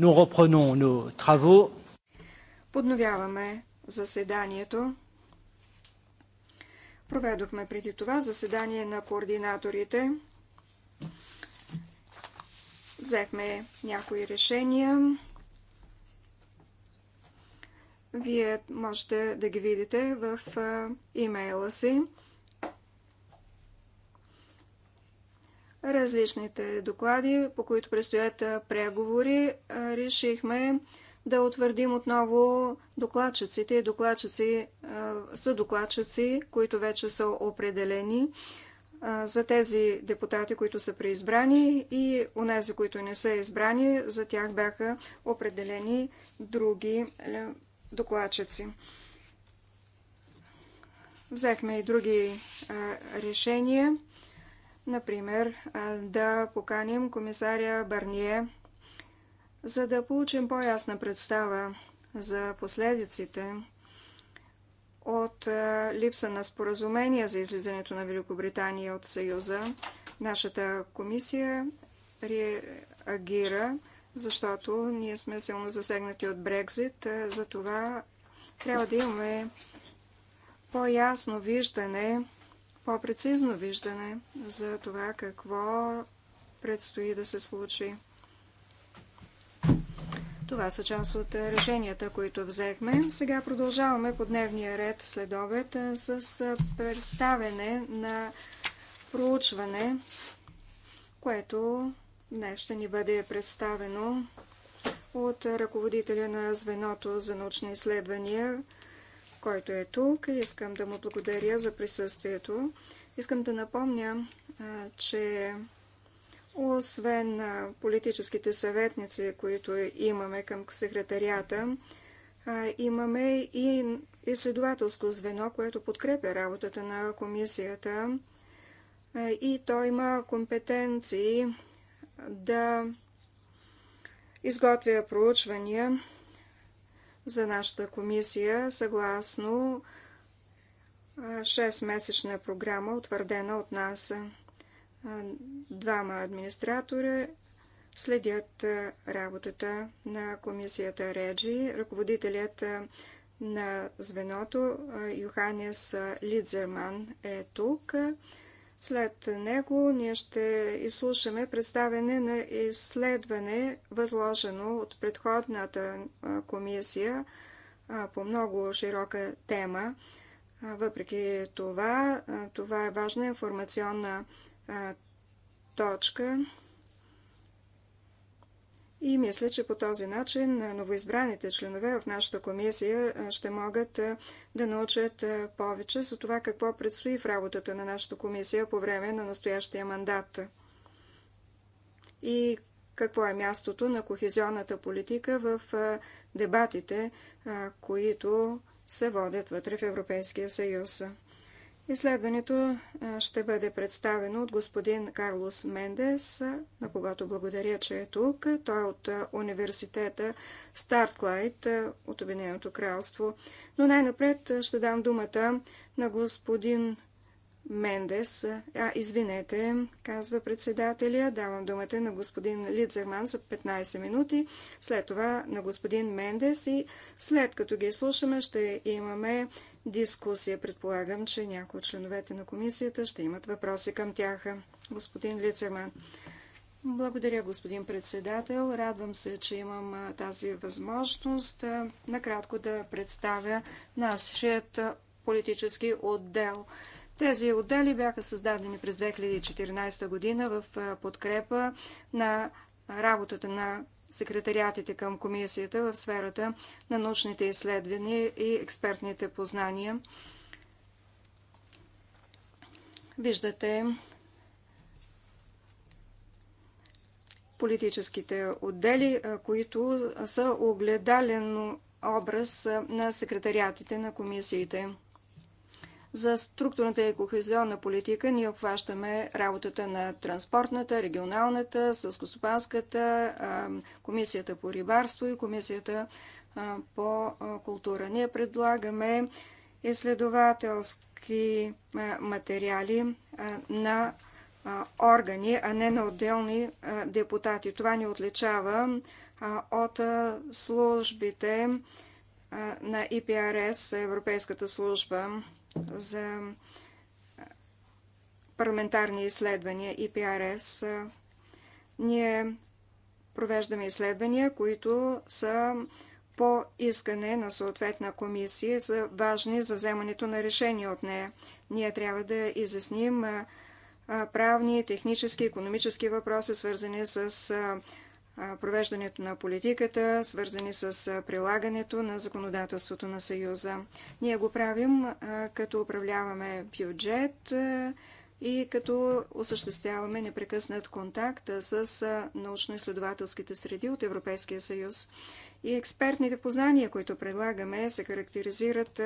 Nous reprenons nos travaux. Подновяваме заседанието. Проведохме преди това заседание на координаторите. Взехме някои решения. Вие можете да ги видите в имейла си. различните доклади, по които предстоят преговори, решихме да утвърдим отново докладчиците и докладчици, са докладчици, които вече са определени за тези депутати, които са преизбрани и нези, които не са избрани, за тях бяха определени други е, докладчици. Взехме и други решения. Например, да поканим комисаря Барние, за да получим по-ясна представа за последиците от липса на споразумение за излизането на Великобритания от Съюза. Нашата комисия реагира, защото ние сме силно засегнати от Брекзит. Затова трябва да имаме по-ясно виждане по-прецизно виждане за това какво предстои да се случи. Това са част от решенията, които взехме. Сега продължаваме по дневния ред след обед с представяне на проучване, което днес ще ни бъде представено от ръководителя на звеното за научни изследвания който е тук и искам да му благодаря за присъствието. Искам да напомня, че освен политическите съветници, които имаме към секретарията, имаме и изследователско звено, което подкрепя работата на комисията и то има компетенции да изготвя проучвания за нашата комисия, съгласно 6-месечна програма, утвърдена от нас. Двама администратори следят работата на комисията Реджи. Ръководителят на звеното Йоханес Лидзерман е тук. След него ние ще изслушаме представене на изследване, възложено от предходната комисия по много широка тема. Въпреки това, това е важна информационна точка. И мисля, че по този начин новоизбраните членове в нашата комисия ще могат да научат повече за това какво предстои в работата на нашата комисия по време на настоящия мандат и какво е мястото на кохезионната политика в дебатите, които се водят вътре в Европейския съюз. Изследването ще бъде представено от господин Карлос Мендес, на когато благодаря, че е тук. Той е от университета Стартлайт от Обединеното кралство. Но най-напред ще дам думата на господин Мендес. А, извинете, казва председателя. Давам думата на господин Лидзерман за 15 минути, след това на господин Мендес и след като ги слушаме ще имаме дискусия. Предполагам, че някои от членовете на комисията ще имат въпроси към тях. Господин Лицеман. Благодаря, господин председател. Радвам се, че имам тази възможност накратко да представя нашият политически отдел. Тези отдели бяха създадени през 2014 година в подкрепа на работата на секретариатите към комисията в сферата на научните изследвания и експертните познания. Виждате политическите отдели, които са огледален образ на секретариатите на комисиите. За структурната и кохезионна политика ние обхващаме работата на транспортната, регионалната, сълскостопанската, комисията по рибарство и комисията по култура. Ние предлагаме изследователски материали на органи, а не на отделни депутати. Това ни отличава от службите на ИПРС, Европейската служба за парламентарни изследвания и ПРС. Ние провеждаме изследвания, които са по искане на съответна комисия, са важни за вземането на решение от нея. Ние трябва да изясним правни, технически, економически въпроси, свързани с провеждането на политиката, свързани с прилагането на законодателството на Съюза. Ние го правим като управляваме бюджет и като осъществяваме непрекъснат контакт с научно-изследователските среди от Европейския съюз. И експертните познания, които предлагаме, се характеризират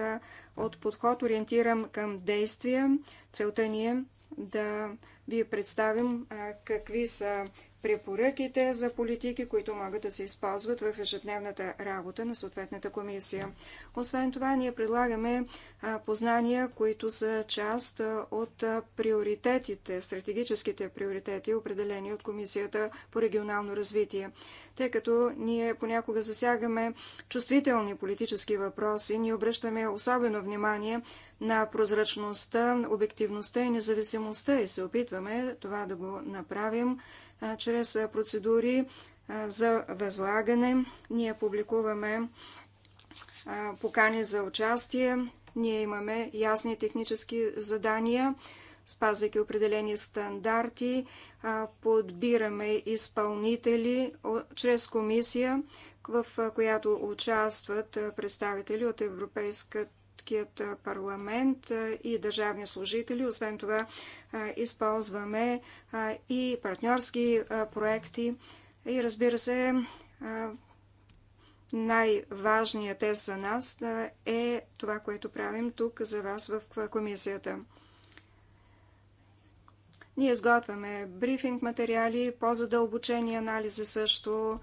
от подход ориентиран към действия. Целта ни е да ви представим какви са препоръките за политики, които могат да се използват в ежедневната работа на съответната комисия. Освен това, ние предлагаме познания, които са част от приоритетите, стратегическите приоритети, определени от Комисията по регионално развитие. Тъй като ние понякога засягаме чувствителни политически въпроси, ние обръщаме особено внимание на прозрачността, обективността и независимостта и се опитваме това да го направим чрез процедури за възлагане. Ние публикуваме покани за участие. Ние имаме ясни технически задания, спазвайки определени стандарти. Подбираме изпълнители чрез комисия, в която участват представители от Европейската Европейският парламент и държавни служители. Освен това, използваме и партньорски проекти. И разбира се, най-важният тест за нас е това, което правим тук за вас в комисията. Ние изготвяме брифинг материали, по-задълбочени анализи също,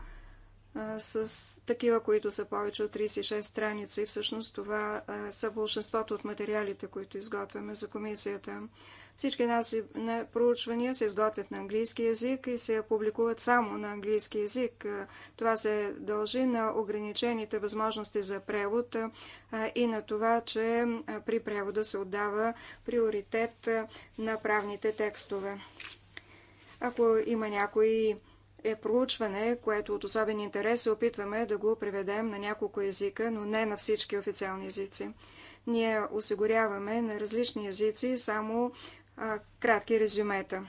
с такива, които са повече от 36 страници. Всъщност това са большинството от материалите, които изготвяме за комисията. Всички наши проучвания се изготвят на английски язик и се публикуват само на английски язик. Това се дължи на ограничените възможности за превод и на това, че при превода се отдава приоритет на правните текстове. Ако има някои е проучване, което от особен интерес се опитваме да го преведем на няколко езика, но не на всички официални езици. Ние осигуряваме на различни езици само а, кратки резюмета.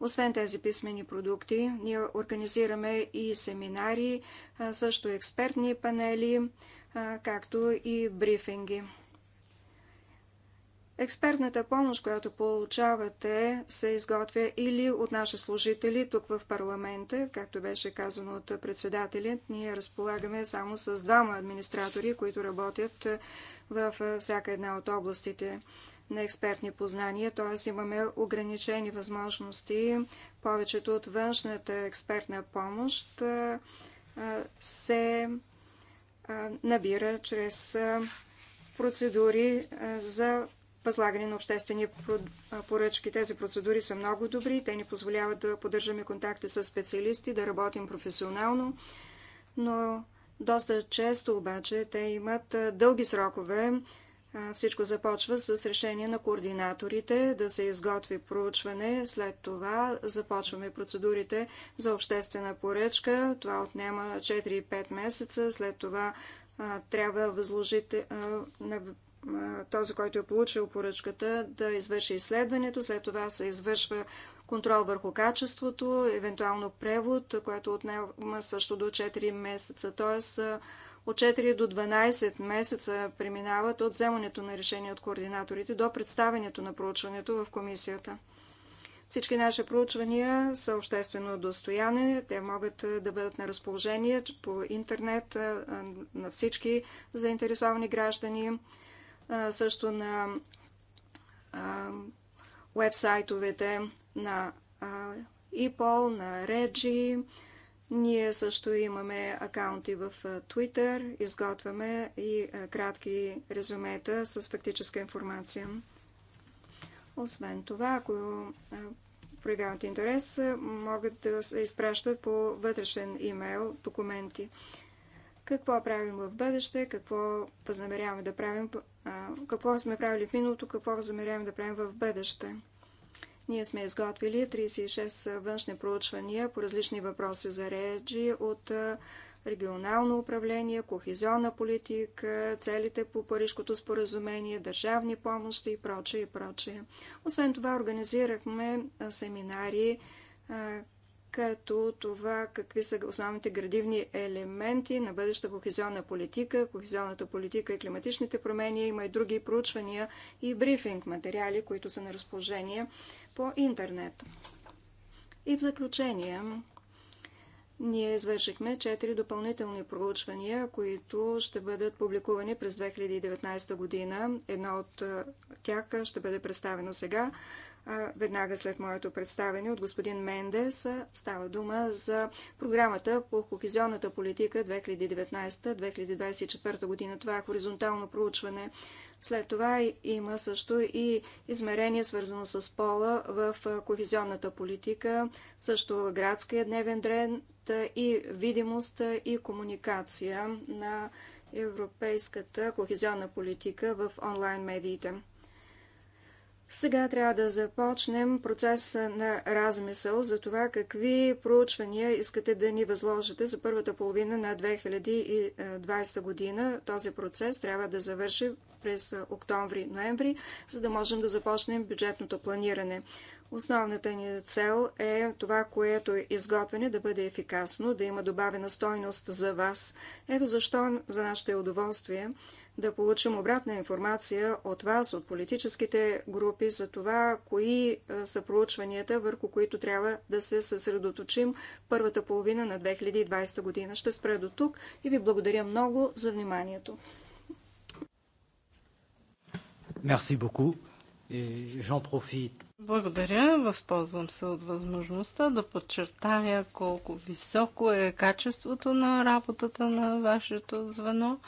Освен тези писмени продукти, ние организираме и семинари, а, също експертни панели, а, както и брифинги. Експертната помощ, която получавате, се изготвя или от наши служители тук в парламента, както беше казано от председателя. Ние разполагаме само с двама администратори, които работят е, в е, всяка една от областите на експертни познания, т.е. имаме ограничени възможности. Повечето от външната експертна помощ е, се набира чрез процедури за възлагане на обществени поръчки. Тези процедури са много добри, те ни позволяват да поддържаме контакти с специалисти, да работим професионално, но доста често обаче те имат дълги срокове. Всичко започва с решение на координаторите да се изготви проучване. След това започваме процедурите за обществена поръчка. Това отнема 4-5 месеца. След това трябва възложите, този, който е получил поръчката, да извърши изследването, след това се извършва контрол върху качеството, евентуално превод, което отнема също до 4 месеца, т.е. от 4 до 12 месеца преминават от вземането на решение от координаторите до представенето на проучването в комисията. Всички наши проучвания са обществено достояние. Те могат да бъдат на разположение по интернет на всички заинтересовани граждани също на вебсайтовете на EPOL, на Regi. Ние също имаме акаунти в Twitter, изготвяме и кратки резюмета с фактическа информация. Освен това, ако проявяват интерес, могат да се изпращат по вътрешен имейл документи. Какво правим в бъдеще, какво възнамеряваме да правим какво сме правили в миналото, какво замеряваме да правим в бъдеще. Ние сме изготвили 36 външни проучвания по различни въпроси за реджи от регионално управление, кохезионна политика, целите по Парижкото споразумение, държавни помощи и прочее, и прочее. Освен това, организирахме семинари, като това какви са основните градивни елементи на бъдеща кохезионна политика, кохезионната политика и климатичните промени. Има и други проучвания и брифинг материали, които са на разположение по интернет. И в заключение, ние извършихме четири допълнителни проучвания, които ще бъдат публикувани през 2019 година. Едно от тях ще бъде представено сега веднага след моето представене от господин Мендес. Става дума за програмата по кохезионната политика 2019-2024 година. Това е хоризонтално проучване. След това има също и измерение, свързано с пола в кохезионната политика, също градския дневен дрен и видимост и комуникация на европейската кохезионна политика в онлайн медиите. Сега трябва да започнем процеса на размисъл за това какви проучвания искате да ни възложите за първата половина на 2020 година. Този процес трябва да завърши през октомври-ноември, за да можем да започнем бюджетното планиране. Основната ни цел е това, което е изготвяне да бъде ефикасно, да има добавена стойност за вас. Ето защо за нашите е удоволствие да получим обратна информация от вас, от политическите групи, за това, кои са проучванията, върху които трябва да се съсредоточим първата половина на 2020 година. Ще спре до тук и ви благодаря много за вниманието. Мерси beaucoup. Благодаря. Възползвам се от възможността да подчертая колко високо е качеството на работата на вашето звено.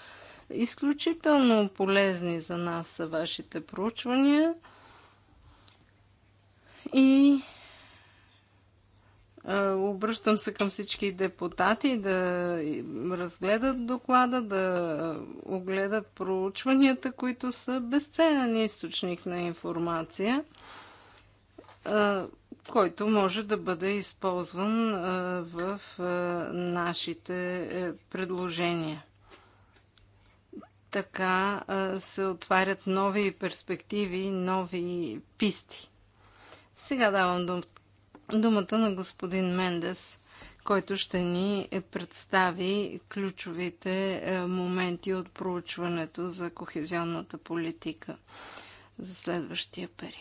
Изключително полезни за нас са вашите проучвания и Обръщам се към всички депутати да разгледат доклада, да огледат проучванията, които са безценен източник на информация, който може да бъде използван в нашите е, предложения. Така се отварят нови перспективи, нови писти. Сега давам дум... думата на господин Мендес, който ще ни представи ключовите е, моменти от проучването за кохезионната политика за следващия период.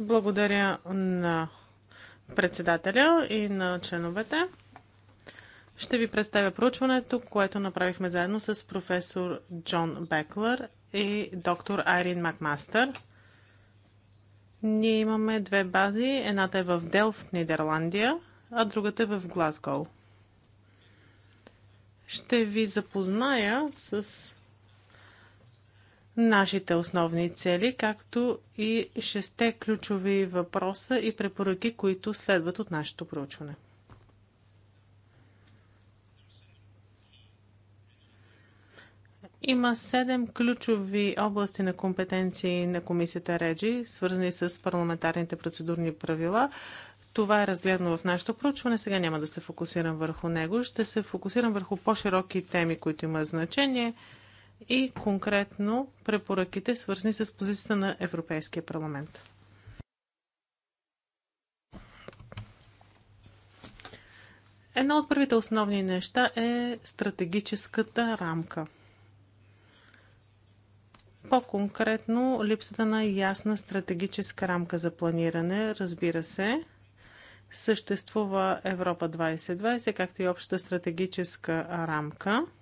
Благодаря на председателя и на членовете. Ще ви представя проучването, което направихме заедно с професор Джон Беклер и доктор Айрин Макмастър. Ние имаме две бази. Едната е в Делфт, Нидерландия, а другата е в Глазгол. Ще ви запозная с нашите основни цели, както и шесте ключови въпроса и препоръки, които следват от нашето проучване. Има седем ключови области на компетенции на комисията Реджи, свързани с парламентарните процедурни правила. Това е разгледано в нашето проучване. Сега няма да се фокусирам върху него. Ще се фокусирам върху по-широки теми, които имат значение – и конкретно препоръките, свързани с позицията на Европейския парламент. Едно от първите основни неща е стратегическата рамка. По-конкретно, липсата на ясна стратегическа рамка за планиране, разбира се, съществува Европа 2020, както и общата стратегическа рамка –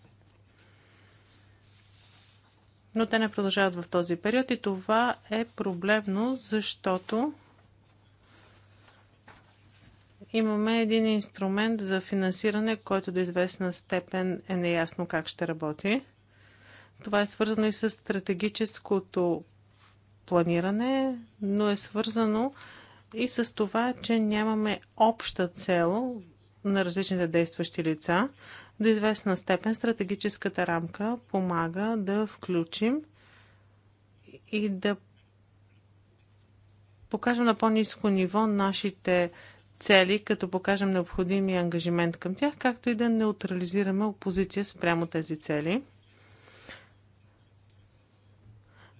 но те не продължават в този период и това е проблемно, защото имаме един инструмент за финансиране, който до известна степен е неясно как ще работи. Това е свързано и с стратегическото планиране, но е свързано и с това, че нямаме обща цел на различните действащи лица. До известна степен стратегическата рамка помага да включим и да покажем на по-низко ниво нашите цели, като покажем необходимия ангажимент към тях, както и да неутрализираме опозиция спрямо тези цели.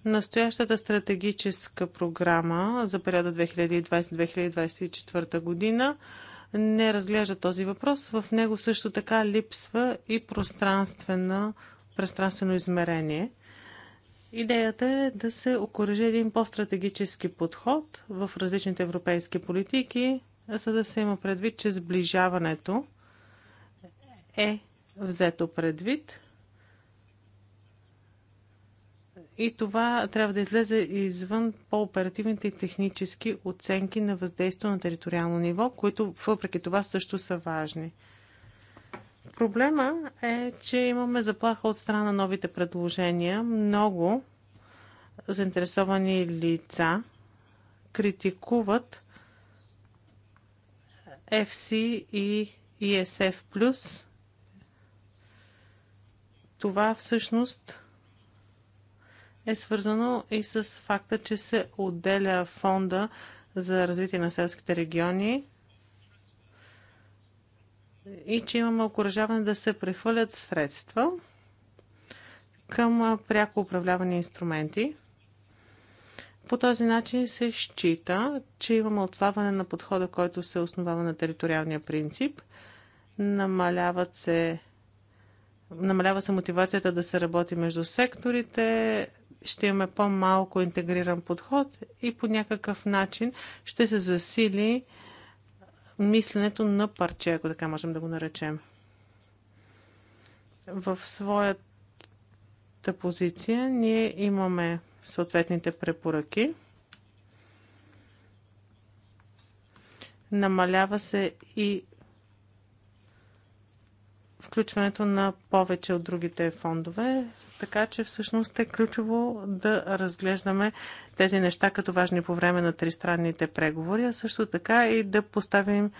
Настоящата стратегическа програма за периода 2020-2024 година не разглежда този въпрос. В него също така липсва и пространствено, пространствено измерение. Идеята е да се окоръжи един по-стратегически подход в различните европейски политики, за да се има предвид, че сближаването е взето предвид И това трябва да излезе извън по-оперативните и технически оценки на въздействие на териториално ниво, които въпреки това също са важни. Проблема е, че имаме заплаха от страна на новите предложения. Много заинтересовани лица критикуват FC и ESF+. Това всъщност е свързано и с факта, че се отделя фонда за развитие на селските региони и че имаме окоръжаване да се прехвърлят средства към пряко управлявани инструменти. По този начин се счита, че имаме отслабване на подхода, който се основава на териториалния принцип. Намаляват се намалява се мотивацията да се работи между секторите, ще имаме по-малко интегриран подход и по някакъв начин ще се засили мисленето на парче, ако така можем да го наречем. В своята позиция ние имаме съответните препоръки. Намалява се и включването на повече от другите фондове, така че всъщност е ключово да разглеждаме тези неща като важни по време на тристранните преговори, а също така и да поставим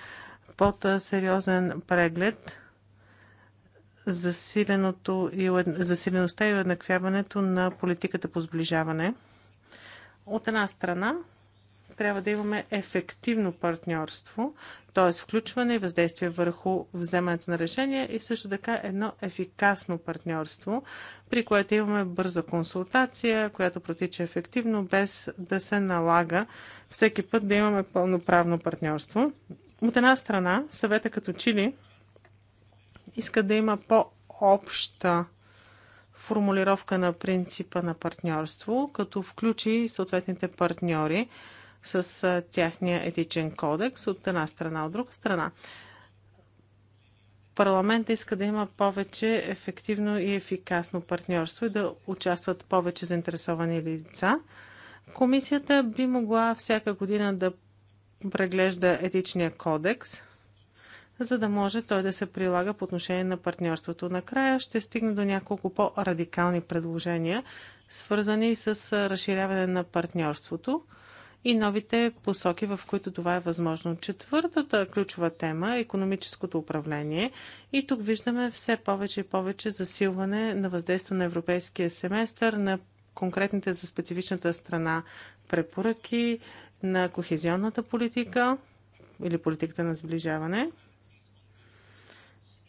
под сериозен преглед засиленото и, засилеността и уеднаквяването на политиката по сближаване. От една страна, трябва да имаме ефективно партньорство, т.е. включване и въздействие върху вземането на решения и също така едно ефикасно партньорство, при което имаме бърза консултация, която протича ефективно, без да се налага всеки път да имаме пълноправно партньорство. От една страна, съвета като Чили иска да има по-обща формулировка на принципа на партньорство, като включи съответните партньори с тяхния етичен кодекс от една страна, от друга страна. Парламентът иска да има повече ефективно и ефикасно партньорство и да участват повече заинтересовани лица. Комисията би могла всяка година да преглежда етичния кодекс, за да може той да се прилага по отношение на партньорството. Накрая ще стигне до няколко по-радикални предложения, свързани с разширяване на партньорството и новите посоки, в които това е възможно. Четвъртата ключова тема е економическото управление и тук виждаме все повече и повече засилване на въздействие на европейския семестър, на конкретните за специфичната страна препоръки, на кохезионната политика или политиката на сближаване.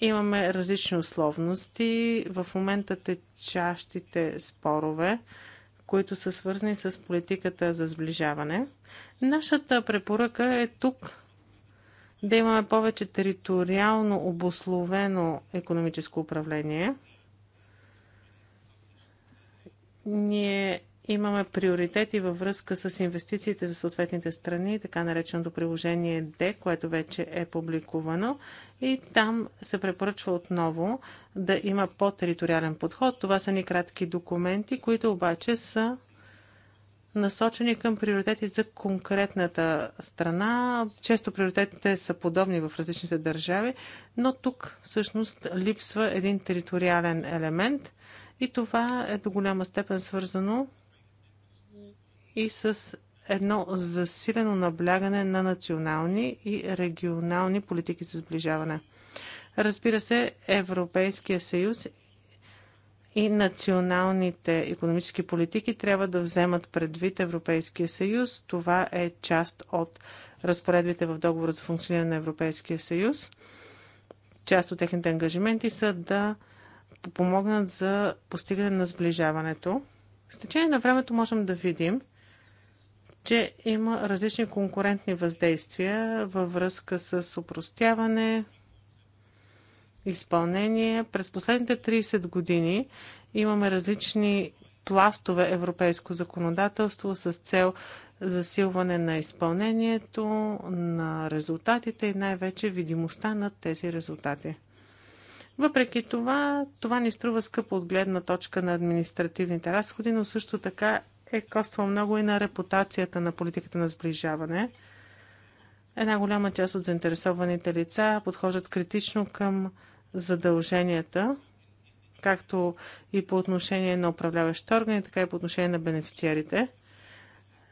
Имаме различни условности. В момента течащите спорове които са свързани с политиката за сближаване. Нашата препоръка е тук да имаме повече териториално обословено економическо управление. Ние имаме приоритети във връзка с инвестициите за съответните страни, така нареченото приложение D, което вече е публикувано. И там се препоръчва отново да има по-териториален подход. Това са ни кратки документи, които обаче са насочени към приоритети за конкретната страна. Често приоритетите са подобни в различните държави, но тук всъщност липсва един териториален елемент и това е до голяма степен свързано и с едно засилено наблягане на национални и регионални политики за сближаване. Разбира се, Европейския съюз и националните економически политики трябва да вземат предвид Европейския съюз. Това е част от разпоредбите в договора за функциониране на Европейския съюз. Част от техните ангажименти са да помогнат за постигане на сближаването. С течение на времето можем да видим, че има различни конкурентни въздействия във връзка с упростяване, изпълнение. През последните 30 години имаме различни пластове европейско законодателство с цел засилване на изпълнението, на резултатите и най-вече видимостта на тези резултати. Въпреки това, това ни струва скъпо от гледна точка на административните разходи, но също така е коствал много и на репутацията на политиката на сближаване. Една голяма част от заинтересованите лица подхождат критично към задълженията, както и по отношение на управляващите органи, така и по отношение на бенефициарите.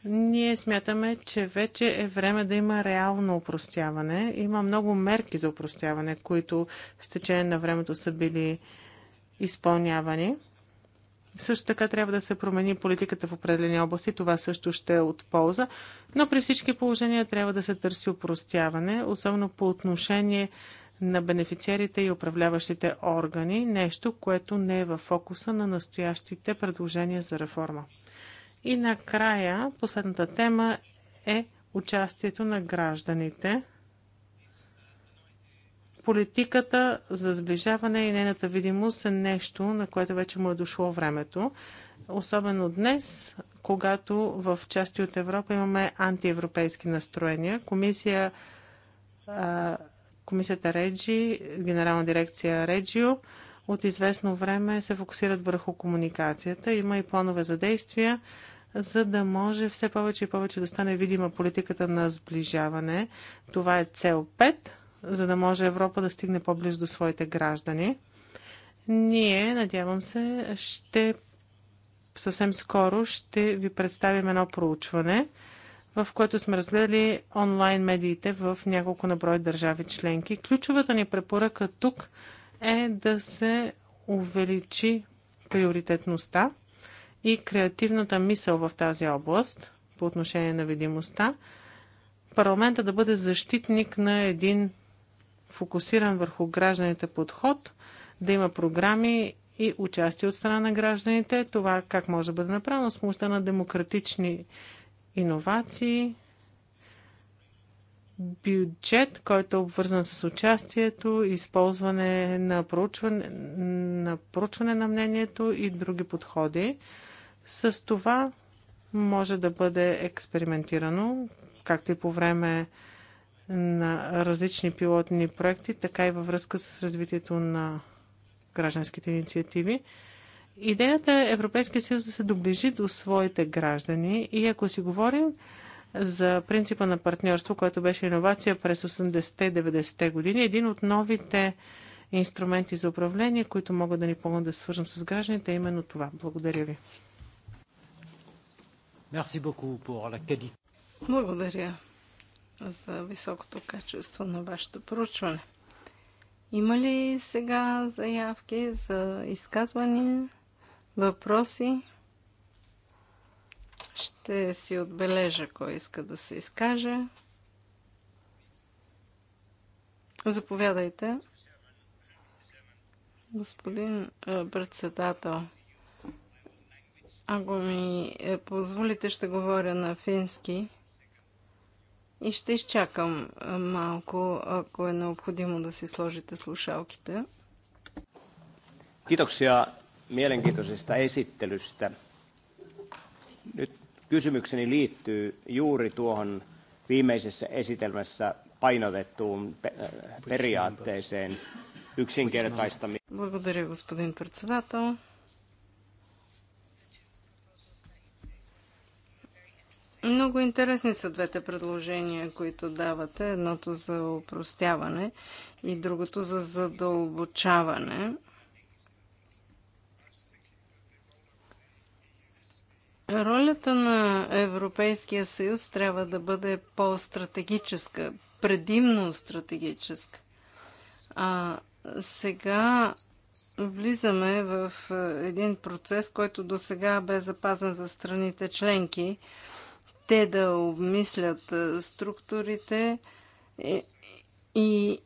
Ние смятаме, че вече е време да има реално упростяване. Има много мерки за упростяване, които с течение на времето са били изпълнявани. Също така трябва да се промени политиката в определени области. Това също ще е от полза. Но при всички положения трябва да се търси упростяване, особено по отношение на бенефициарите и управляващите органи, нещо, което не е в фокуса на настоящите предложения за реформа. И накрая, последната тема е участието на гражданите – Политиката за сближаване и нейната видимост е нещо, на което вече му е дошло времето. Особено днес, когато в части от Европа имаме антиевропейски настроения. Комисия, комисията Реджи, генерална дирекция Реджио, от известно време се фокусират върху комуникацията. Има и планове за действия, за да може все повече и повече да стане видима политиката на сближаване. Това е цел 5 за да може Европа да стигне по-близо до своите граждани. Ние, надявам се, ще съвсем скоро ще ви представим едно проучване, в което сме разгледали онлайн медиите в няколко наброй държави членки. Ключовата ни препоръка тук е да се увеличи приоритетността и креативната мисъл в тази област по отношение на видимостта. Парламента да бъде защитник на един фокусиран върху гражданите подход, да има програми и участие от страна на гражданите. Това как може да бъде направено с помощта на демократични иновации, бюджет, който е обвързан с участието, използване на проучване, на проучване на мнението и други подходи. С това може да бъде експериментирано, както и по време на различни пилотни проекти, така и във връзка с развитието на гражданските инициативи. Идеята е Европейския съюз да се доближи до своите граждани и ако си говорим за принципа на партньорство, което беше иновация през 80-90-те те години, един от новите инструменти за управление, които могат да ни помогнат да свържем с гражданите, е именно това. Благодаря ви. Благодаря за високото качество на вашето проучване. Има ли сега заявки за изказвания, въпроси? Ще си отбележа кой иска да се изкаже. Заповядайте. Господин председател, ако ми е, позволите, ще говоря на фински. И ще изчакам малко, ако е необходимо да си сложите слушалките. Kiitoksia mielenkiintoisesta esittelystä. Nyt kysymykseni liittyy juuri tuohon viimeisessä esitelmässä painotettuun periaatteeseen yksinkertaistamiseen. Благодаря, господин председател. Много интересни са двете предложения, които давате. Едното за упростяване и другото за задълбочаване. Ролята на Европейския съюз трябва да бъде по-стратегическа, предимно стратегическа. А сега влизаме в един процес, който до сега бе запазен за страните членки – те да обмислят структурите и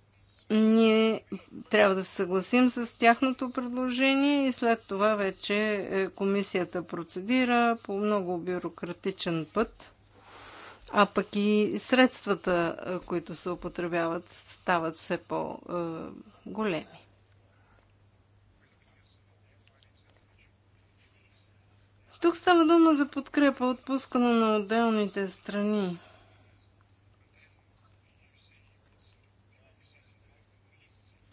ние трябва да се съгласим с тяхното предложение и след това вече е, комисията процедира по много бюрократичен път, а пък и средствата, които се употребяват, стават все по-големи. Тук става дума за подкрепа, отпускана на отделните страни.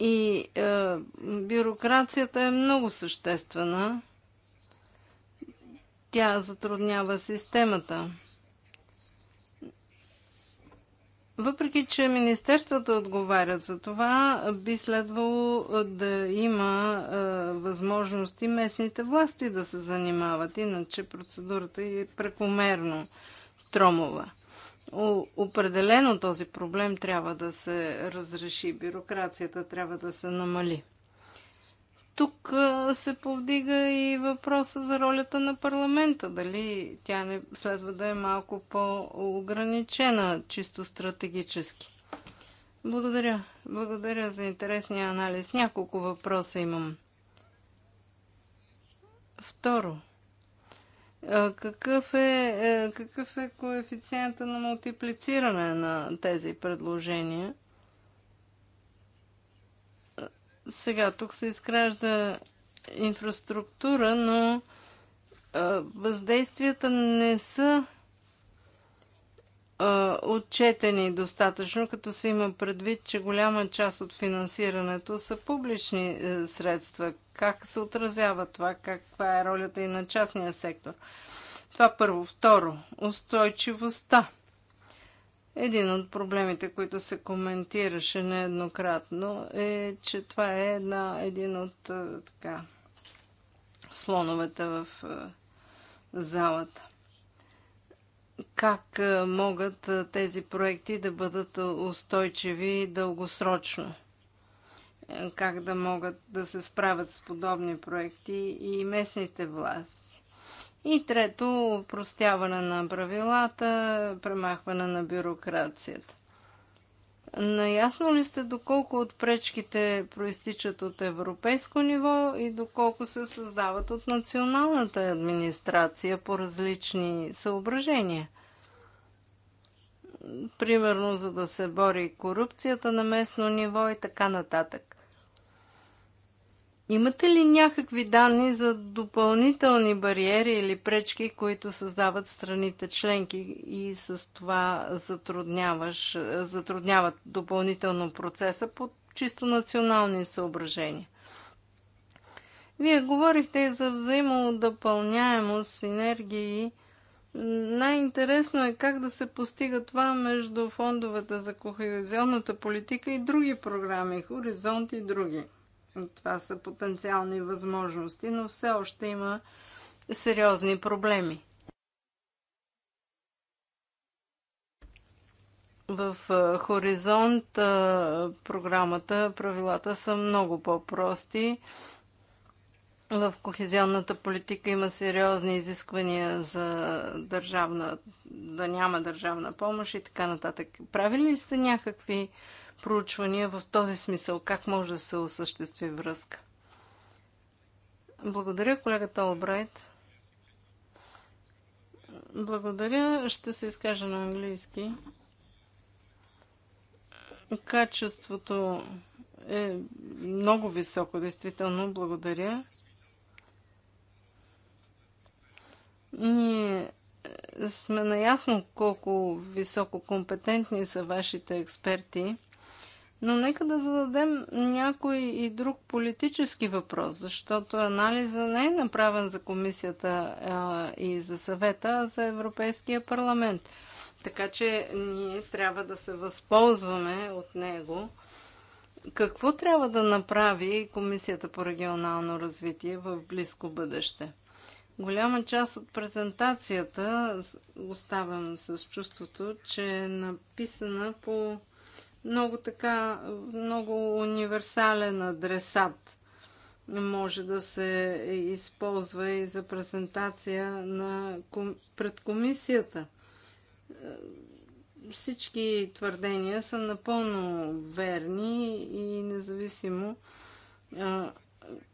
И е, бюрокрацията е много съществена. Тя затруднява системата. Въпреки, че Министерствата отговарят за това, би следвало да има е, възможности местните власти да се занимават, иначе процедурата е прекомерно тромова. О, определено този проблем трябва да се разреши, бюрокрацията трябва да се намали. Тук се повдига и въпроса за ролята на парламента. Дали тя не следва да е малко по-ограничена, чисто стратегически. Благодаря. Благодаря за интересния анализ. Няколко въпроса имам. Второ. Какъв е, какъв е коефициента на мултиплициране на тези предложения? Сега тук се изгражда инфраструктура, но въздействията не са отчетени достатъчно, като се има предвид, че голяма част от финансирането са публични е, средства. Как се отразява това? Каква е ролята и на частния сектор? Това първо. Второ, устойчивостта. Един от проблемите, които се коментираше нееднократно, е, че това е една, един от е, така, слоновете в е, залата. Как е, могат тези проекти да бъдат устойчиви дългосрочно? Как да могат да се справят с подобни проекти и местните власти? И трето, простяване на правилата, премахване на бюрокрацията. Наясно ли сте доколко от пречките проистичат от европейско ниво и доколко се създават от националната администрация по различни съображения? Примерно, за да се бори корупцията на местно ниво и така нататък. Имате ли някакви данни за допълнителни бариери или пречки, които създават страните членки и с това затрудняваш, затрудняват допълнително процеса по чисто национални съображения? Вие говорихте и за взаимодопълняемост, синергии. Най-интересно е как да се постига това между фондовете за кохезионната политика и други програми, Хоризонт и други. Това са потенциални възможности, но все още има сериозни проблеми. В Хоризонт програмата правилата са много по-прости. В кохезионната политика има сериозни изисквания за държавна, да няма държавна помощ и така нататък. Правили ли сте някакви проучвания в този смисъл? Как може да се осъществи връзка? Благодаря, колегата Олбрайт. Благодаря. Ще се изкажа на английски. Качеството е много високо, действително. Благодаря. Ние сме наясно колко високо компетентни са вашите експерти. Но нека да зададем някой и друг политически въпрос, защото анализа не е направен за комисията а, и за съвета, а за Европейския парламент. Така че ние трябва да се възползваме от него. Какво трябва да направи Комисията по регионално развитие в близко бъдеще? Голяма част от презентацията оставям с чувството, че е написана по много така, много универсален адресат. Може да се използва и за презентация на, пред комисията. Всички твърдения са напълно верни и независимо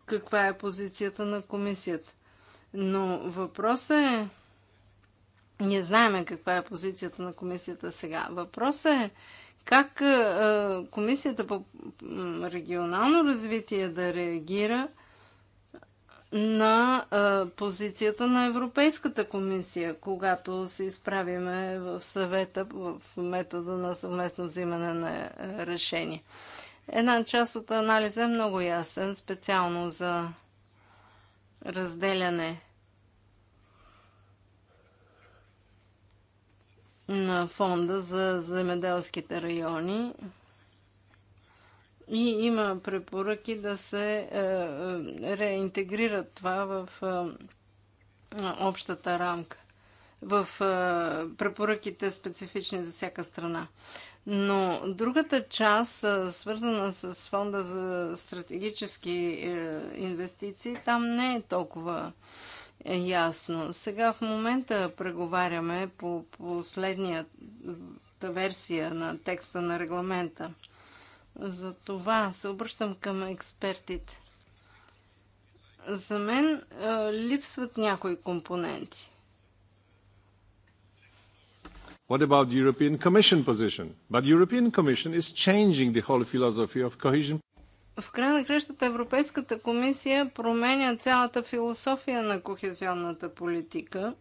каква е позицията на комисията. Но въпросът е, ние знаеме каква е позицията на комисията сега. Въпросът е как Комисията по регионално развитие да реагира на позицията на Европейската комисия, когато се изправиме в съвета в метода на съвместно взимане на е, решение? Една част от анализа е много ясен, специално за разделяне на фонда за земеделските райони. И има препоръки да се е, е, реинтегрират това в е, общата рамка, в препоръките специфични за всяка страна. Но другата част, свързана с фонда за стратегически инвестиции, там не е толкова е ясно. Сега в момента преговаряме по последния версия на текста на регламента. За това се обръщам към експертите. За мен е, липсват някои компоненти. What about the European Commission position? But the European Commission is changing the whole philosophy of cohesion в края на кръщата Европейската комисия променя цялата философия на кохезионната политика.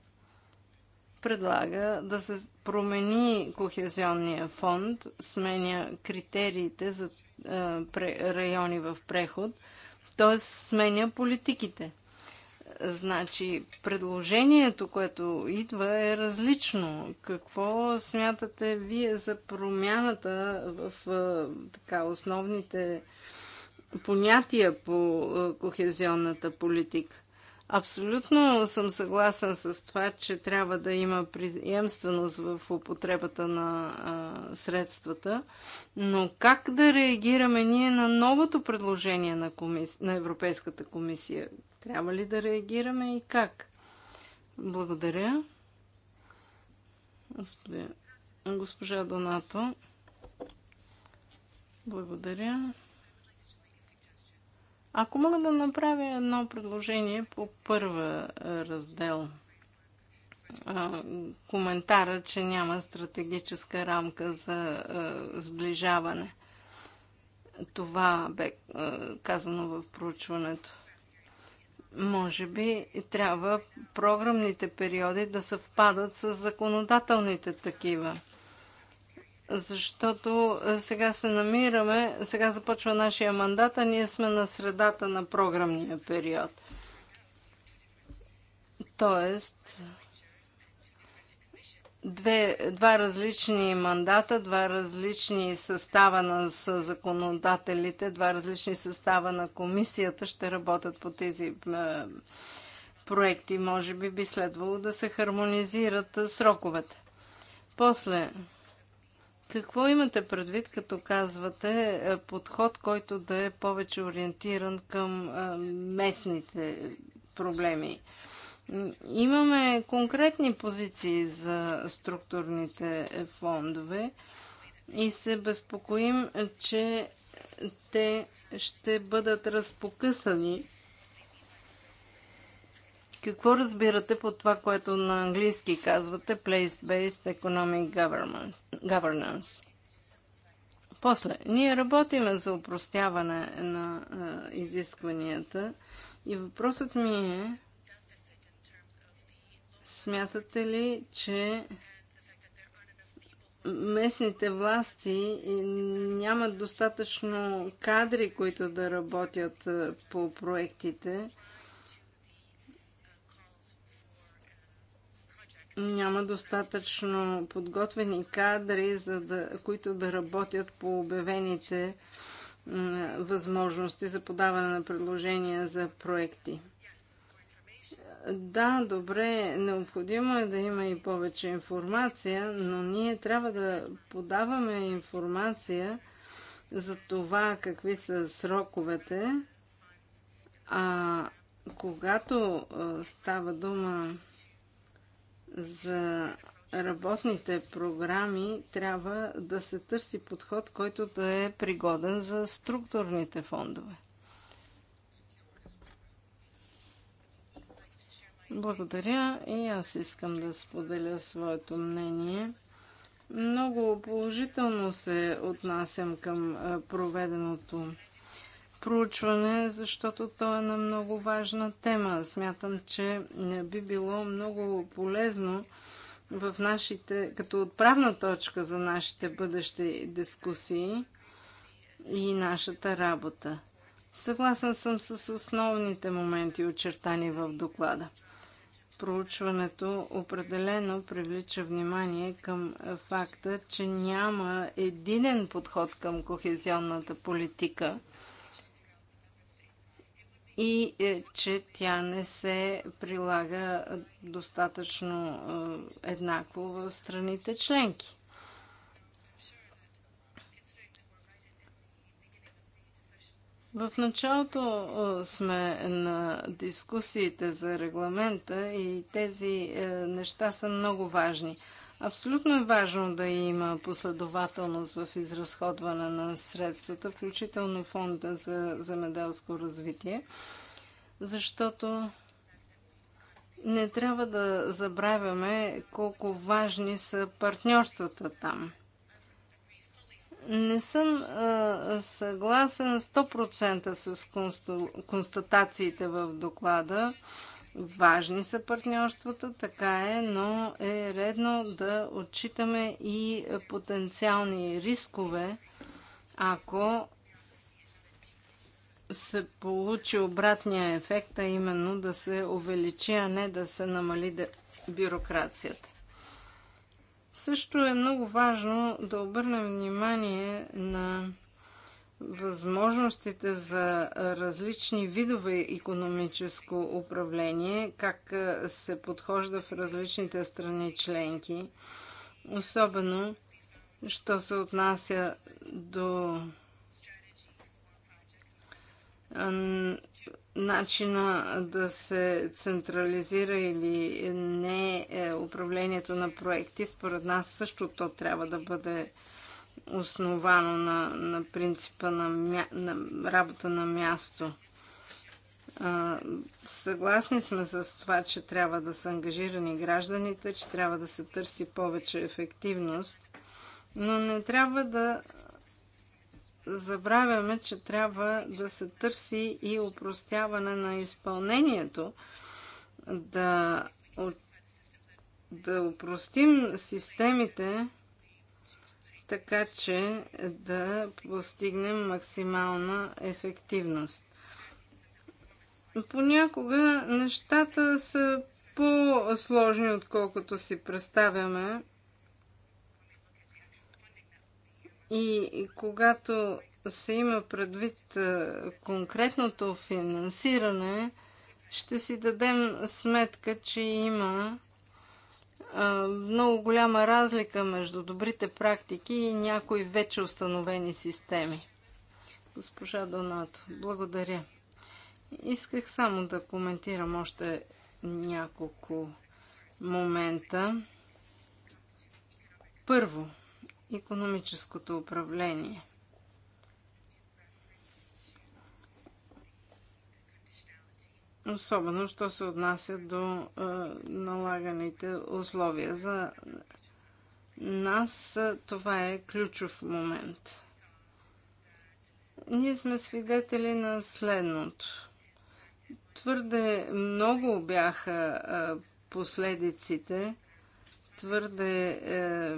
Предлага да се промени кохезионния фонд, сменя критериите за е, райони в преход, т.е. сменя политиките. Значи, предложението, което идва, е различно. Какво смятате вие за промяната в е, така, основните понятия по е, кохезионната политика. Абсолютно съм съгласен с това, че трябва да има приемственост в употребата на а, средствата, но как да реагираме ние на новото предложение на, комис... на Европейската комисия? Трябва ли да реагираме и как? Благодаря. Господи... Госпожа Донато. Благодаря. Ако мога да направя едно предложение по първа е, раздел, е, коментара, че няма стратегическа рамка за е, сближаване. Това бе казано в проучването. Може би трябва програмните периоди да съвпадат с законодателните такива защото е, сега се намираме, сега започва нашия мандат, а ние сме на средата на програмния период. Тоест, две, два различни мандата, два различни състава на законодателите, два различни състава на комисията ще работят по тези е, проекти. Може би би следвало да се хармонизират е, сроковете. После, какво имате предвид, като казвате е, подход, който да е повече ориентиран към е, местните проблеми? Имаме конкретни позиции за структурните фондове и се безпокоим, че те ще бъдат разпокъсани какво разбирате под това, което на английски казвате Place-Based Economic Governance? После, ние работиме за упростяване на изискванията и въпросът ми е, смятате ли, че местните власти нямат достатъчно кадри, които да работят по проектите няма достатъчно подготвени кадри, за да, които да работят по обявените възможности за подаване на предложения за проекти. Да, добре, необходимо е да има и повече информация, но ние трябва да подаваме информация за това какви са сроковете, а когато става дума за работните програми трябва да се търси подход, който да е пригоден за структурните фондове. Благодаря и аз искам да споделя своето мнение. Много положително се отнасям към проведеното проучване, защото то е на много важна тема. Смятам, че би било много полезно в нашите, като отправна точка за нашите бъдещи дискусии и нашата работа. Съгласен съм с основните моменти, очертани в доклада. Проучването определено привлича внимание към факта, че няма единен подход към кохезионната политика – и е, че тя не се прилага достатъчно е, еднакво в страните членки. В началото е, сме на дискусиите за регламента и тези неща са много важни. Абсолютно е важно да има последователност в изразходване на средствата, включително фонда за земеделско развитие, защото не трябва да забравяме колко важни са партньорствата там. Не съм а, съгласен 100% с констатациите в доклада. Важни са партньорствата, така е, но е редно да отчитаме и потенциални рискове, ако се получи обратния ефект, а именно да се увеличи, а не да се намали бюрокрацията. Също е много важно да обърнем внимание на възможностите за различни видове економическо управление, как се подхожда в различните страни членки, особено що се отнася до начина да се централизира или не е, управлението на проекти, според нас също то трябва да бъде основано на, на принципа на, мя, на работа на място. А, съгласни сме с това, че трябва да са ангажирани гражданите, че трябва да се търси повече ефективност, но не трябва да забравяме, че трябва да се търси и упростяване на изпълнението, да, да упростим системите, така че да постигнем максимална ефективност. Понякога нещата са по-сложни, отколкото си представяме. И когато се има предвид конкретното финансиране, ще си дадем сметка, че има много голяма разлика между добрите практики и някои вече установени системи. Госпожа Донато, благодаря. Исках само да коментирам още няколко момента. Първо, економическото управление. Особено, що се отнася до е, налаганите условия. За нас е, това е ключов момент. Ние сме свидетели на следното. Твърде много бяха е, последиците, твърде е,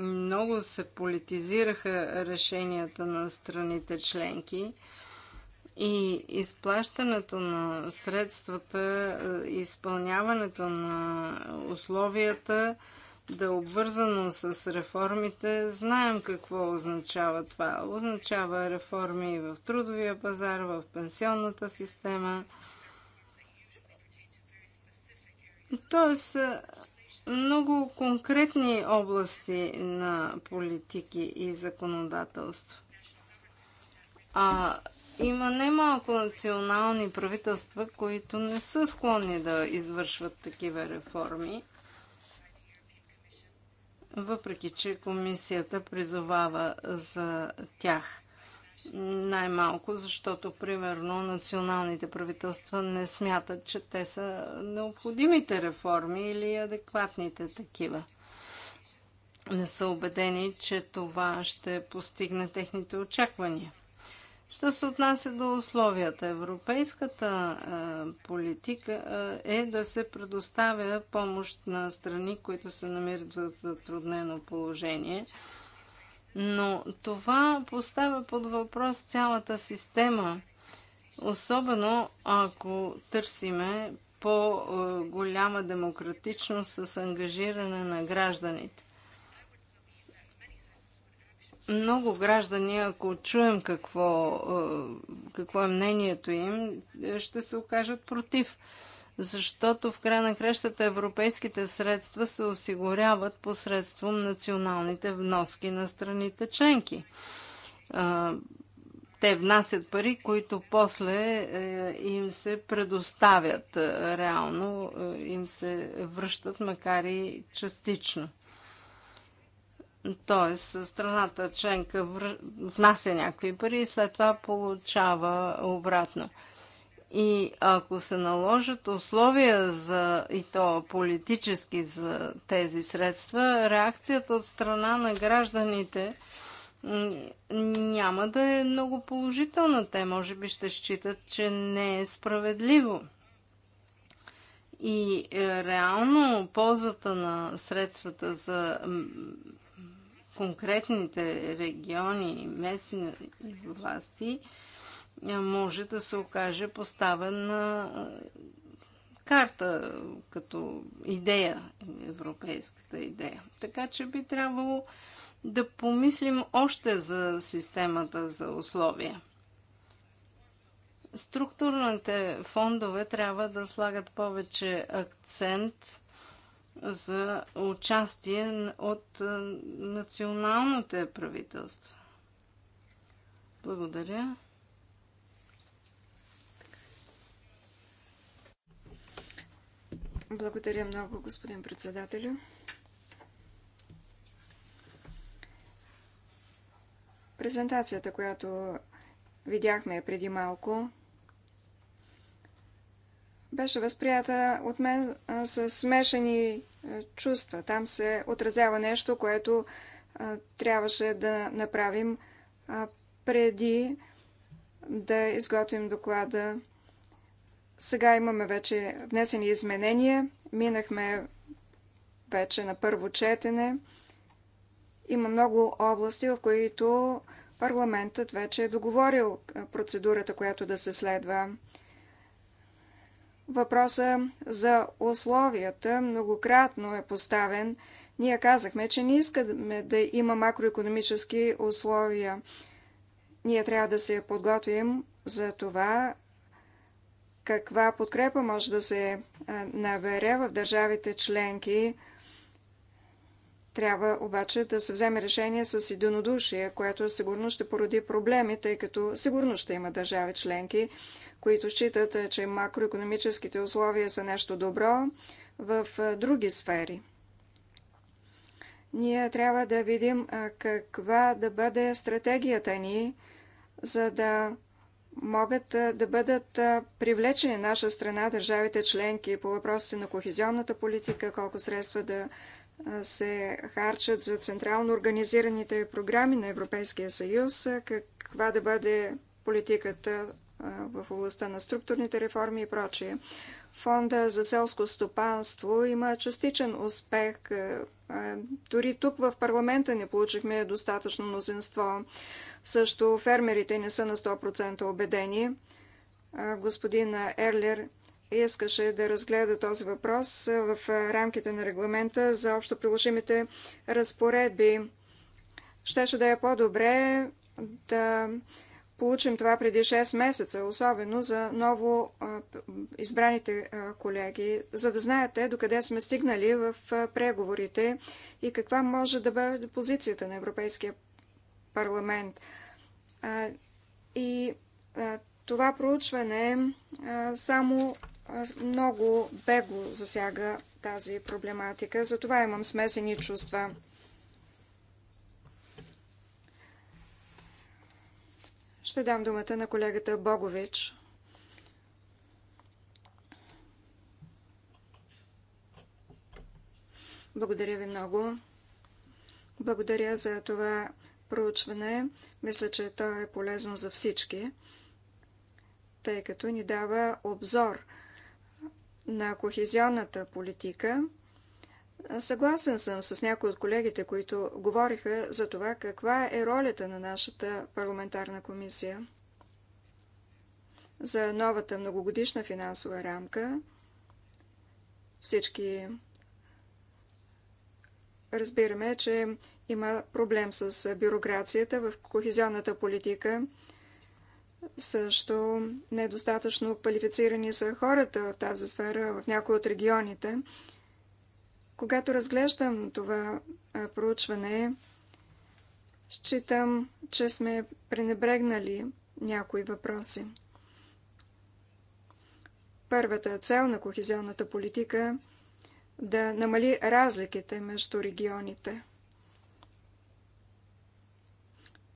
много се политизираха решенията на страните членки. И изплащането на средствата, е, изпълняването на условията да е обвързано с реформите, знаем какво означава това. Означава реформи в трудовия пазар, в пенсионната система. Тоест, е, много конкретни области на политики и законодателство. А има немалко национални правителства, които не са склонни да извършват такива реформи, въпреки че комисията призовава за тях. Най-малко, защото, примерно, националните правителства не смятат, че те са необходимите реформи или адекватните такива не са убедени, че това ще постигне техните очаквания. Що се отнася до условията, европейската политика е да се предоставя помощ на страни, които се намират в затруднено положение. Но това поставя под въпрос цялата система, особено ако търсиме по-голяма демократичност с ангажиране на гражданите много граждани, ако чуем какво, е, какво е мнението им, ще се окажат против. Защото в края на кращата европейските средства се осигуряват посредством националните вноски на страните членки. Е, те внасят пари, които после е, им се предоставят реално, им се връщат, макар и частично т.е. страната членка внася някакви пари и след това получава обратно. И ако се наложат условия за, и то политически за тези средства, реакцията от страна на гражданите няма да е много положителна. Те може би ще считат, че не е справедливо. И е, реално ползата на средствата за конкретните региони и местни власти може да се окаже поставен на карта като идея, европейската идея. Така че би трябвало да помислим още за системата за условия. Структурните фондове трябва да слагат повече акцент за участие от е, националните правителства. Благодаря. Благодаря много, господин председателю. Презентацията, която видяхме преди малко, беше възприята от мен с смешани е, чувства. Там се отразява нещо, което е, трябваше да направим преди да изготвим доклада. Сега имаме вече внесени изменения. Минахме вече на първо четене. Има много области, в които парламентът вече е договорил е, процедурата, която да се следва. Въпроса за условията многократно е поставен. Ние казахме, че не искаме да има макроекономически условия. Ние трябва да се подготвим за това, каква подкрепа може да се набере в държавите членки. Трябва обаче да се вземе решение с единодушие, което сигурно ще породи проблеми, тъй като сигурно ще има държави членки, които считат, е, че макроекономическите условия са нещо добро в е, други сфери. Ние трябва да видим е, каква да бъде стратегията ни, за да могат да бъдат привлечени наша страна държавите членки по въпросите на кохезионната политика, колко средства да се харчат за централно организираните програми на Европейския съюз, каква да бъде политиката в областта на структурните реформи и прочие. Фонда за селско стопанство има частичен успех. Дори тук в парламента не получихме достатъчно мнозинство. Също фермерите не са на 100% убедени. Господин Ерлер искаше да разгледа този въпрос в рамките на регламента за общо приложимите разпоредби. Щеше да е по-добре да получим това преди 6 месеца, особено за ново избраните колеги, за да знаете докъде сме стигнали в преговорите и каква може да бъде позицията на Европейския парламент. И това проучване само много бего засяга тази проблематика, затова имам смесени чувства. Ще дам думата на колегата Богович. Благодаря ви много. Благодаря за това проучване. Мисля, че то е полезно за всички, тъй като ни дава обзор на кохезионната политика – Съгласен съм с някои от колегите, които говориха за това каква е ролята на нашата парламентарна комисия за новата многогодишна финансова рамка. Всички разбираме, че има проблем с бюрокрацията в кохезионната политика. Също недостатъчно квалифицирани са хората в тази сфера в някои от регионите. Когато разглеждам това проучване, считам, че сме пренебрегнали някои въпроси. Първата цел на кохезионната политика е да намали разликите между регионите.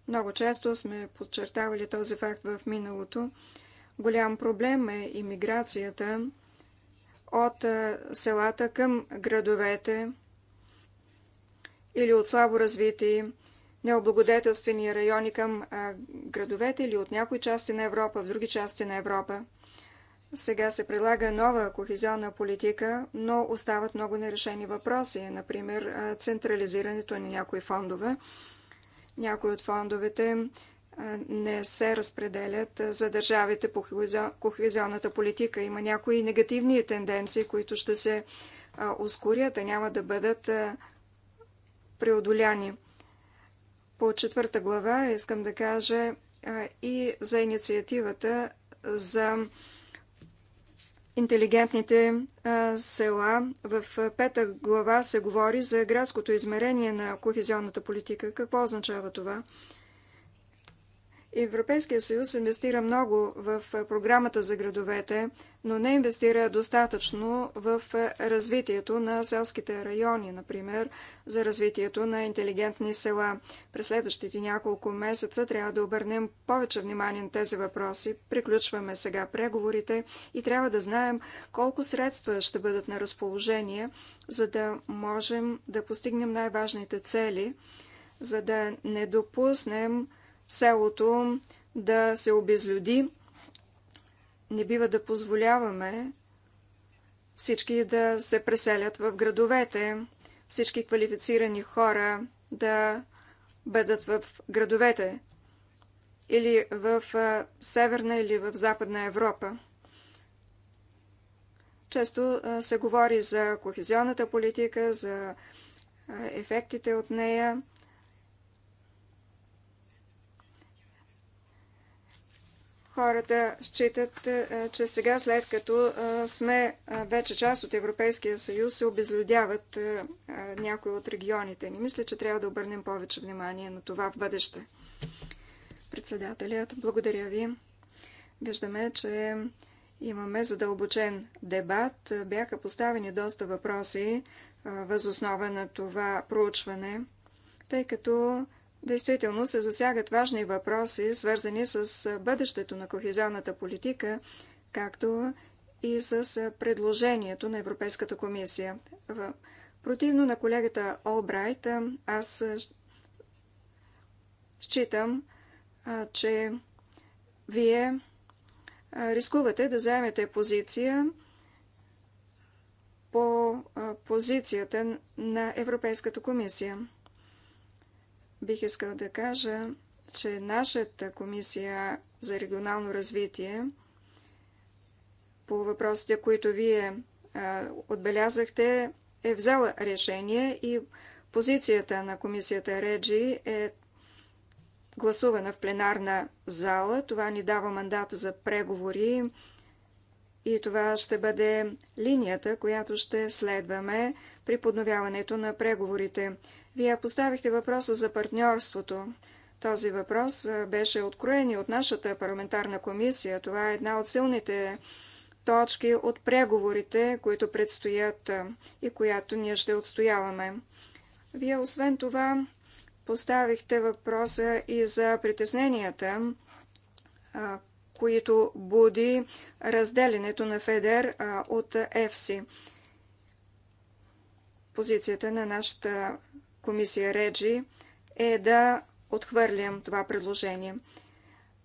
Много често сме подчертавали този факт в миналото. Голям проблем е иммиграцията от е, селата към градовете или от слабо развити необлагодетелствени райони към е, градовете или от някои части на Европа в други части на Европа. Сега се прилага нова кохезионна политика, но остават много нерешени въпроси, например е, централизирането на някои фондове. Някои от фондовете не се разпределят за държавите по кохезионната политика. Има някои негативни тенденции, които ще се ускорят, а няма да бъдат преодоляни. По четвърта глава искам да кажа и за инициативата за интелигентните села. В пета глава се говори за градското измерение на кохезионната политика. Какво означава това? Европейския съюз инвестира много в програмата за градовете, но не инвестира достатъчно в развитието на селските райони, например, за развитието на интелигентни села. През следващите няколко месеца трябва да обърнем повече внимание на тези въпроси. Приключваме сега преговорите и трябва да знаем колко средства ще бъдат на разположение, за да можем да постигнем най-важните цели, за да не допуснем селото да се обезлюди. Не бива да позволяваме всички да се преселят в градовете, всички квалифицирани хора да бъдат в градовете или в Северна или в Западна Европа. Често се говори за кохезионната политика, за ефектите от нея. Хората считат, е, че сега, след като е, сме е, вече част от Европейския съюз, се обезлюдяват някои от регионите ни. Мисля, че трябва да обърнем повече внимание на това в бъдеще. Председателят, благодаря ви. Виждаме, че имаме задълбочен дебат. Бяха поставени доста въпроси възоснова на това проучване, тъй като Действително се засягат важни въпроси, свързани с бъдещето на кохезионната политика, както и с предложението на Европейската комисия. Противно на колегата Олбрайт, аз считам, че вие рискувате да заемете позиция по позицията на Европейската комисия. Бих искал да кажа, че нашата комисия за регионално развитие по въпросите, които вие а, отбелязахте, е взела решение и позицията на комисията Реджи е гласувана в пленарна зала. Това ни дава мандат за преговори и това ще бъде линията, която ще следваме при подновяването на преговорите. Вие поставихте въпроса за партньорството. Този въпрос беше откроен и от нашата парламентарна комисия. Това е една от силните точки от преговорите, които предстоят и която ние ще отстояваме. Вие освен това поставихте въпроса и за притесненията, които буди разделянето на ФЕДЕР от ЕФСИ. Позицията на нашата комисия Реджи е да отхвърлям това предложение.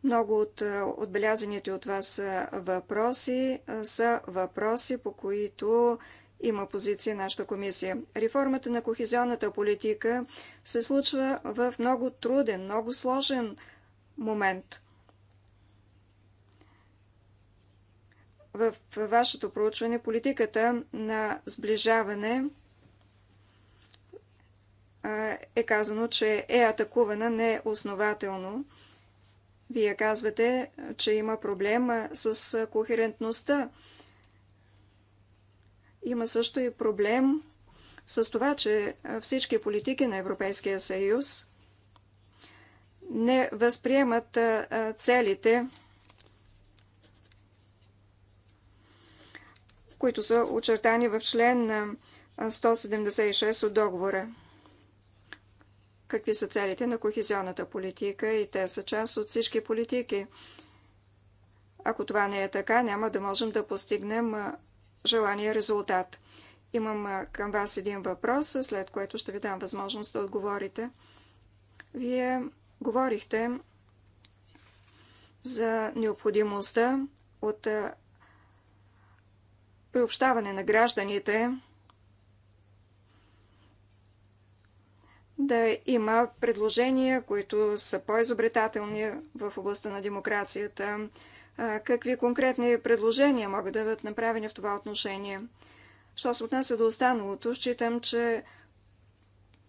Много от отбелязаните от вас въпроси са въпроси, по които има позиция нашата комисия. Реформата на кохезионната политика се случва в много труден, много сложен момент. В вашето проучване политиката на сближаване – е казано, че е атакувана неоснователно. Вие казвате, че има проблем с кохерентността. Има също и проблем с това, че всички политики на Европейския съюз не възприемат целите, които са очертани в член 176 от договора какви са целите на кохезионната политика и те са част от всички политики. Ако това не е така, няма да можем да постигнем желания резултат. Имам към вас един въпрос, след което ще ви дам възможност да отговорите. Вие говорихте за необходимостта от приобщаване на гражданите да има предложения, които са по-изобретателни в областта на демокрацията. Какви конкретни предложения могат да бъдат направени в това отношение? Що се отнася до останалото, считам, че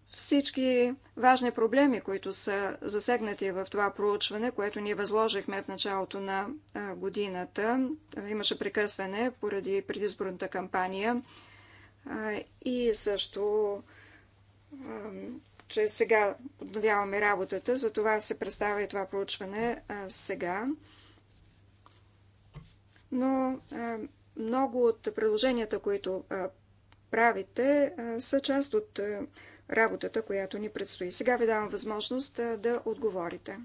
всички важни проблеми, които са засегнати в това проучване, което ние възложихме в началото на годината. Имаше прекъсване поради предизборната кампания и също че сега подновяваме работата, затова се представя и това проучване а, сега. Но а, много от предложенията, които а, правите, а, са част от а, работата, която ни предстои. Сега ви давам възможност а, да отговорите.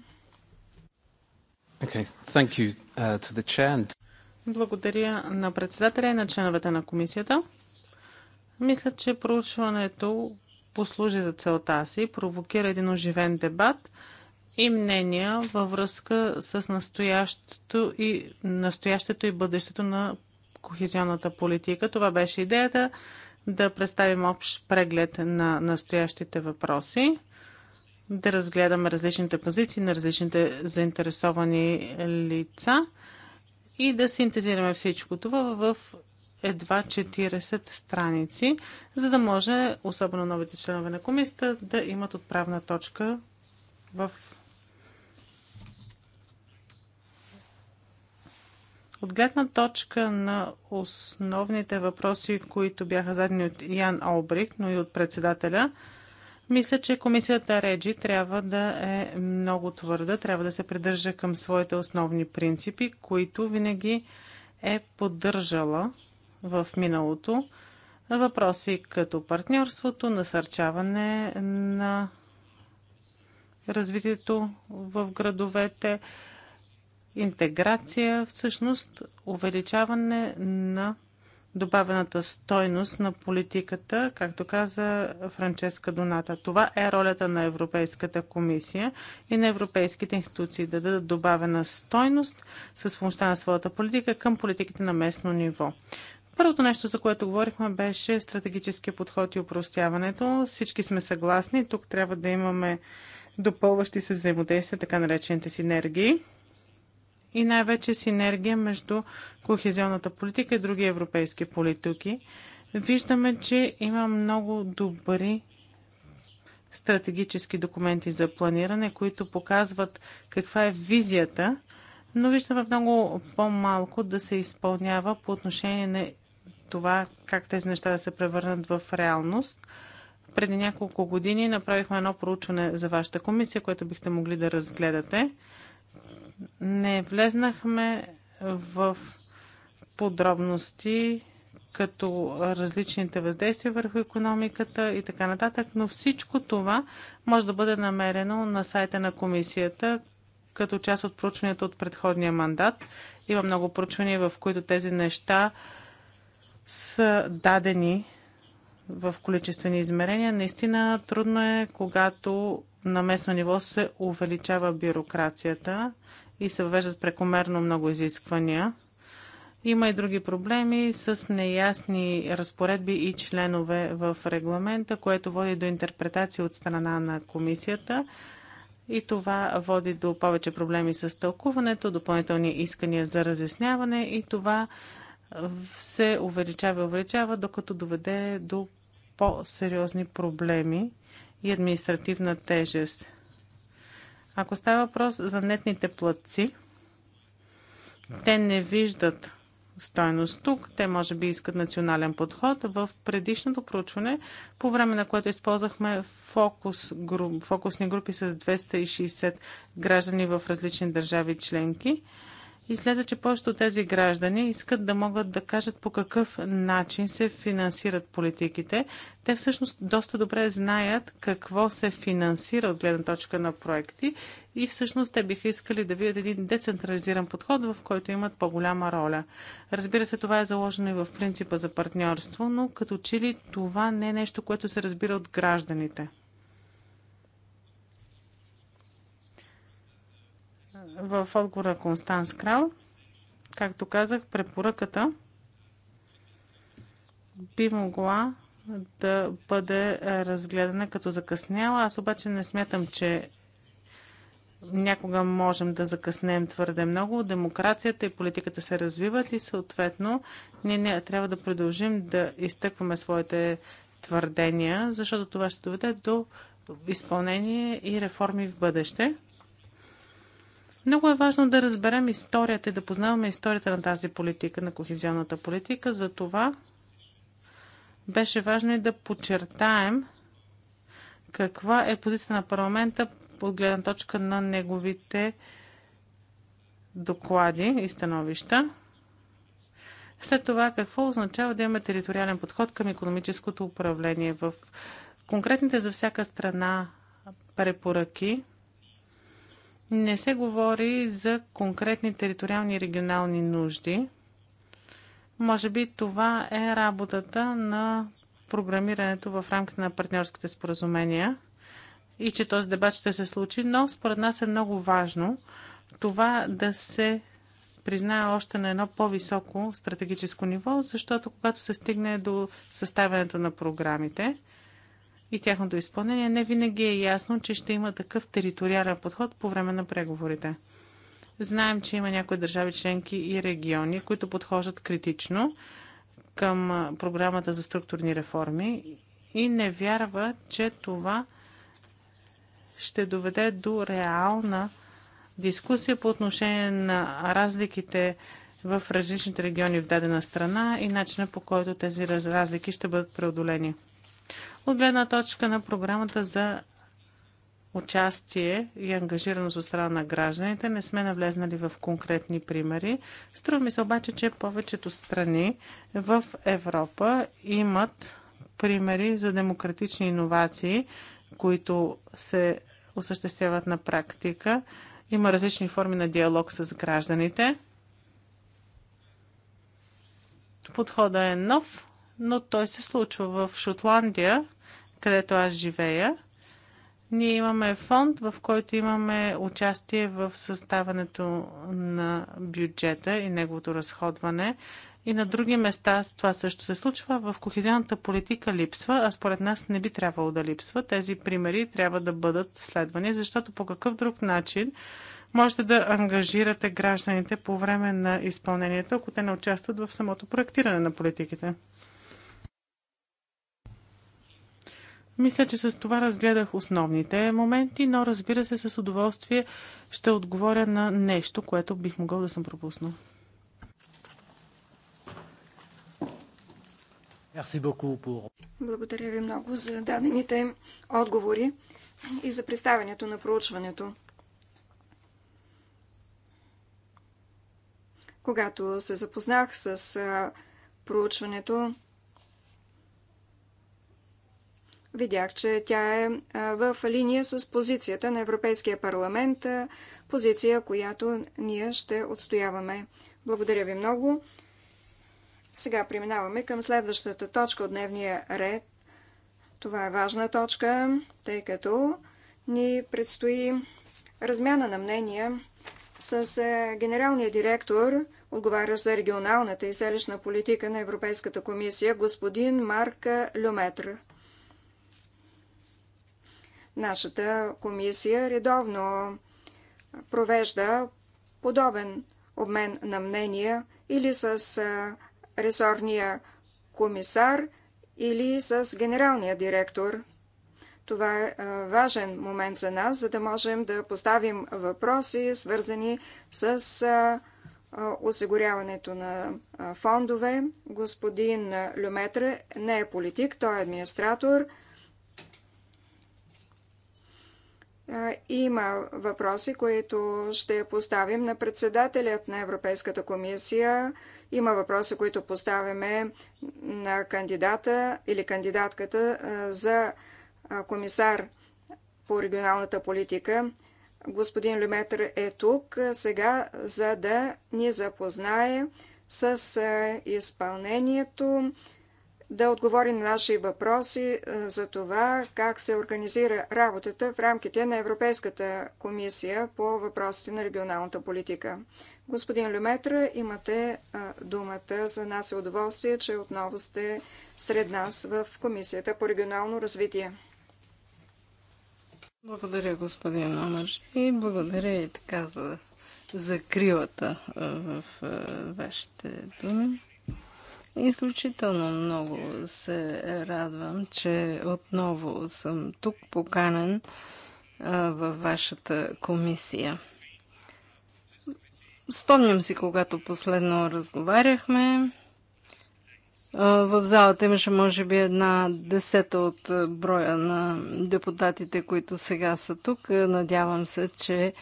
Okay. Thank you, uh, to the chair and... Благодаря на председателя и на членовете на комисията. Мисля, че проучването послужи за целта си, провокира един оживен дебат и мнения във връзка с настоящето и, настоящето и бъдещето на кохезионната политика. Това беше идеята да представим общ преглед на настоящите въпроси, да разгледаме различните позиции на различните заинтересовани лица и да синтезираме всичко това в едва 40 страници, за да може, особено новите членове на комисията, да имат отправна точка в От гледна точка на основните въпроси, които бяха задни от Ян Олбрихт, но и от председателя, мисля, че комисията Реджи трябва да е много твърда, трябва да се придържа към своите основни принципи, които винаги е поддържала в миналото. Въпроси като партньорството, насърчаване на развитието в градовете, интеграция, всъщност увеличаване на добавената стойност на политиката, както каза Франческа Доната. Това е ролята на Европейската комисия и на европейските институции да дадат добавена стойност с помощта на своята политика към политиките на местно ниво. Първото нещо, за което говорихме, беше стратегическия подход и упростяването. Всички сме съгласни. Тук трябва да имаме допълващи се взаимодействия, така наречените синергии. И най-вече синергия между кохезионната политика и други европейски политики. Виждаме, че има много добри стратегически документи за планиране, които показват каква е визията, но виждаме много по-малко да се изпълнява по отношение на това как тези неща да се превърнат в реалност. Преди няколко години направихме едно проучване за вашата комисия, което бихте могли да разгледате. Не влезнахме в подробности като различните въздействия върху економиката и така нататък, но всичко това може да бъде намерено на сайта на комисията като част от проучванията от предходния мандат. Има много проучвания, в които тези неща са дадени в количествени измерения. Наистина трудно е, когато на местно ниво се увеличава бюрокрацията и се въвеждат прекомерно много изисквания. Има и други проблеми с неясни разпоредби и членове в регламента, което води до интерпретации от страна на комисията. И това води до повече проблеми с тълкуването, допълнителни искания за разясняване и това се увеличава и увеличава, докато доведе до по-сериозни проблеми и административна тежест. Ако става въпрос за нетните платци, те не виждат стойност тук. Те може би искат национален подход. В предишното проучване, по време на което използвахме фокус груп, фокусни групи с 260 граждани в различни държави членки, Излезе, че повечето от тези граждани искат да могат да кажат по какъв начин се финансират политиките. Те всъщност доста добре знаят какво се финансира от гледна точка на проекти и всъщност те биха искали да видят един децентрализиран подход, в който имат по-голяма роля. Разбира се, това е заложено и в принципа за партньорство, но като че ли това не е нещо, което се разбира от гражданите. в отговор на Констанс Крал, както казах, препоръката би могла да бъде разгледана като закъсняла. Аз обаче не смятам, че някога можем да закъснем твърде много. Демокрацията и политиката се развиват и съответно ние не, трябва да продължим да изтъкваме своите твърдения, защото това ще доведе до изпълнение и реформи в бъдеще. Много е важно да разберем историята и да познаваме историята на тази политика, на кохезионната политика. За това беше важно и да подчертаем каква е позиция на парламента от гледна точка на неговите доклади и становища. След това какво означава да имаме териториален подход към економическото управление в конкретните за всяка страна препоръки не се говори за конкретни териториални и регионални нужди. Може би това е работата на програмирането в рамките на партньорските споразумения и че този дебат ще се случи, но според нас е много важно това да се признае още на едно по-високо стратегическо ниво, защото когато се стигне до съставянето на програмите, и тяхното изпълнение, не винаги е ясно, че ще има такъв териториален подход по време на преговорите. Знаем, че има някои държави членки и региони, които подхождат критично към програмата за структурни реформи и не вярва, че това ще доведе до реална дискусия по отношение на разликите в различните региони в дадена страна и начина по който тези разлики ще бъдат преодолени. От гледна точка на програмата за участие и ангажираност от страна на гражданите. Не сме навлезнали в конкретни примери. Струва ми се обаче, че повечето страни в Европа имат примери за демократични иновации, които се осъществяват на практика. Има различни форми на диалог с гражданите. Подходът е нов, но той се случва в Шотландия, където аз живея. Ние имаме фонд, в който имаме участие в съставането на бюджета и неговото разходване. И на други места това също се случва. В кохезионната политика липсва, а според нас не би трябвало да липсва. Тези примери трябва да бъдат следвани, защото по какъв друг начин можете да ангажирате гражданите по време на изпълнението, ако те не участват в самото проектиране на политиките. Мисля, че с това разгледах основните моменти, но разбира се, с удоволствие ще отговоря на нещо, което бих могъл да съм пропуснал. Благодаря ви много за дадените отговори и за представянето на проучването. Когато се запознах с проучването, видях, че тя е в линия с позицията на Европейския парламент, позиция, която ние ще отстояваме. Благодаря ви много. Сега преминаваме към следващата точка от дневния ред. Това е важна точка, тъй като ни предстои размяна на мнения с генералния директор, отговарящ за регионалната и селищна политика на Европейската комисия, господин Марк Люметр. Нашата комисия редовно провежда подобен обмен на мнения или с ресорния комисар, или с генералния директор. Това е важен момент за нас, за да можем да поставим въпроси, свързани с осигуряването на фондове. Господин Люметре не е политик, той е администратор – Има въпроси, които ще поставим на председателят на Европейската комисия. Има въпроси, които поставяме на кандидата или кандидатката за комисар по регионалната политика. Господин Люметър е тук сега, за да ни запознае с изпълнението да отговори на наши въпроси е, за това как се организира работата в рамките на Европейската комисия по въпросите на регионалната политика. Господин Люметра, имате е, думата. За нас е удоволствие, че отново сте сред нас в Комисията по регионално развитие. Благодаря, господин Номерш, И благодаря и така за закрилата е, в вашите думи. Изключително много се радвам, че отново съм тук поканен във вашата комисия. Спомням си, когато последно разговаряхме, в залата имаше, може би, една десета от броя на депутатите, които сега са тук. Надявам се, че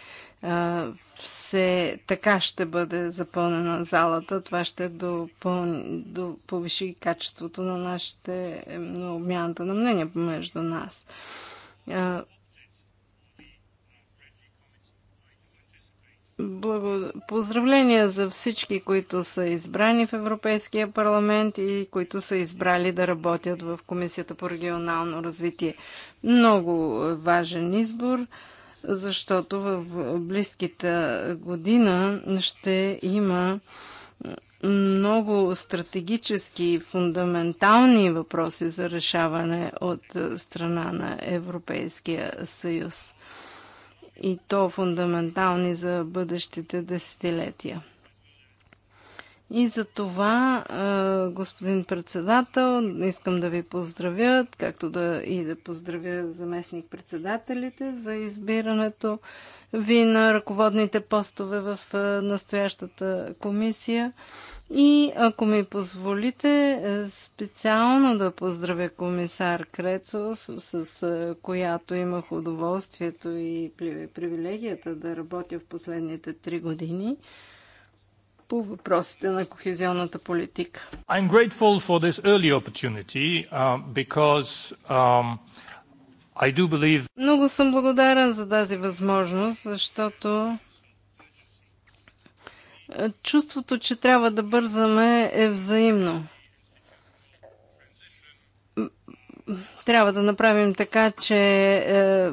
все така ще бъде запълнена залата. Това ще допълни, до, повиши качеството на нашите на обмяната на мнение между нас. Благо... Поздравления за всички, които са избрани в Европейския парламент и които са избрали да работят в Комисията по регионално развитие. Много важен избор защото в близките година ще има много стратегически и фундаментални въпроси за решаване от страна на Европейския съюз. И то фундаментални за бъдещите десетилетия. И за това, господин председател, искам да ви поздравя, както да и да поздравя заместник председателите за избирането ви на ръководните постове в настоящата комисия. И ако ми позволите, е, специално да поздравя комисар Крецо, с която имах удоволствието и привилегията да работя в последните три години – по въпросите на кохезионната политика. I'm grateful for this early opportunity uh, because um, I do believe... Много съм благодарен за тази възможност, защото е, чувството, че трябва да бързаме е взаимно. Трябва да направим така, че е,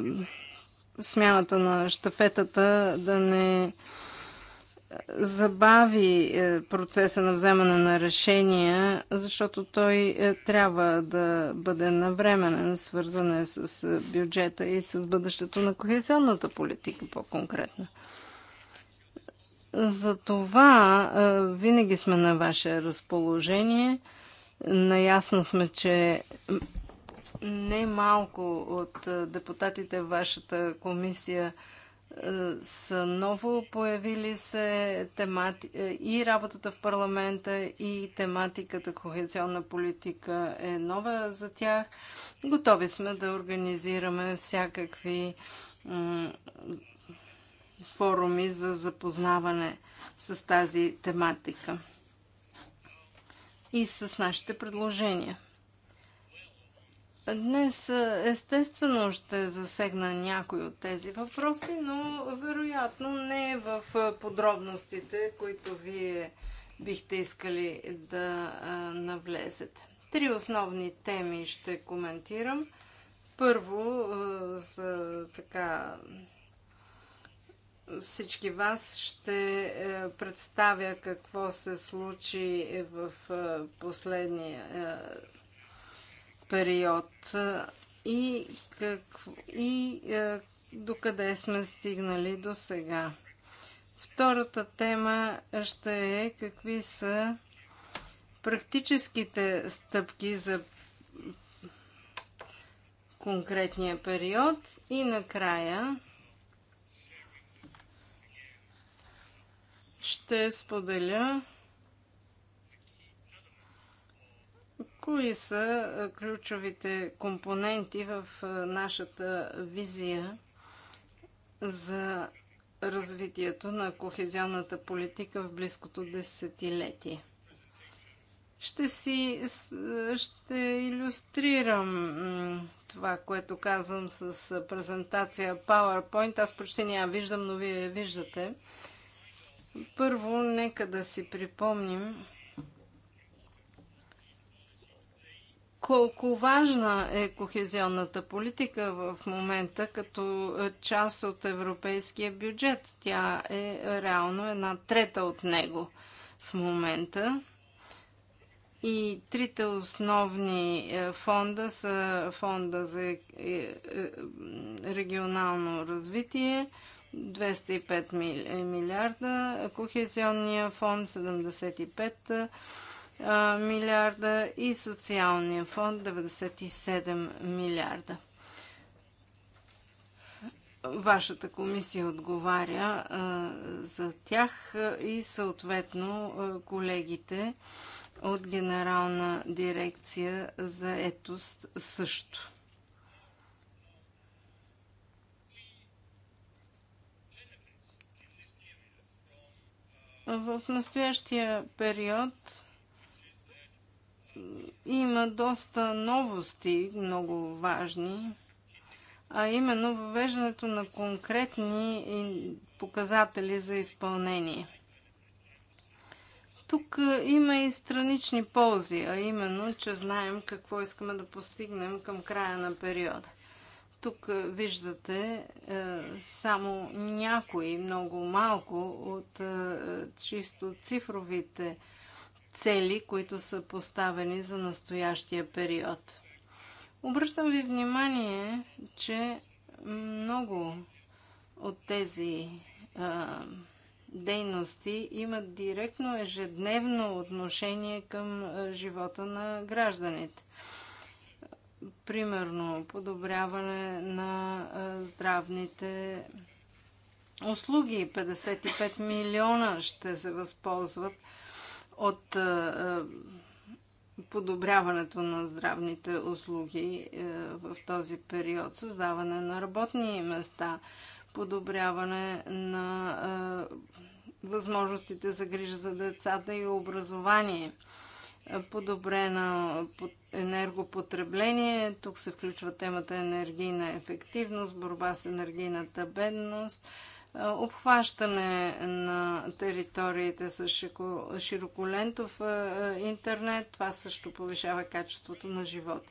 смяната на щафетата да не е, забави е, процеса на вземане на решения, защото той е, трябва да бъде навременен, свързан е с е, бюджета и с бъдещето на кохезионната политика по-конкретно. За това винаги сме на ваше разположение. Наясно сме, че не малко от депутатите в вашата комисия – е, са ново появили се темати... Е, и работата в парламента, и тематиката кохезионна политика е нова за тях. Готови сме да организираме всякакви форуми за запознаване с тази тематика и с нашите предложения. Днес е, естествено ще засегна някои от тези въпроси, но вероятно не в е, подробностите, които вие бихте искали да е, навлезете. Три основни теми ще коментирам. Първо, за така всички вас ще представя какво се случи в последния период и, какво, и е, докъде сме стигнали до сега. Втората тема ще е какви са практическите стъпки за конкретния период и накрая ще споделя Кои са ключовите компоненти в нашата визия за развитието на кохезионната политика в близкото десетилетие? Ще си ще иллюстрирам това, което казвам с презентация PowerPoint. Аз почти няма виждам, но вие я виждате. Първо, нека да си припомним, колко важна е кохезионната политика в момента като е, част от европейския бюджет. Тя е реално една трета от него в момента. И трите основни е, фонда са фонда за е, регионално развитие 205 милиарда, кохезионния фонд 75 милиарда милиарда и социалния фонд 97 милиарда. Вашата комисия отговаря а, за тях и съответно колегите от Генерална дирекция за етост също. В настоящия период има доста новости, много важни, а именно въвеждането на конкретни показатели за изпълнение. Тук има и странични ползи, а именно, че знаем какво искаме да постигнем към края на периода. Тук виждате е, само някои, много малко от е, чисто цифровите цели, които са поставени за настоящия период. Обръщам ви внимание, че много от тези а, дейности имат директно ежедневно отношение към а, живота на гражданите. Примерно, подобряване на а, здравните услуги. 55 милиона ще се възползват от е, е, подобряването на здравните услуги е, в този период, създаване на работни места, подобряване на възможностите за грижа за децата и образование, подобрено енергопотребление. Тук се включва темата енергийна ефективност, борба с енергийната бедност – е, обхващане на териториите с широколентов е, е, интернет. Това също повишава качеството на живота.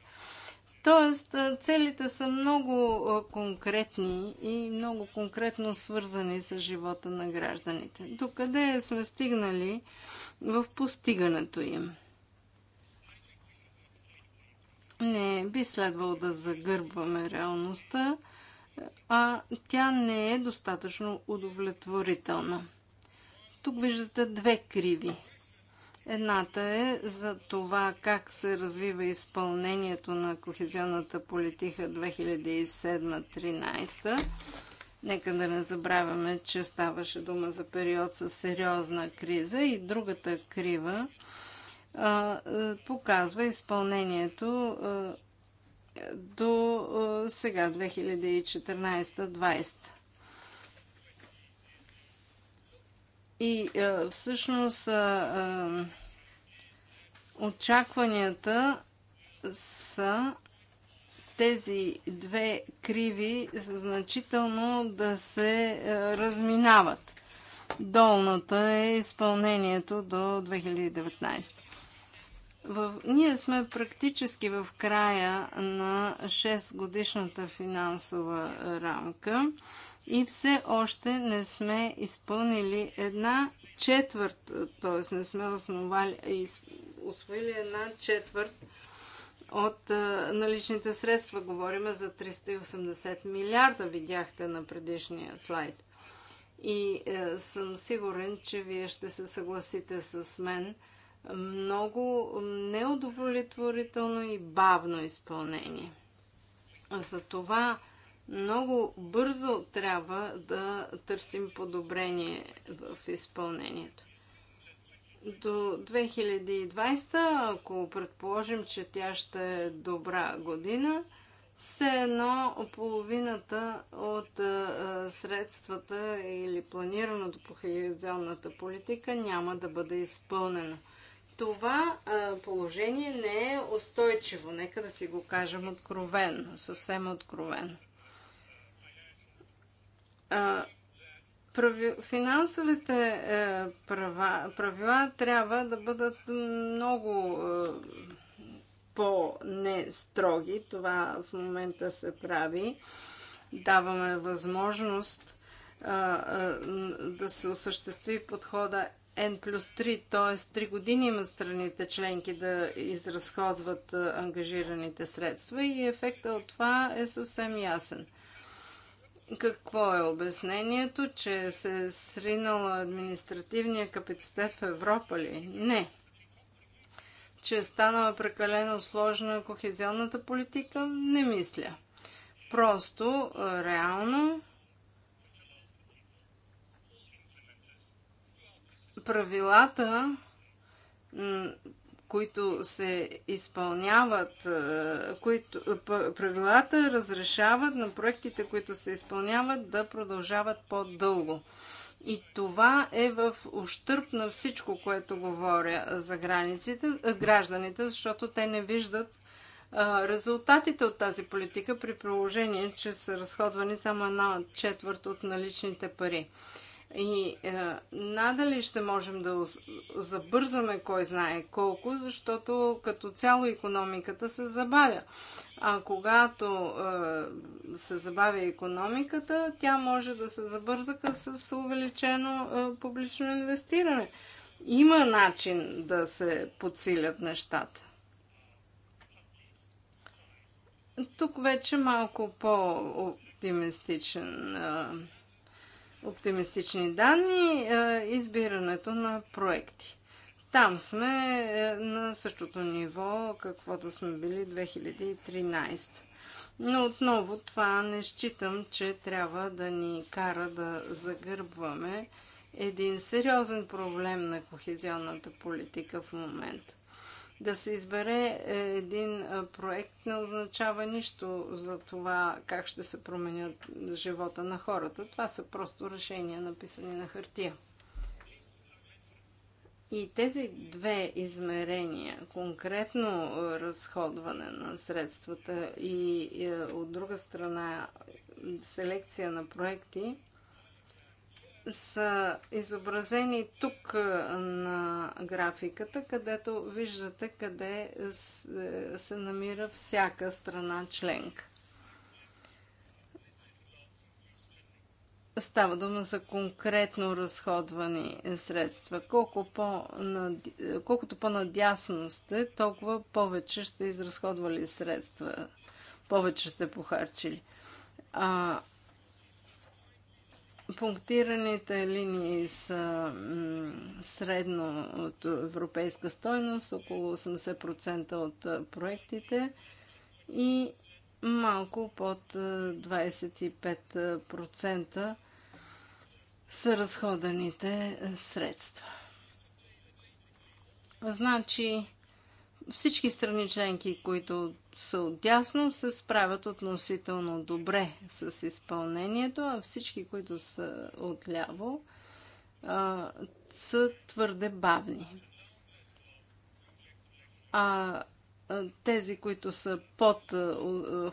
Тоест, целите са много конкретни и много конкретно свързани с живота на гражданите. Докъде сме стигнали в постигането им? Не би следвало да загърбваме реалността а тя не е достатъчно удовлетворителна. Тук виждате две криви. Едната е за това как се развива изпълнението на кохезионната политика 2007-2013. Нека да не забравяме, че ставаше дума за период с сериозна криза и другата крива а, е, показва изпълнението а, е, до сега 2014-2020. И всъщност очакванията са тези две криви значително да се разминават. Долната е изпълнението до 2019. В... Ние сме практически в края на 6-годишната финансова рамка и все още не сме изпълнили една четвърт, т.е. не сме основали, из... освоили една четвърт от наличните средства. Говориме за 380 милиарда, видяхте на предишния слайд. И е, съм сигурен, че вие ще се съгласите с мен – много неудовлетворително и бавно изпълнение. Затова много бързо трябва да търсим подобрение в изпълнението. До 2020, ако предположим, че тя ще е добра година, все едно половината от е, средствата или планираното по хоризонталната политика няма да бъде изпълнено – това а, положение не е устойчиво. Нека да си го кажем откровенно, съвсем откровенно. А, прави, финансовите е, права, правила трябва да бъдат много е, по-нестроги. Това в момента се прави. Даваме възможност е, е, да се осъществи подхода N плюс 3, т.е. 3 години имат страните членки да изразходват ангажираните средства и ефекта от това е съвсем ясен. Какво е обяснението, че се е сринала административния капацитет в Европа ли? Не. Че е станала прекалено сложна кохезионната политика? Не мисля. Просто, реално, правилата, които се изпълняват, които, правилата разрешават на проектите, които се изпълняват, да продължават по-дълго. И това е в ущърп на всичко, което говоря за границите, гражданите, защото те не виждат резултатите от тази политика при приложение, че са разходвани само една четвърт от наличните пари. И е, надали ще можем да забързаме кой знае колко, защото като цяло економиката се забавя. А когато е, се забавя економиката, тя може да се забърза с увеличено е, публично инвестиране. Има начин да се подсилят нещата. Тук вече малко по-оптимистичен. Е, оптимистични данни, е, избирането на проекти. Там сме е, на същото ниво, каквото сме били 2013. Но отново това не считам, че трябва да ни кара да загърбваме един сериозен проблем на кохезионната политика в момента. Да се избере е, един е, проект не означава нищо за това как ще се променят живота на хората. Това са просто решения написани на хартия. И тези две измерения, конкретно е, разходване на средствата и от друга страна селекция на проекти, са изобразени тук на графиката, където виждате къде е, се намира всяка страна членка. Става дума за конкретно разходвани средства. Колко по -над... Колкото по-надясно сте, толкова повече ще изразходвали средства, повече сте похарчили. А Пунктираните линии са средно от европейска стойност, около 80% от проектите и малко под 25% са разходените средства. Значи, всички страни членки, които са отдясно, се справят относително добре с изпълнението, а всички, които са отляво, са твърде бавни. А тези, които са под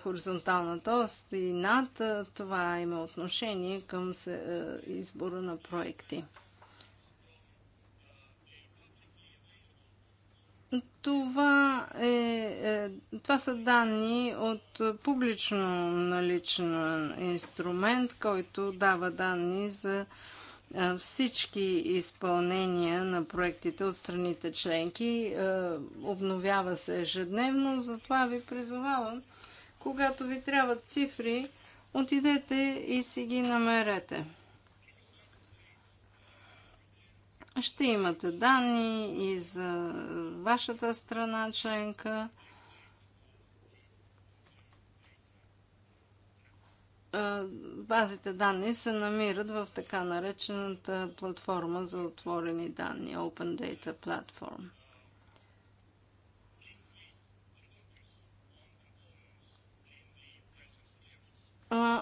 хоризонталната ост и над, това има отношение към избора на проекти. Това, е, е, това са данни от публично наличен инструмент, който дава данни за е, всички изпълнения на проектите от страните членки. Е, обновява се ежедневно, затова ви призовавам, когато ви трябват цифри, отидете и си ги намерете. Ще имате данни и за вашата страна членка. Базите данни се намират в така наречената платформа за отворени данни, Open Data Platform.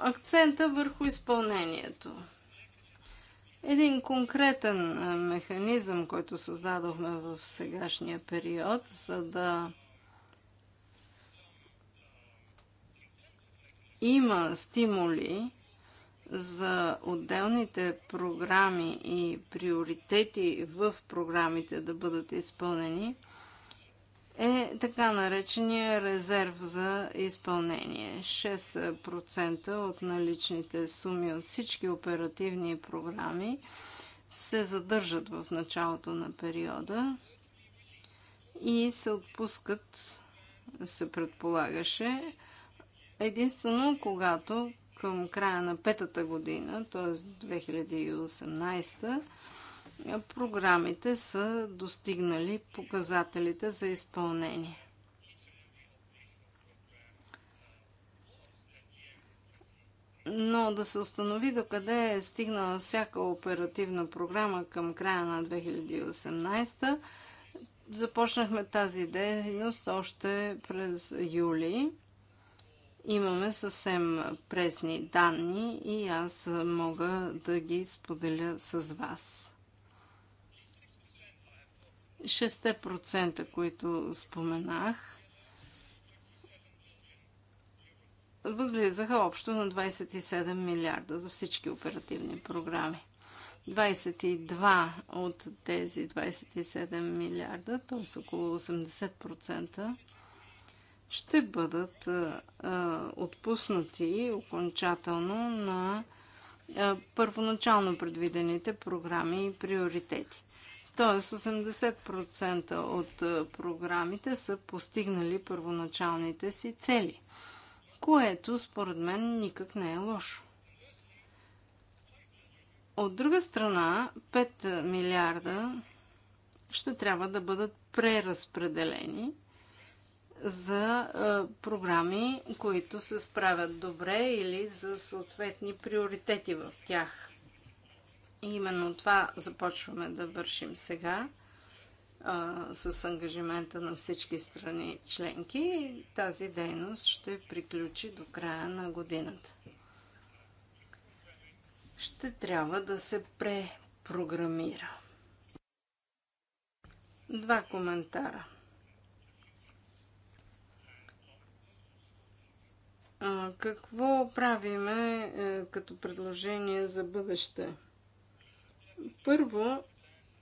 акцента върху изпълнението. Един конкретен механизъм, който създадохме в сегашния период, за да има стимули за отделните програми и приоритети в програмите да бъдат изпълнени – е така наречения резерв за изпълнение. 6% от наличните суми от всички оперативни програми се задържат в началото на периода и се отпускат, се предполагаше, единствено когато към края на петата година, т.е. 2018 програмите са достигнали показателите за изпълнение. Но да се установи докъде е стигнала всяка оперативна програма към края на 2018, започнахме тази дейност още през юли. Имаме съвсем пресни данни и аз мога да ги споделя с вас. 6%, които споменах, възлизаха общо на 27 милиарда за всички оперативни програми. 22 от тези 27 милиарда, т.е. около 80%, ще бъдат а, отпуснати окончателно на а, първоначално предвидените програми и приоритети. Тоест 80% от програмите са постигнали първоначалните си цели, което според мен никак не е лошо. От друга страна, 5 милиарда ще трябва да бъдат преразпределени за програми, които се справят добре или за съответни приоритети в тях. И именно това започваме да вършим сега а, с ангажимента на всички страни членки. Тази дейност ще приключи до края на годината. Ще трябва да се препрограмира. Два коментара. Какво правиме е, като предложение за бъдеще? Първо,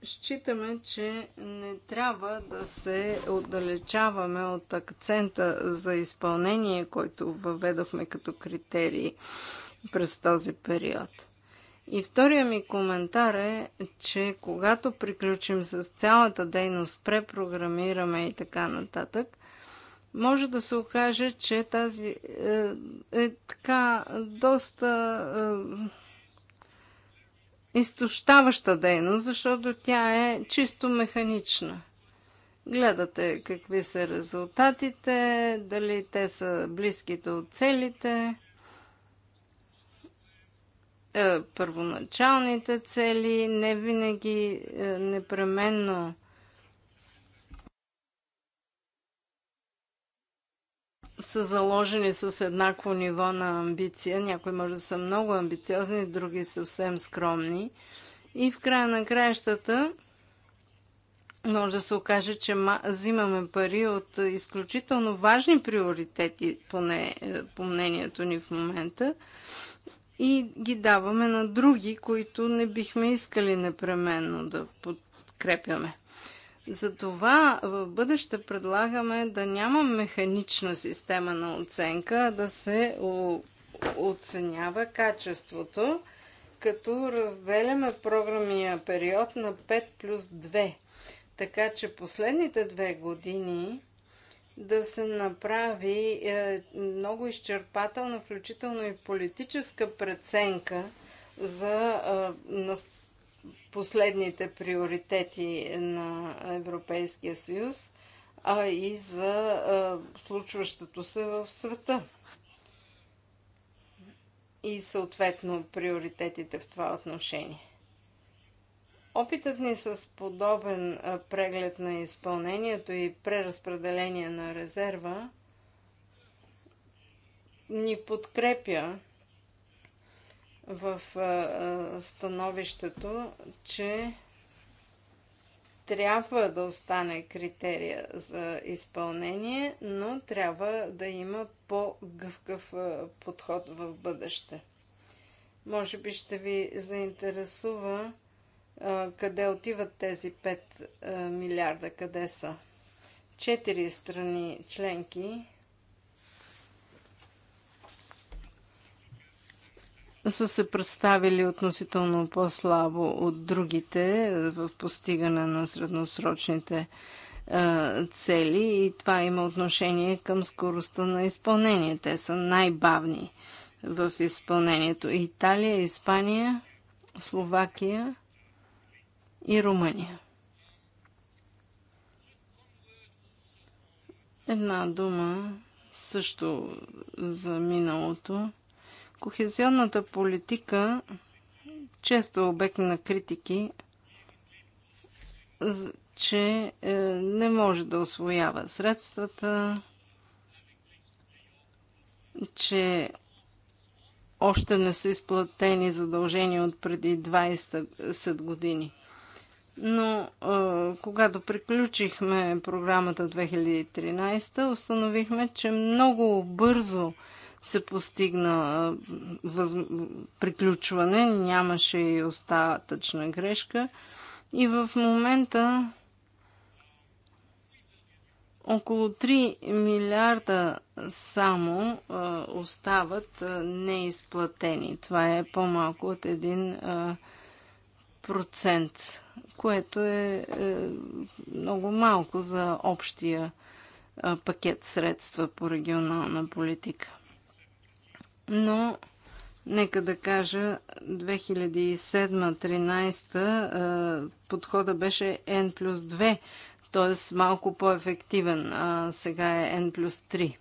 считаме, че не трябва да се отдалечаваме от акцента за изпълнение, който въведохме като критерии през този период. И втория ми коментар е, че когато приключим с цялата дейност, препрограмираме и така нататък, може да се окаже, че тази е, е така доста. Е, изтощаваща дейност, защото тя е чисто механична. Гледате какви са резултатите, дали те са близките от целите, е, първоначалните цели, не винаги е, непременно са заложени с еднакво ниво на амбиция. Някои може да са много амбициозни, други съвсем скромни. И в края на краищата може да се окаже, че взимаме пари от изключително важни приоритети, поне е, по мнението ни в момента, и ги даваме на други, които не бихме искали непременно да подкрепяме. Затова в бъдеще предлагаме да няма механична система на оценка, а да се оценява качеството, като разделяме програмния период на 5 плюс 2. Така че последните две години да се направи е, много изчерпателна, включително и политическа преценка за е, последните приоритети на Европейския съюз, а и за случващото се в света. И съответно приоритетите в това отношение. Опитът ни с подобен преглед на изпълнението и преразпределение на резерва ни подкрепя в становището, че трябва да остане критерия за изпълнение, но трябва да има по-гъвкав подход в бъдеще. Може би ще ви заинтересува къде отиват тези 5 милиарда, къде са. Четири страни членки са се представили относително по-слабо от другите в постигане на средносрочните е, цели и това има отношение към скоростта на изпълнение. Те са най-бавни в изпълнението. Италия, Испания, Словакия и Румъния. Една дума също за миналото. Кохезионната политика често е обект на критики, че е, не може да освоява средствата, че още не са изплатени задължения от преди 20 години. Но е, когато приключихме програмата 2013, установихме, че много бързо се постигна въз... приключване, нямаше и остатъчна грешка. И в момента около 3 милиарда само а, остават а, неизплатени. Това е по-малко от 1 процент, което е, е много малко за общия а, пакет средства по регионална политика но нека да кажа 2007-2013 подхода беше N плюс 2, т.е. малко по-ефективен, а сега е N плюс 3.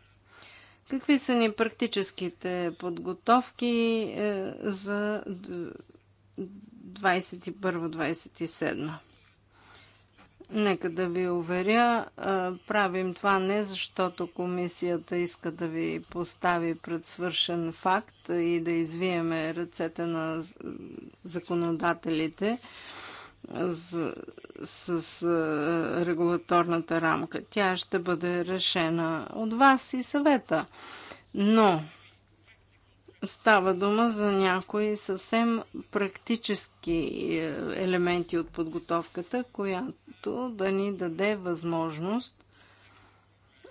Какви са ни практическите подготовки е, за 2021-2027? Нека да ви уверя, правим това не защото комисията иска да ви постави пред свършен факт и да извиеме ръцете на законодателите с, регулаторната рамка. Тя ще бъде решена от вас и съвета. Но Става дума за някои съвсем практически е, елементи от подготовката, която да ни даде възможност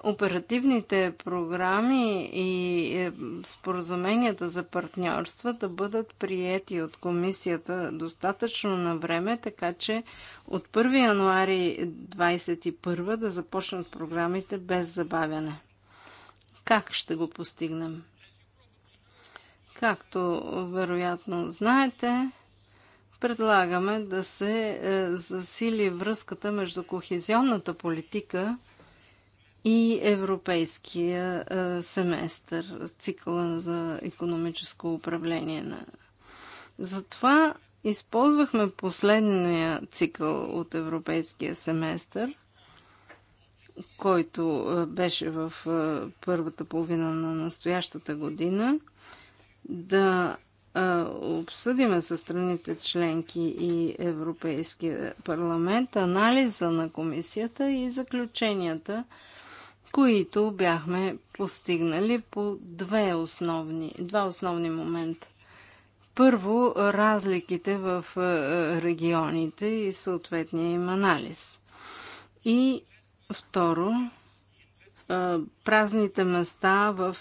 оперативните програми и е, споразуменията за партньорства да бъдат приети от комисията достатъчно на време, така че от 1 януари 2021 да започнат програмите без забавяне. Как ще го постигнем? Както вероятно знаете, предлагаме да се е, засили връзката между кохезионната политика и европейския е, семестър, цикъла за економическо управление. Затова използвахме последния цикъл от европейския семестър, който е, беше в първата половина на настоящата година – да обсъдиме с страните членки и Европейския парламент анализа на комисията и заключенията, които бяхме постигнали по две основни, два основни момента. Първо, разликите в регионите и съответния им анализ. И второ, празните места в,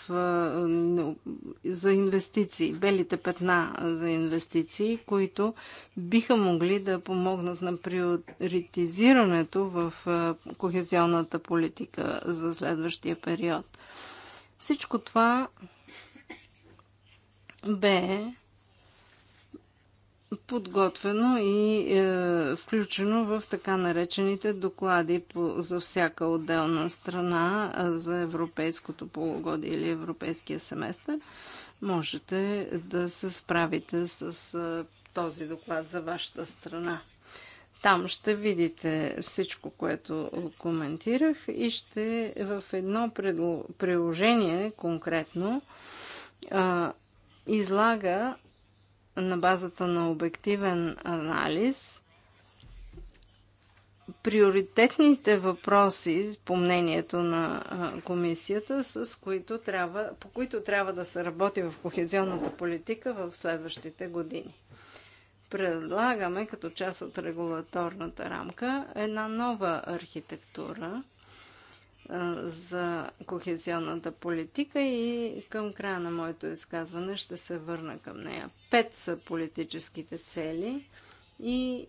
за инвестиции, белите петна за инвестиции, които биха могли да помогнат на приоритизирането в кохезионната политика за следващия период. Всичко това бе подготвено и е, включено в така наречените доклади по, за всяка отделна страна е, за европейското полугодие или европейския семестър. Можете да се справите с е, този доклад за вашата страна. Там ще видите всичко, което коментирах и ще в едно приложение конкретно е, излага на базата на обективен анализ, приоритетните въпроси, по мнението на комисията, с които трябва, по които трябва да се работи в кохезионната политика в следващите години. Предлагаме като част от регулаторната рамка една нова архитектура – за кохезионната политика и към края на моето изказване ще се върна към нея. Пет са политическите цели и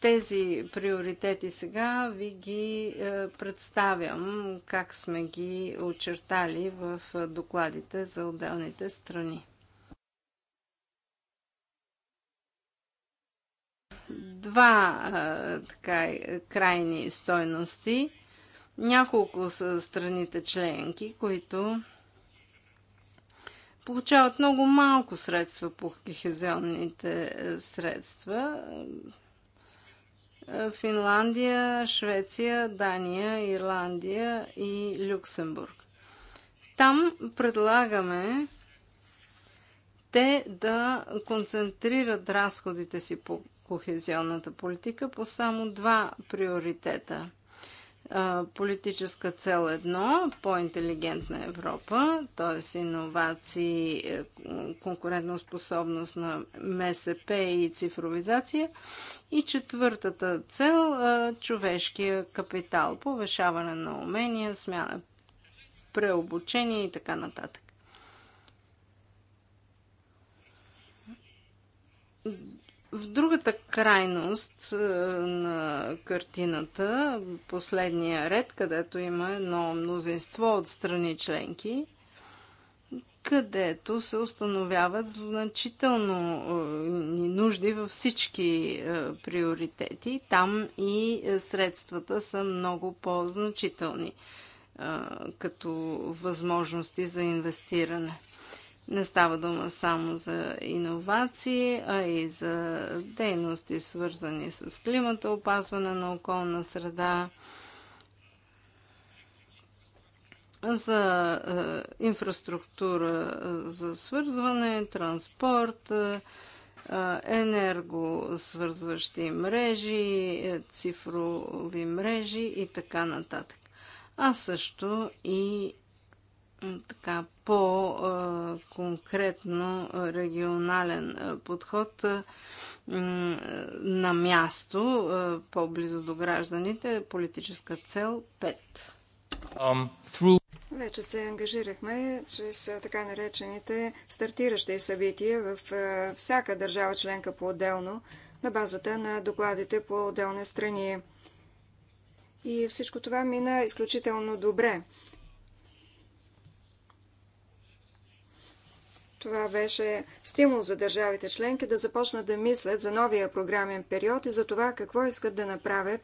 тези приоритети сега ви ги представям, как сме ги очертали в докладите за отделните страни. Два така, крайни стойности – няколко са страните членки, които получават много малко средства по кохезионните е, средства. Е, Финландия, Швеция, Дания, Ирландия и Люксембург. Там предлагаме те да концентрират разходите си по кохезионната политика по само два приоритета – политическа цел едно по-интелигентна Европа, т.е. иновации, е, конкурентоспособност на МСП и цифровизация. И четвъртата цел човешкия капитал, повишаване на умения, смяна, преобучение и така нататък. В другата крайност е, на картината, последния ред, където има едно мнозинство от страни членки, където се установяват значително е, нужди във всички е, приоритети. Там и средствата са много по-значителни като възможности за инвестиране. Не става дума само за иновации, а и за дейности, свързани с климата, опазване на околна среда, за е, инфраструктура е, за свързване, транспорт, е, енергосвързващи мрежи, цифрови мрежи и така нататък. А също и така по-конкретно регионален подход на място, по-близо до гражданите, политическа цел 5. Um, Вече се ангажирахме чрез така наречените стартиращи събития в всяка държава членка по-отделно, на базата на докладите по отделни страни. И всичко това мина изключително добре. Това беше стимул за държавите членки да започнат да мислят за новия програмен период и за това какво искат да направят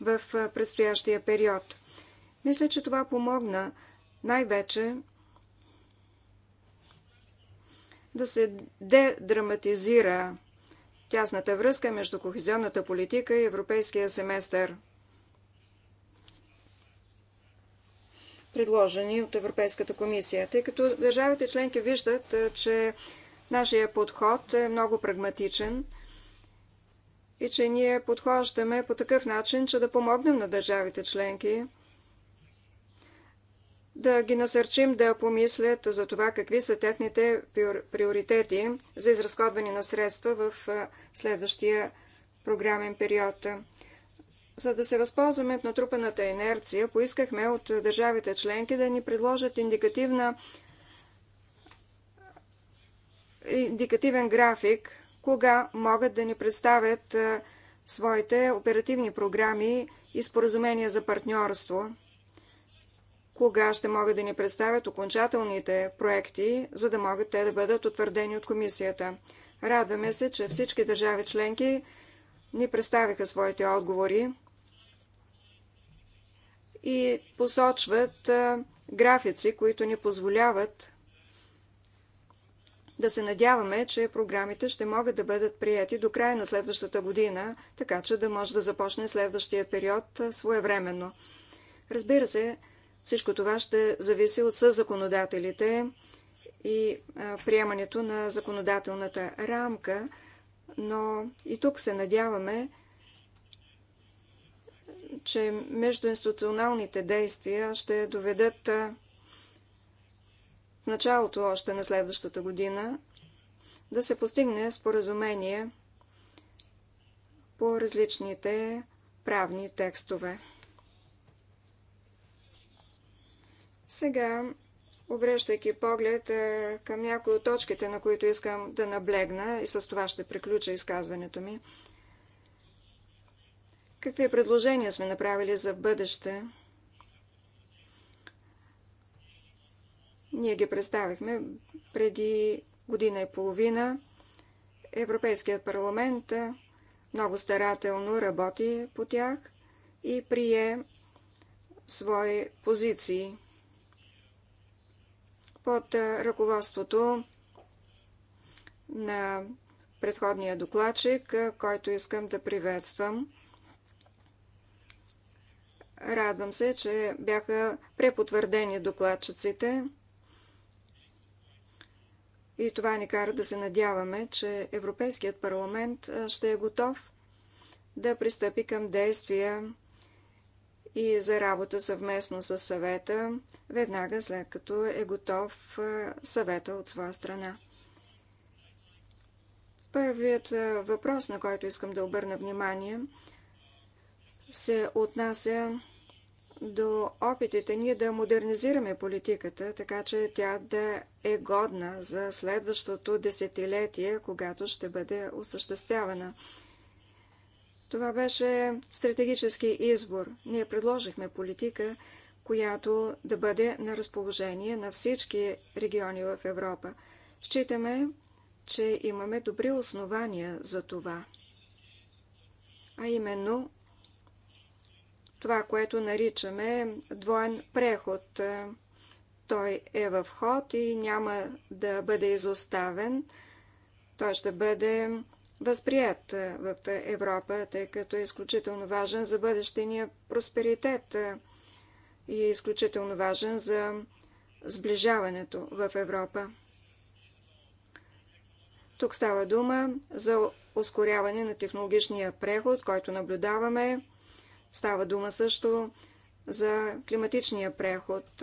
в предстоящия период. Мисля, че това помогна най-вече да се дедраматизира тясната връзка между кохезионната политика и европейския семестър – предложени от Европейската комисия. Тъй като държавите членки виждат, че нашия подход е много прагматичен и че ние подхождаме по такъв начин, че да помогнем на държавите членки да ги насърчим да помислят за това какви са техните приоритети за изразходване на средства в следващия програмен период. За да се възползваме от натрупаната инерция, поискахме от държавите членки да ни предложат индикативна индикативен график, кога могат да ни представят своите оперативни програми и споразумения за партньорство, кога ще могат да ни представят окончателните проекти, за да могат те да бъдат утвърдени от комисията. Радваме се, че всички държави членки ни представиха своите отговори и посочват графици, които ни позволяват да се надяваме, че програмите ще могат да бъдат прияти до края на следващата година, така че да може да започне следващия период своевременно. Разбира се, всичко това ще зависи от съзаконодателите и приемането на законодателната рамка, но и тук се надяваме, че междуинституционалните действия ще доведат в началото още на следващата година да се постигне споразумение по различните правни текстове. Сега, обръщайки поглед към някои от точките, на които искам да наблегна и с това ще приключа изказването ми – Какви предложения сме направили за бъдеще? Ние ги представихме преди година и половина. Европейският парламент много старателно работи по тях и прие свои позиции под ръководството на предходния докладчик, който искам да приветствам. Радвам се, че бяха препотвърдени докладчиците. И това ни кара да се надяваме, че Европейският парламент ще е готов да пристъпи към действия и за работа съвместно с съвета, веднага след като е готов съвета от своя страна. Първият въпрос, на който искам да обърна внимание – се отнася до опитите ние да модернизираме политиката, така че тя да е годна за следващото десетилетие, когато ще бъде осъществявана. Това беше стратегически избор. Ние предложихме политика, която да бъде на разположение на всички региони в Европа. Считаме, че имаме добри основания за това. А именно това, което наричаме двоен преход. Е, той е в ход и няма да бъде изоставен. Той ще бъде възприят е, в Европа, тъй като е изключително важен за бъдещения просперитет е, и е изключително важен за сближаването в Европа. Тук става дума за ускоряване на технологичния преход, който наблюдаваме Става дума също за климатичния преход.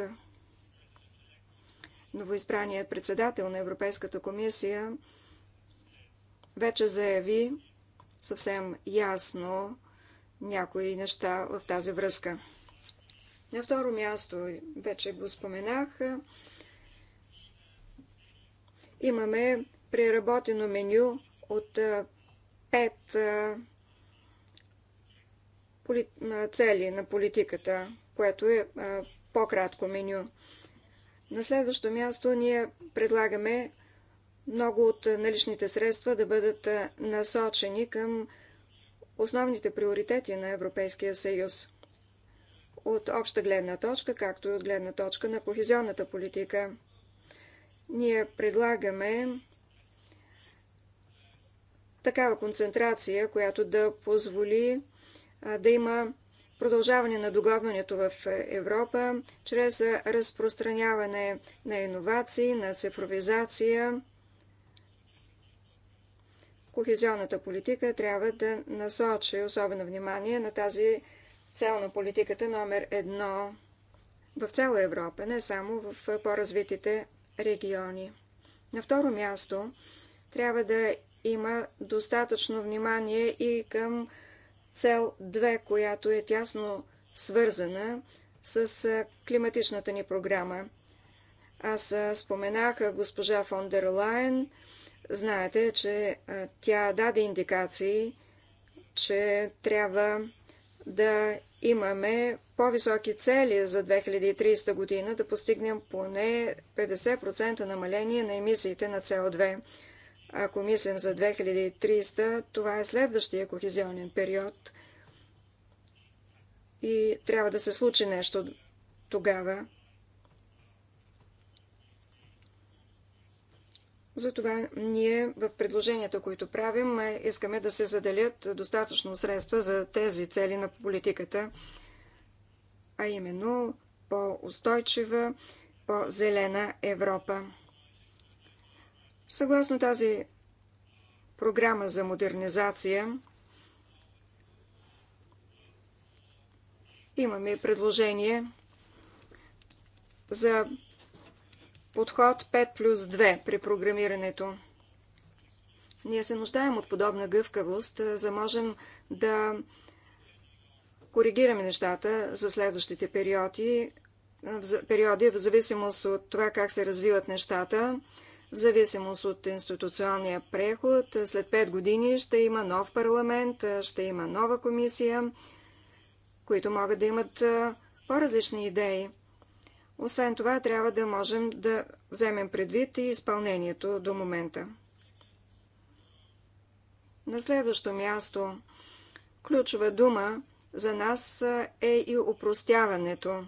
Новоизбраният председател на Европейската комисия вече заяви съвсем ясно някои неща в тази връзка. На второ място, вече го споменах, имаме преработено меню от пет цели на политиката, което е по-кратко меню. На следващо място ние предлагаме много от наличните средства да бъдат насочени към основните приоритети на Европейския съюз. От обща гледна точка, както и от гледна точка на кохезионната политика. Ние предлагаме такава концентрация, която да позволи да има продължаване на договарянето в Европа чрез разпространяване на иновации, на цифровизация. Кохезионната политика трябва да насочи особено внимание на тази цел на политиката номер едно в цяла Европа, не само в по-развитите региони. На второ място трябва да има достатъчно внимание и към цел 2, която е тясно свързана с климатичната ни програма. Аз споменах госпожа фон дер Лайен. Знаете, че тя даде индикации, че трябва да имаме по-високи цели за 2030 година, да постигнем поне 50% намаление на емисиите на СО2. Ако мислим за 2300, това е следващия кохезионен период и трябва да се случи нещо тогава. Затова ние в предложенията, които правим, искаме да се заделят достатъчно средства за тези цели на политиката, а именно по-устойчива, по-зелена Европа. Съгласно тази програма за модернизация, имаме предложение за подход 5 плюс 2 при програмирането. Ние се нуждаем от подобна гъвкавост, за можем да коригираме нещата за следващите периоди, периоди в зависимост от това как се развиват нещата. В зависимост от институционния преход, след 5 години ще има нов парламент, ще има нова комисия, които могат да имат по-различни идеи. Освен това, трябва да можем да вземем предвид и изпълнението до момента. На следващо място, ключова дума за нас е и упростяването.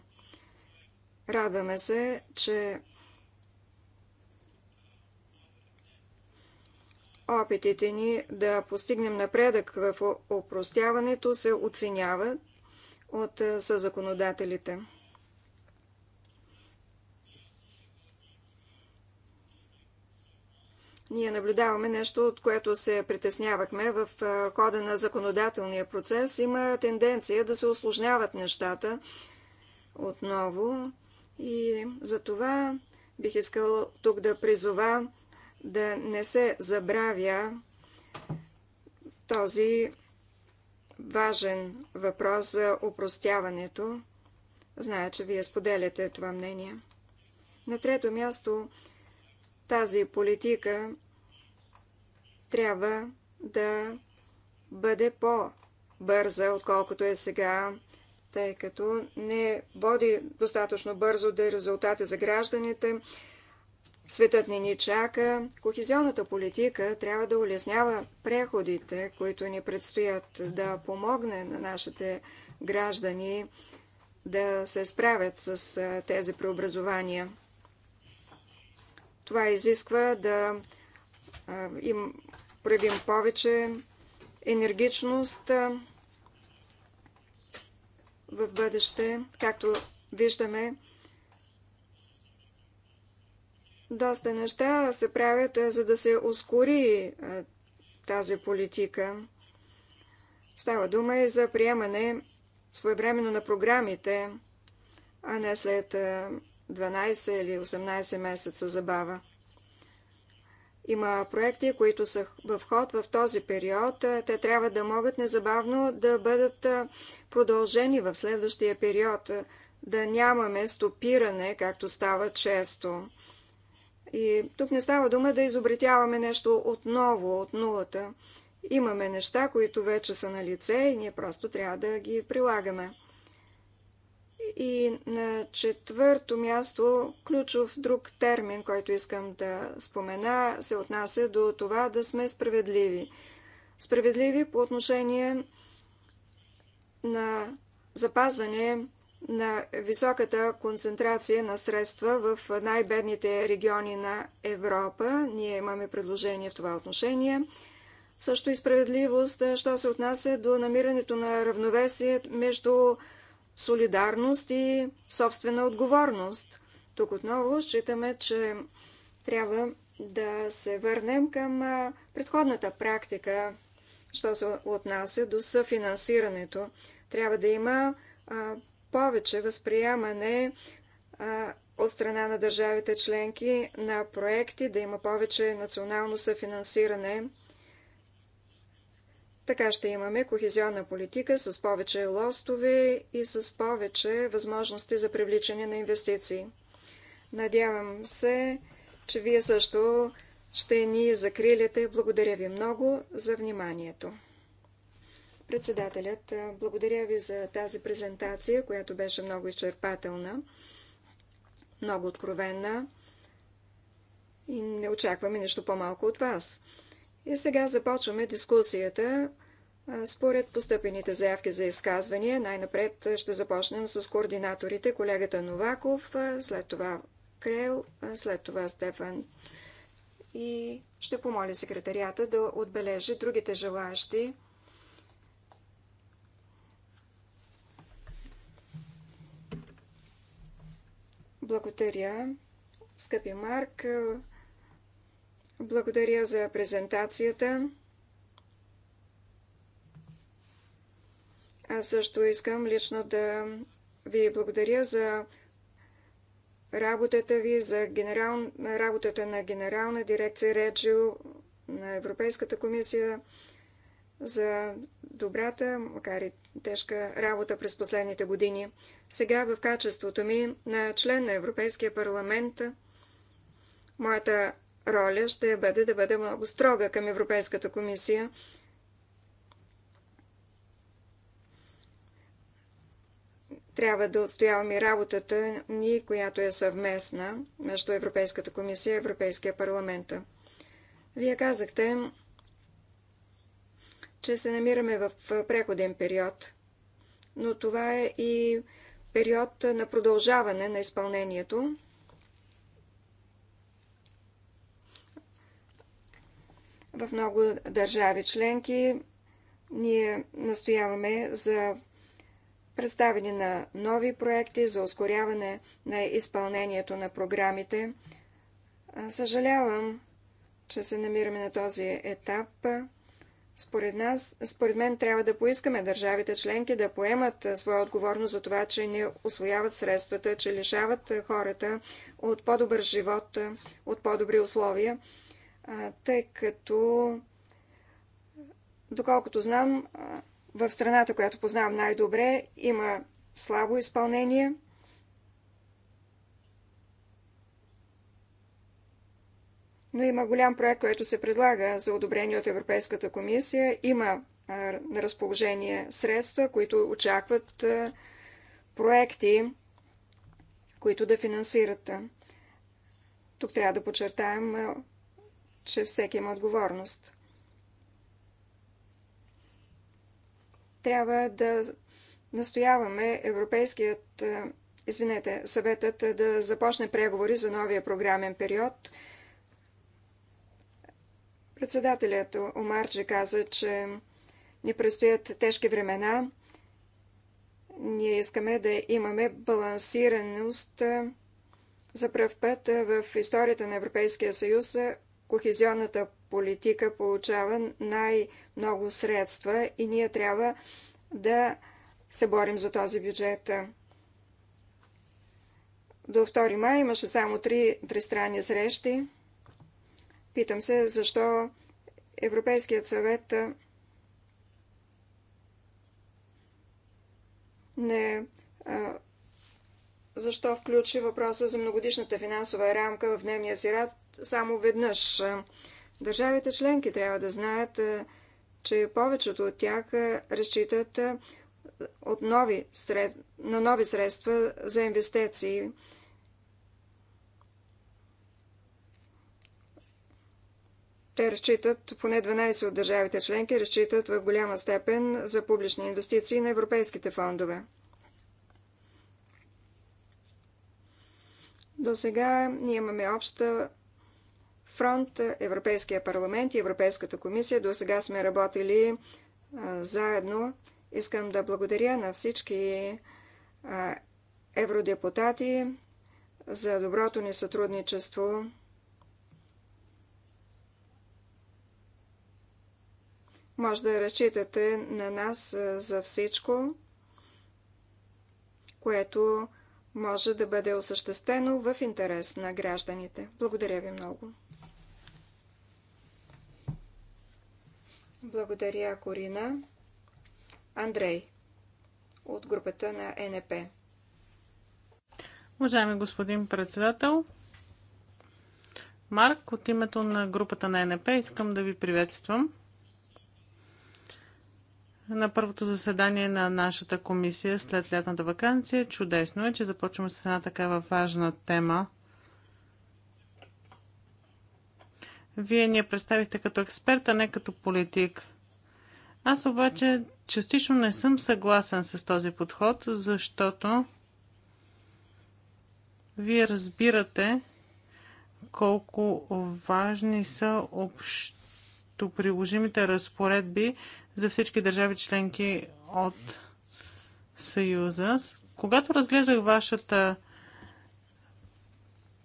Радваме се, че Опитите ни да постигнем напредък в опростяването се оценяват от е, съзаконодателите. Ние наблюдаваме нещо, от което се притеснявахме в е, хода на законодателния процес. Има тенденция да се осложняват нещата отново и за това бих искал тук да призова да не се забравя този важен въпрос за упростяването. Зная, че вие споделяте това мнение. На трето място, тази политика трябва да бъде по-бърза, отколкото е сега, тъй като не води достатъчно бързо до да резултати за гражданите, Светът не ни чака. Кохезионната политика трябва да улеснява преходите, които ни предстоят, да помогне на нашите граждани да се справят с тези преобразования. Това изисква да им проявим повече енергичност в бъдеще, както виждаме доста неща се правят, е, за да се ускори е, тази политика. Става дума и за приемане своевременно на програмите, а не след 12 е, или 18 месеца забава. Има проекти, които са в ход в този период. Те трябва да могат незабавно да бъдат продължени в следващия период, да нямаме стопиране, както става често. И тук не става дума да изобретяваме нещо отново, от нулата. Имаме неща, които вече са на лице и ние просто трябва да ги прилагаме. И на четвърто място, ключов друг термин, който искам да спомена, се отнася до това да сме справедливи. Справедливи по отношение на запазване на високата концентрация на средства в най-бедните региони на Европа. Ние имаме предложение в това отношение. Също и справедливост, е, що се отнася до намирането на равновесие между солидарност и собствена отговорност. Тук отново считаме, че трябва да се върнем към е, предходната практика, що се отнася до съфинансирането. Трябва да има е, повече възприемане от страна на държавите членки на проекти, да има повече национално съфинансиране. Така ще имаме кохезионна политика с повече лостове и с повече възможности за привличане на инвестиции. Надявам се, че вие също ще ни закрилите. Благодаря ви много за вниманието. Председателят, благодаря ви за тази презентация, която беше много изчерпателна, много откровена и не очакваме нищо по-малко от вас. И сега започваме дискусията според постъпените заявки за изказвания. Най-напред ще започнем с координаторите, колегата Новаков, след това Крел, след това Стефан и ще помоля секретарията да отбележи другите желаящи Благодаря, скъпи Марк. Благодаря за презентацията. Аз също искам лично да ви благодаря за работата ви, за генерал... работата на Генерална дирекция Реджио на Европейската комисия, за добрата, макар и тежка работа през последните години. Сега в качеството ми на член на Европейския парламент моята роля ще бъде да бъда много строга към Европейската комисия. Трябва да отстояваме работата ни, която е съвместна между Европейската комисия и Европейския парламент. Вие казахте, че се намираме в преходен период, но това е и период на продължаване на изпълнението. В много държави членки ние настояваме за представяне на нови проекти за ускоряване на изпълнението на програмите. Съжалявам, че се намираме на този етап. Според, нас, според мен трябва да поискаме държавите членки да поемат своя отговорност за това, че не освояват средствата, че лишават хората от по-добър живот, от по-добри условия, тъй като, доколкото знам, в страната, която познавам най-добре, има слабо изпълнение – но има голям проект, който се предлага за одобрение от Европейската комисия. Има на разположение средства, които очакват проекти, които да финансират. Тук трябва да подчертаем, че всеки има отговорност. Трябва да настояваме Европейският, извинете, съветът да започне преговори за новия програмен период – Председателят Омарджи каза, че ни предстоят тежки времена. Ние искаме да имаме балансираност за пръв път в историята на Европейския съюз кохезионната политика получава най-много средства и ние трябва да се борим за този бюджет. До 2 май имаше само три тристранни срещи. Питам се защо Европейският съвет не защо включи въпроса за многодишната финансова рамка в дневния си ряд само веднъж. Държавите членки трябва да знаят, че повечето от тях разчитат от нови сред... на нови средства за инвестиции Те разчитат, поне 12 от държавите членки разчитат в голяма степен за публични инвестиции на европейските фондове. До сега ние имаме обща фронт, Европейския парламент и Европейската комисия. До сега сме работили а, заедно. Искам да благодаря на всички а, евродепутати за доброто ни сътрудничество. Може да разчитате на нас за всичко, което може да бъде осъществено в интерес на гражданите. Благодаря ви много. Благодаря, Корина. Андрей от групата на НП. Уважаеми господин председател, Марк, от името на групата на НП искам да ви приветствам на първото заседание на нашата комисия след лятната вакансия. Чудесно е, че започваме с една такава важна тема. Вие ни я представихте като експерт, а не като политик. Аз обаче частично не съм съгласен с този подход, защото вие разбирате колко важни са общо приложимите разпоредби за всички държави членки от Съюза. Когато разглезах вашата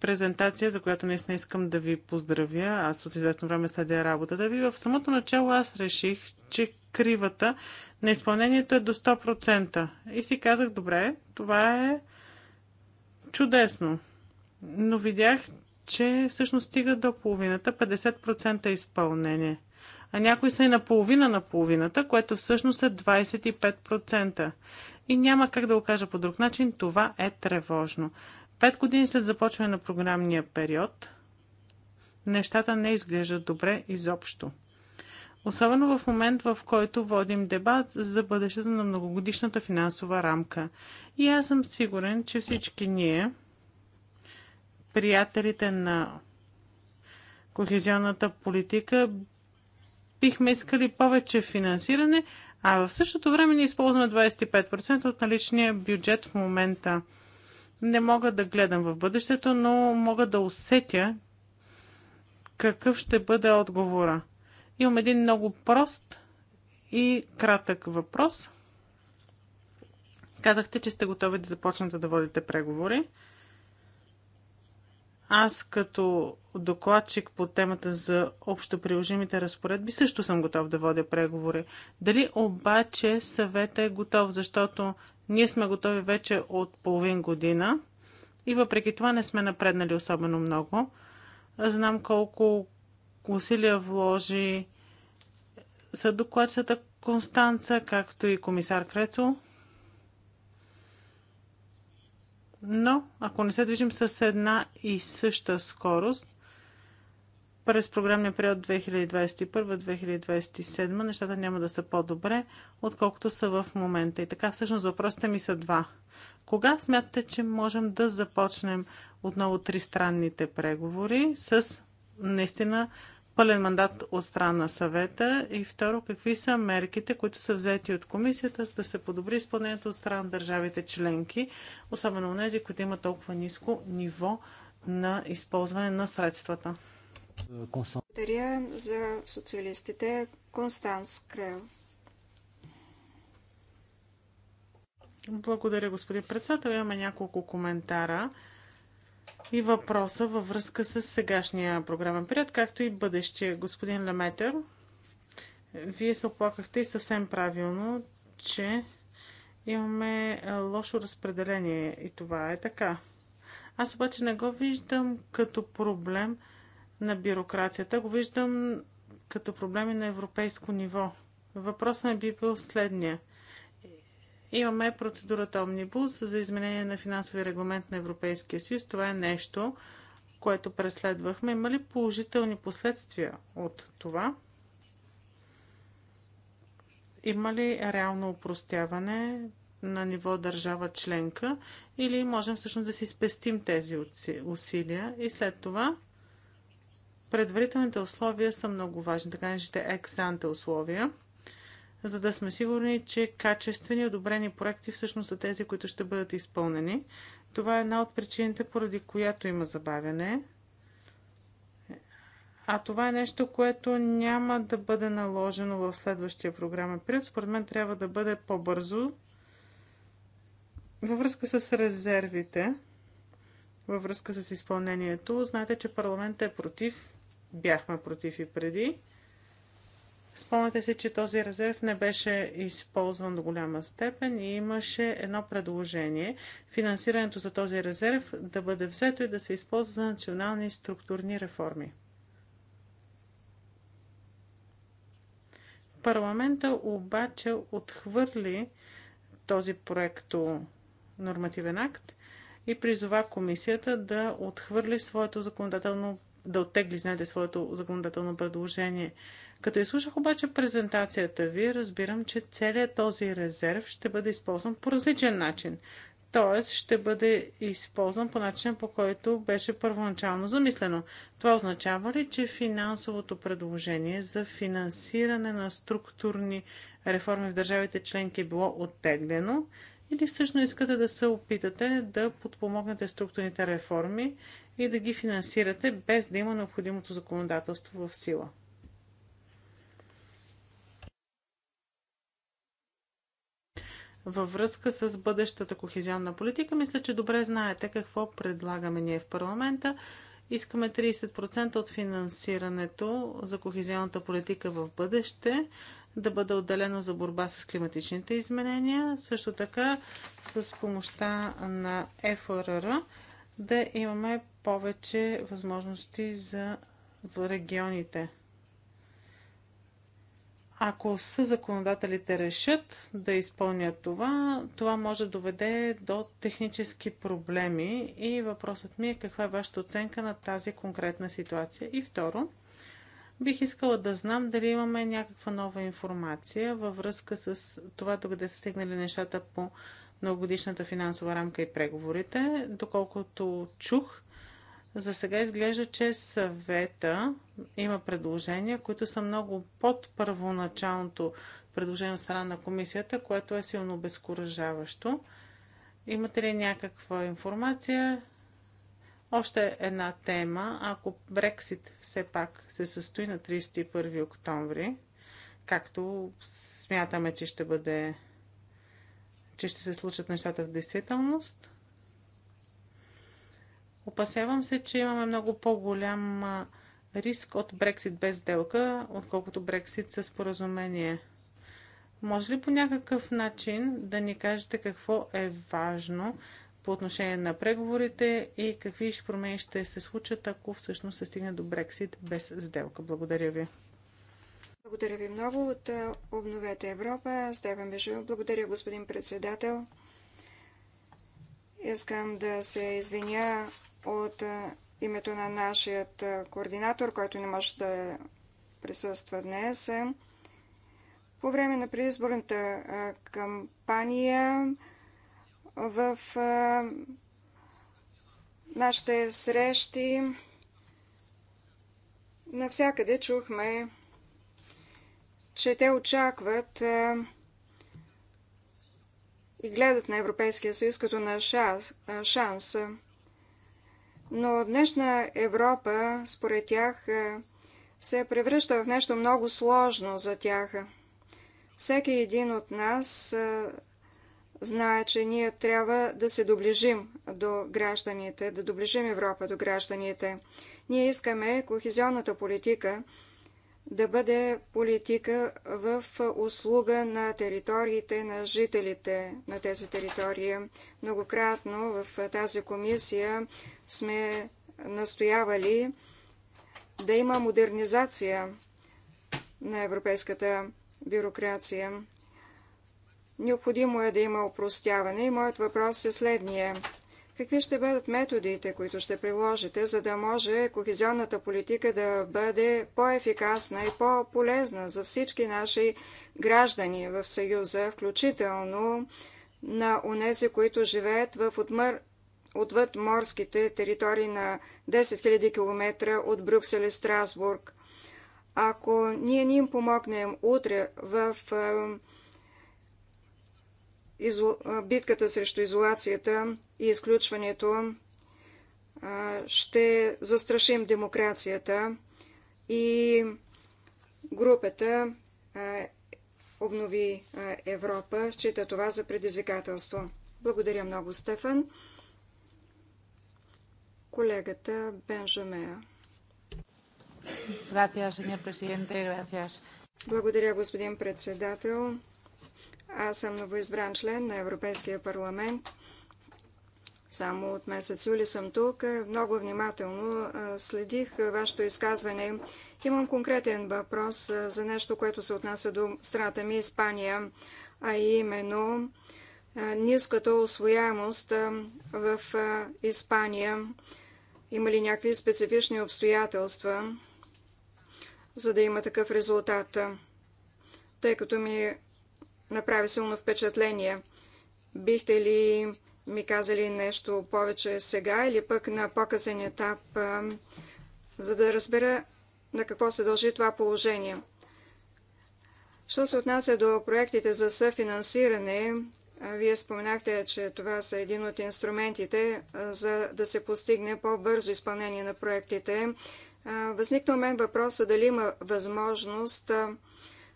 презентация, за която наистина искам да ви поздравя, аз от известно време следя работата ви, в самото начало аз реших, че кривата на изпълнението е до 100%. И си казах, добре, това е чудесно. Но видях, че всъщност стига до половината, 50% изпълнение – а някои са и на половина на половината, което всъщност е 25%. И няма как да го кажа по друг начин, това е тревожно. Пет години след започване на програмния период, нещата не изглеждат добре изобщо. Особено в момент, в който водим дебат за бъдещето на многогодишната финансова рамка. И аз съм сигурен, че всички ние, приятелите на кохезионната политика, бихме искали повече финансиране, а в същото време не използваме 25% от наличния бюджет в момента. Не мога да гледам в бъдещето, но мога да усетя какъв ще бъде отговора. Имам един много прост и кратък въпрос. Казахте, че сте готови да започнете да водите преговори. Аз като докладчик по темата за общо приложимите разпоредби също съм готов да водя преговори. Дали обаче съвета е готов, защото ние сме готови вече от половин година и въпреки това не сме напреднали особено много. Знам колко усилия вложи съдокладчата е, Констанца, както и комисар Крето. но ако не се движим с една и съща скорост, през програмния период 2021-2027 нещата няма да са по-добре, отколкото са в момента. И така всъщност въпросите ми са два. Кога смятате, че можем да започнем отново тристранните преговори с наистина пълен мандат от страна на съвета? И второ, какви са мерките, които са взети от комисията, за да се подобри изпълнението от страна на държавите членки, особено у нези, които имат толкова ниско ниво на използване на средствата? Благодаря за социалистите. Констанс Крел. Благодаря, господин председател. Имаме няколко коментара и въпроса във връзка с сегашния програмен период, както и бъдещия. Господин Леметър, вие се оплакахте и съвсем правилно, че имаме лошо разпределение и това е така. Аз обаче не го виждам като проблем на бюрокрацията, го виждам като проблеми на европейско ниво. Въпросът ми би бил следния – Имаме процедурата Омнибус за изменение на финансови регламент на Европейския съюз. Това е нещо, което преследвахме. Има ли положителни последствия от това? Има ли реално упростяване на ниво държава членка или можем всъщност да си спестим тези усилия и след това предварителните условия са много важни, така наречените ексанте условия – за да сме сигурни, че качествени, одобрени проекти всъщност са тези, които ще бъдат изпълнени. Това е една от причините, поради която има забавяне. А това е нещо, което няма да бъде наложено в следващия програмен период. Според мен трябва да бъде по-бързо. Във връзка с резервите, във връзка с изпълнението, знаете, че парламентът е против. Бяхме против и преди. Спомняте си, че този резерв не беше използван до голяма степен и имаше едно предложение финансирането за този резерв да бъде взето и да се използва за национални структурни реформи. Парламента обаче отхвърли този проекто нормативен акт и призова комисията да отхвърли своето законодателно, да оттегли, знаете, своето законодателно предложение като изслушах обаче презентацията ви, разбирам, че целият този резерв ще бъде използван по различен начин. Тоест ще бъде използван по начин, по който беше първоначално замислено. Това означава ли, че финансовото предложение за финансиране на структурни реформи в държавите членки е било оттеглено? Или всъщност искате да се опитате да подпомогнете структурните реформи и да ги финансирате без да има необходимото законодателство в сила? във връзка с бъдещата кохезионна политика. Мисля, че добре знаете какво предлагаме ние в парламента. Искаме 30% от финансирането за кохезионната политика в бъдеще да бъде отделено за борба с климатичните изменения. Също така с помощта на ФРР да имаме повече възможности за регионите. Ако законодателите решат да изпълнят това, това може да доведе до технически проблеми и въпросът ми е каква е вашата оценка на тази конкретна ситуация. И второ, бих искала да знам дали имаме някаква нова информация във връзка с това докъде са стигнали нещата по многогодишната финансова рамка и преговорите. Доколкото чух, за сега изглежда, че съвета има предложения, които са много под първоначалното предложение от страна на комисията, което е силно обезкуражаващо. Имате ли някаква информация? Още една тема. Ако Брексит все пак се състои на 31 октомври, както смятаме, че ще бъде, че ще се случат нещата в действителност, Опасявам се, че имаме много по-голям риск от Брексит без сделка, отколкото Брексит с споразумение. Може ли по някакъв начин да ни кажете какво е важно по отношение на преговорите и какви промени ще се случат, ако всъщност се стигне до Брексит без сделка? Благодаря ви. Благодаря ви много от Обновете Европа. Стевен Бежил. Благодаря, господин председател. Искам да се извиня от е, името на нашият е, координатор, който не може да присъства днес. Е, по време на предизборната кампания в нашите срещи навсякъде чухме, че те очакват и гледат на Европейския съюз като на шанс. Но днешна Европа, според тях, е, се превръща в нещо много сложно за тях. Всеки един от нас е, знае, че ние трябва да се доближим до гражданите, да доближим Европа до гражданите. Ние искаме кохезионната политика да бъде политика в услуга на териториите, на жителите на тези територии. Многократно в тази комисия сме настоявали да има модернизация на европейската бюрокрация. Необходимо е да има упростяване и моят въпрос е следния. Какви ще бъдат методите, които ще приложите, за да може кохезионната политика да бъде по-ефикасна и по-полезна за всички наши граждани в Съюза, включително на унези, които живеят в отмър... отвъд морските територии на 10 000 км от Брюксел и Страсбург? Ако ние ни им помогнем утре в изо... битката срещу изолацията и изключването ще застрашим демокрацията и групата Обнови Европа счита това за предизвикателство. Благодаря много, Стефан. Колегата Бенжамея. Благодаря, господин председател. Аз съм новоизбран член на Европейския парламент. Само от месец юли съм тук. Много внимателно следих вашето изказване. Имам конкретен въпрос за нещо, което се отнася до страната ми Испания, а именно ниската освояемост в Испания. Има ли някакви специфични обстоятелства, за да има такъв резултат? Тъй като ми направи силно впечатление. Бихте ли ми казали нещо повече сега или пък на по-късен етап, за да разбера на какво се дължи това положение? Що се отнася до проектите за съфинансиране, вие споменахте, че това са един от инструментите за да се постигне по-бързо изпълнение на проектите. Възникна у мен въпроса дали има възможност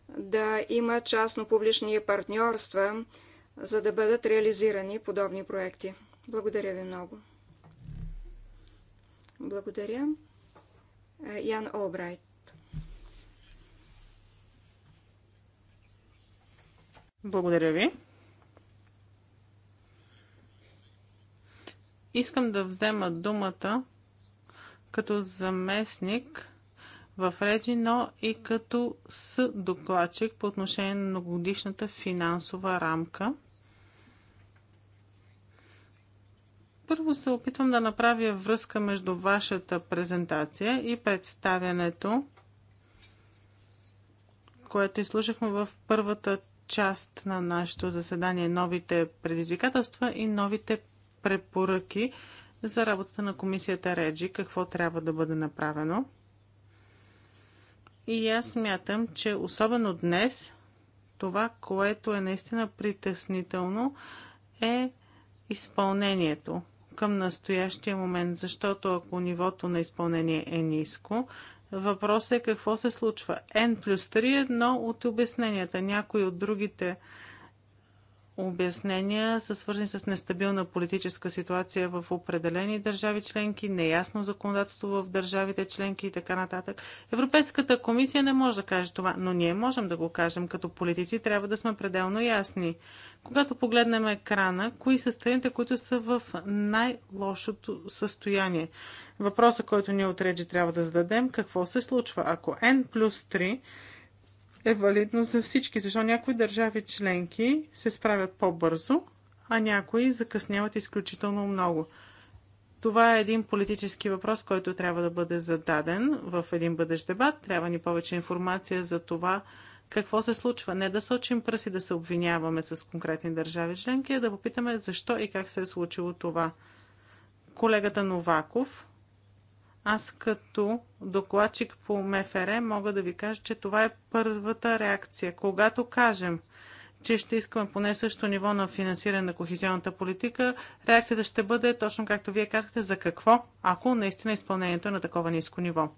да има частно-публични партньорства, за да бъдат реализирани подобни проекти. Благодаря ви много. Благодаря. Е, Ян Олбрайт. Благодаря ви. Искам да взема думата като заместник в Реджи, но и като с докладчик по отношение на многогодишната финансова рамка. Първо се опитвам да направя връзка между вашата презентация и представянето, което изслушахме в първата част на нашето заседание новите предизвикателства и новите препоръки за работата на комисията Реджи, какво трябва да бъде направено. И аз смятам, че особено днес това, което е наистина притеснително, е изпълнението към настоящия момент, защото ако нивото на изпълнение е ниско, въпросът е какво се случва. N плюс 3 е едно от обясненията. Някои от другите обяснения са свързани с нестабилна политическа ситуация в определени държави членки, неясно законодателство в държавите членки и така нататък. Европейската комисия не може да каже това, но ние можем да го кажем. Като политици трябва да сме пределно ясни. Когато погледнем екрана, кои са страните, които са в най-лошото състояние? Въпросът, който ние отрежи трябва да зададем, какво се случва? Ако N плюс 3 е валидно за всички. Защо някои държави членки се справят по-бързо, а някои закъсняват изключително много. Това е един политически въпрос, който трябва да бъде зададен в един бъдещ дебат. Трябва ни повече информация за това какво се случва. Не да сочим пръси да се обвиняваме с конкретни държави членки, а да попитаме защо и как се е случило това. Колегата Новаков аз като докладчик по МФР мога да ви кажа, че това е първата реакция. Когато кажем, че ще искаме поне също ниво на финансиране на кохезионната политика, реакцията ще бъде точно както вие казахте, за какво, ако наистина изпълнението е на такова ниско ниво.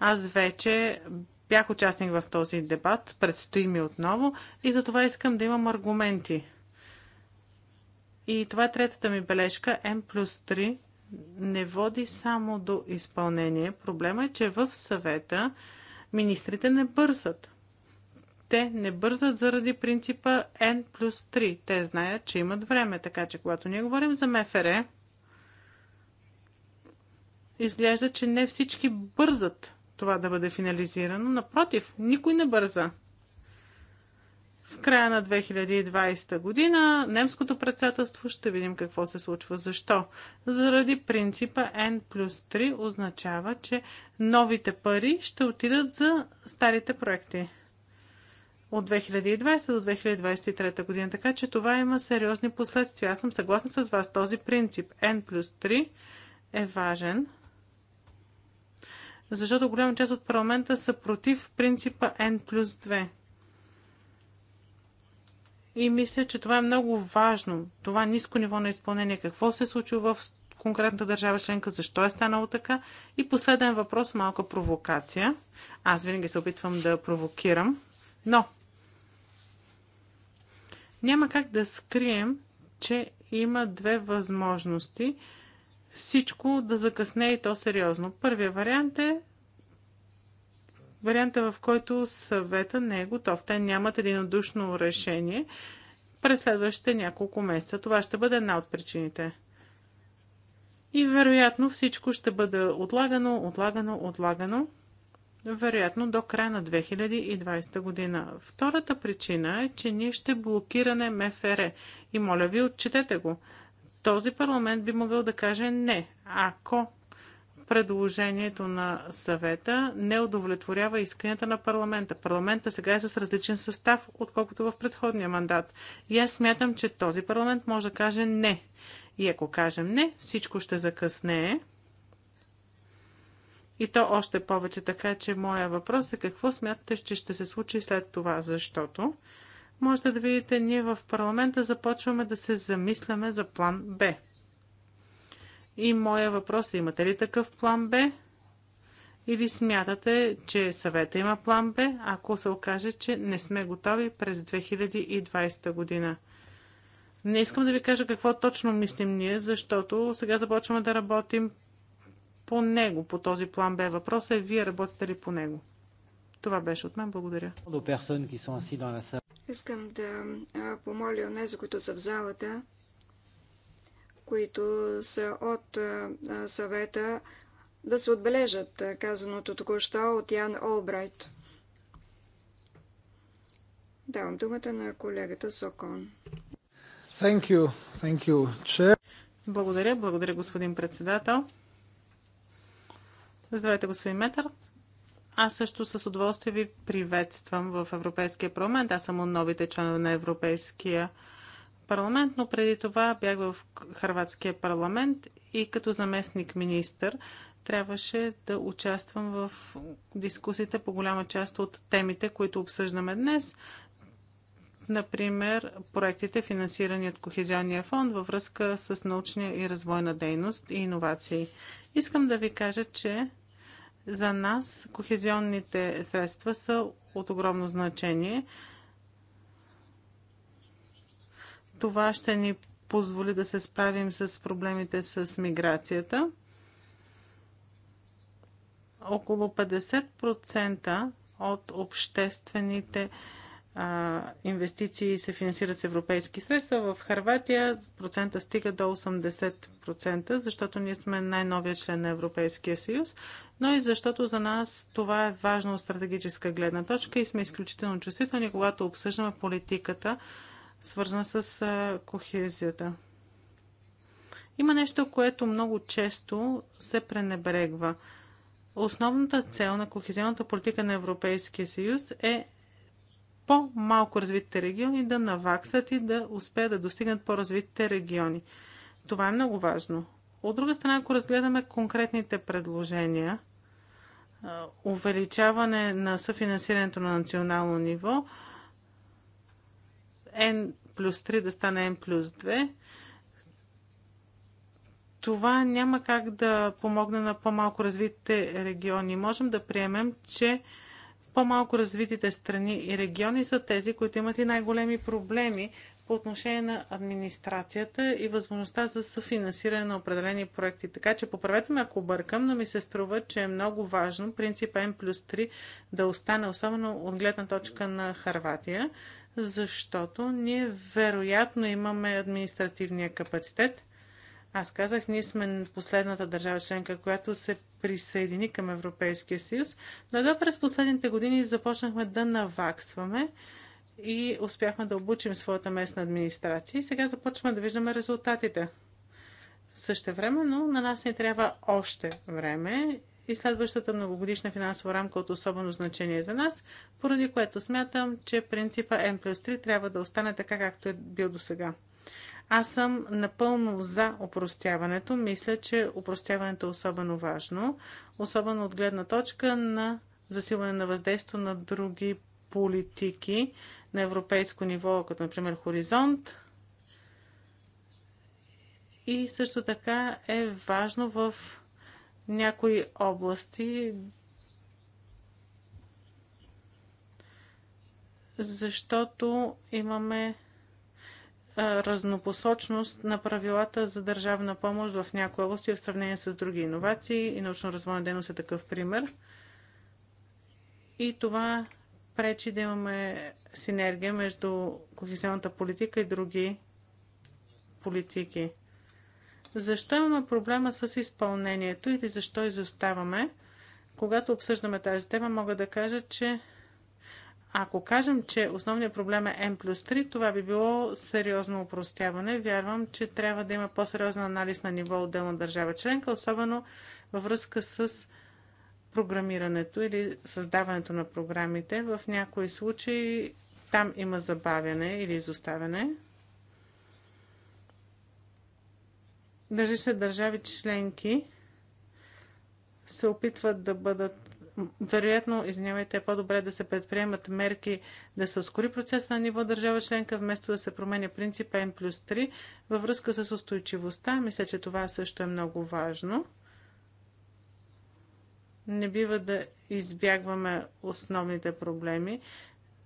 Аз вече бях участник в този дебат, предстои ми отново и за това искам да имам аргументи. И това е третата ми бележка, М плюс 3 не води само до изпълнение. Проблема е, че в съвета министрите не бързат. Те не бързат заради принципа N плюс 3. Те знаят, че имат време. Така че, когато ние говорим за МФР, изглежда, че не всички бързат това да бъде финализирано. Напротив, никой не бърза. В края на 2020 година немското председателство ще видим какво се случва. Защо? Заради принципа N плюс 3 означава, че новите пари ще отидат за старите проекти от 2020 до 2023 година. Така че това има сериозни последствия. Аз съм съгласна с вас. Този принцип N плюс 3 е важен, защото голяма част от парламента са против принципа N плюс 2. И мисля, че това е много важно. Това ниско ниво на изпълнение. Какво се случва в конкретната държава членка, защо е станало така. И последен въпрос, малка провокация. Аз винаги се опитвам да провокирам, но няма как да скрием, че има две възможности всичко да закъсне и то сериозно. Първият вариант е варианта, в който съвета не е готов. Те нямат единодушно решение през следващите няколко месеца. Това ще бъде една от причините. И вероятно всичко ще бъде отлагано, отлагано, отлагано. Вероятно до края на 2020 година. Втората причина е, че ние ще блокираме МФР. И моля ви, отчетете го. Този парламент би могъл да каже не. Ако предложението на съвета не удовлетворява исканията на парламента. Парламента сега е с различен състав, отколкото в предходния мандат. И аз смятам, че този парламент може да каже не. И ако кажем не, всичко ще закъснее. И то още повече, така че моя въпрос е какво смятате, че ще се случи след това, защото можете да видите, ние в парламента започваме да се замисляме за план Б. И моя въпрос е, имате ли такъв план Б? Или смятате, че съвета има план Б, ако се окаже, че не сме готови през 2020 година? Не искам да ви кажа какво точно мислим ние, защото сега започваме да работим по него, по този план Б. Въпросът е, вие работите ли по него? Това беше от мен. Благодаря. Искам да помоля онези, които са в залата, които са от съвета, да се отбележат казаното току-що от Ян Олбрайт. Давам думата на колегата Сокон. Thank you. Thank you, chair. Благодаря, благодаря господин председател. Здравейте, господин Метър. Аз също с удоволствие ви приветствам в Европейския парламент. Аз съм от новите членове на Европейския парламент парламент, но преди това бях в Харватския парламент и като заместник министър трябваше да участвам в дискусиите по голяма част от темите, които обсъждаме днес. Например, проектите, финансирани от Кохезионния фонд във връзка с научния и развойна дейност и иновации. Искам да ви кажа, че за нас кохезионните средства са от огромно значение – Това ще ни позволи да се справим с проблемите с миграцията. Около 50% от обществените а, инвестиции се финансират с европейски средства. В Харватия процента стига до 80%, защото ние сме най-новия член на Европейския съюз, но и защото за нас това е важно от стратегическа гледна точка и сме изключително чувствителни, когато обсъждаме политиката свързана с кохезията. Има нещо, което много често се пренебрегва. Основната цел на кохезионната политика на Европейския съюз е по-малко развитите региони да наваксат и да успеят да достигнат по-развитите региони. Това е много важно. От друга страна, ако разгледаме конкретните предложения, увеличаване на съфинансирането на национално ниво, N плюс 3 да стане N плюс 2, това няма как да помогне на по-малко развитите региони. Можем да приемем, че по-малко развитите страни и региони са тези, които имат и най-големи проблеми по отношение на администрацията и възможността за съфинансиране на определени проекти. Така че поправете ме ако бъркам, но ми се струва, че е много важно принципа N плюс 3 да остане, особено от гледна точка на Харватия защото ние вероятно имаме административния капацитет. Аз казах, ние сме последната държава членка, която се присъедини към Европейския съюз, но да през последните години започнахме да наваксваме и успяхме да обучим своята местна администрация и сега започваме да виждаме резултатите. време, но на нас ни трябва още време и следващата многогодишна финансова рамка е от особено значение за нас, поради което смятам, че принципа N плюс 3 трябва да остане така, както е бил до сега. Аз съм напълно за упростяването. Мисля, че упростяването е особено важно, особено от гледна точка на засилване на въздействие на други политики на европейско ниво, като например Хоризонт. И също така е важно в някои области, защото имаме разнопосочност на правилата за държавна помощ в някои области в сравнение с други иновации и научно-развойна дейност е такъв пример. И това пречи да имаме синергия между кохезионната политика и други политики. Защо имаме проблема с изпълнението или защо изоставаме? Когато обсъждаме тази тема, мога да кажа, че ако кажем, че основният проблем е N плюс 3, това би било сериозно упростяване. Вярвам, че трябва да има по-сериозен анализ на ниво отделна държава членка, особено във връзка с програмирането или създаването на програмите. В някои случаи там има забавяне или изоставяне. различни държави членки се опитват да бъдат вероятно, извинявайте, е по-добре да се предприемат мерки да се ускори процес на ниво държава членка, вместо да се променя принципа N плюс 3 във връзка с устойчивостта. Мисля, че това също е много важно. Не бива да избягваме основните проблеми.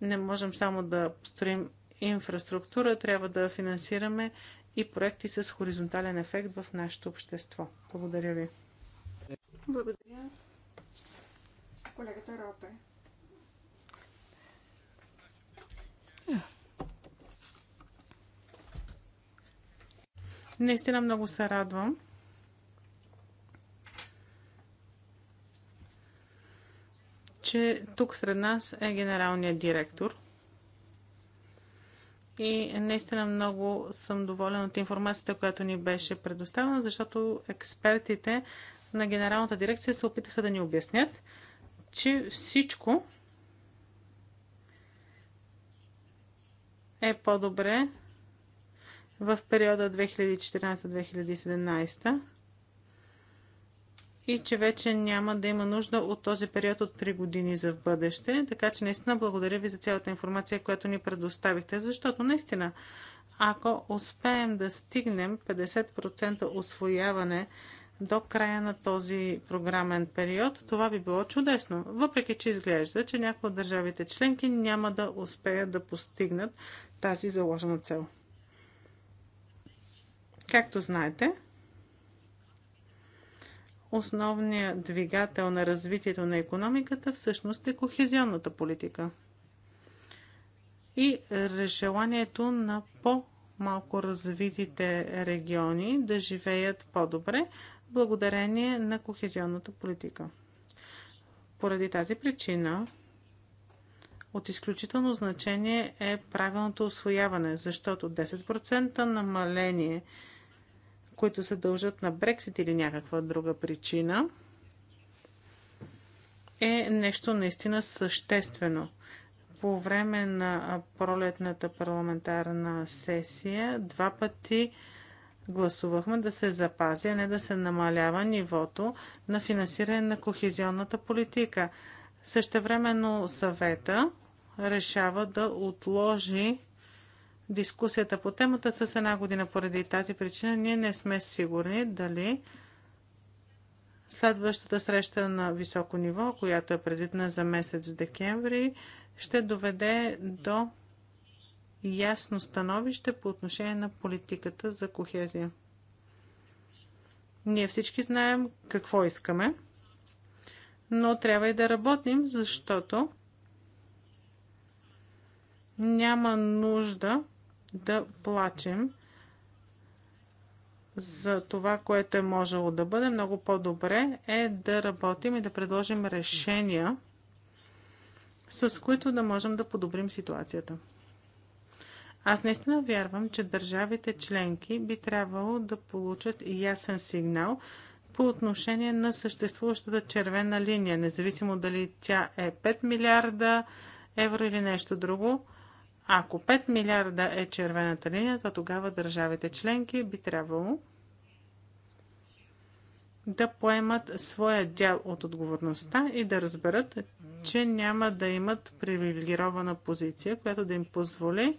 Не можем само да строим инфраструктура, трябва да финансираме и проекти с хоризонтален ефект в нашето общество. Благодаря ви. Благодаря. Колегата Ропе. Наистина много се радвам. че тук сред нас е генералният директор – и наистина много съм доволен от информацията, която ни беше предоставена, защото експертите на Генералната дирекция се опитаха да ни обяснят, че всичко е по-добре в периода 2014-2017 и че вече няма да има нужда от този период от 3 години за в бъдеще. Така че наистина благодаря ви за цялата информация, която ни предоставихте, защото наистина ако успеем да стигнем 50% освояване до края на този програмен период, това би било чудесно. Въпреки, че изглежда, че някои от държавите членки няма да успеят да постигнат тази заложена цел. Както знаете, основният двигател на развитието на економиката всъщност е кохезионната политика и е, желанието на по-малко развитите региони да живеят по-добре благодарение на кохезионната политика. Поради тази причина от изключително значение е правилното освояване, защото 10% намаление – които се дължат на Брексит или някаква друга причина, е нещо наистина съществено. По време на пролетната парламентарна сесия два пъти гласувахме да се запази, а не да се намалява нивото на финансиране на кохезионната политика. Същевременно съвета решава да отложи дискусията по темата с една година. Поради тази причина ние не сме сигурни дали следващата среща на високо ниво, която е предвидена за месец декември, ще доведе до ясно становище по отношение на политиката за кохезия. Ние всички знаем какво искаме, но трябва и да работим, защото няма нужда да плачем за това, което е можело да бъде, много по-добре е да работим и да предложим решения, с които да можем да подобрим ситуацията. Аз наистина вярвам, че държавите членки би трябвало да получат ясен сигнал по отношение на съществуващата червена линия, независимо дали тя е 5 милиарда евро или нещо друго ако 5 милиарда е червената линия, то тогава държавите членки би трябвало да поемат своя дял от отговорността и да разберат, че няма да имат привилегирована позиция, която да им позволи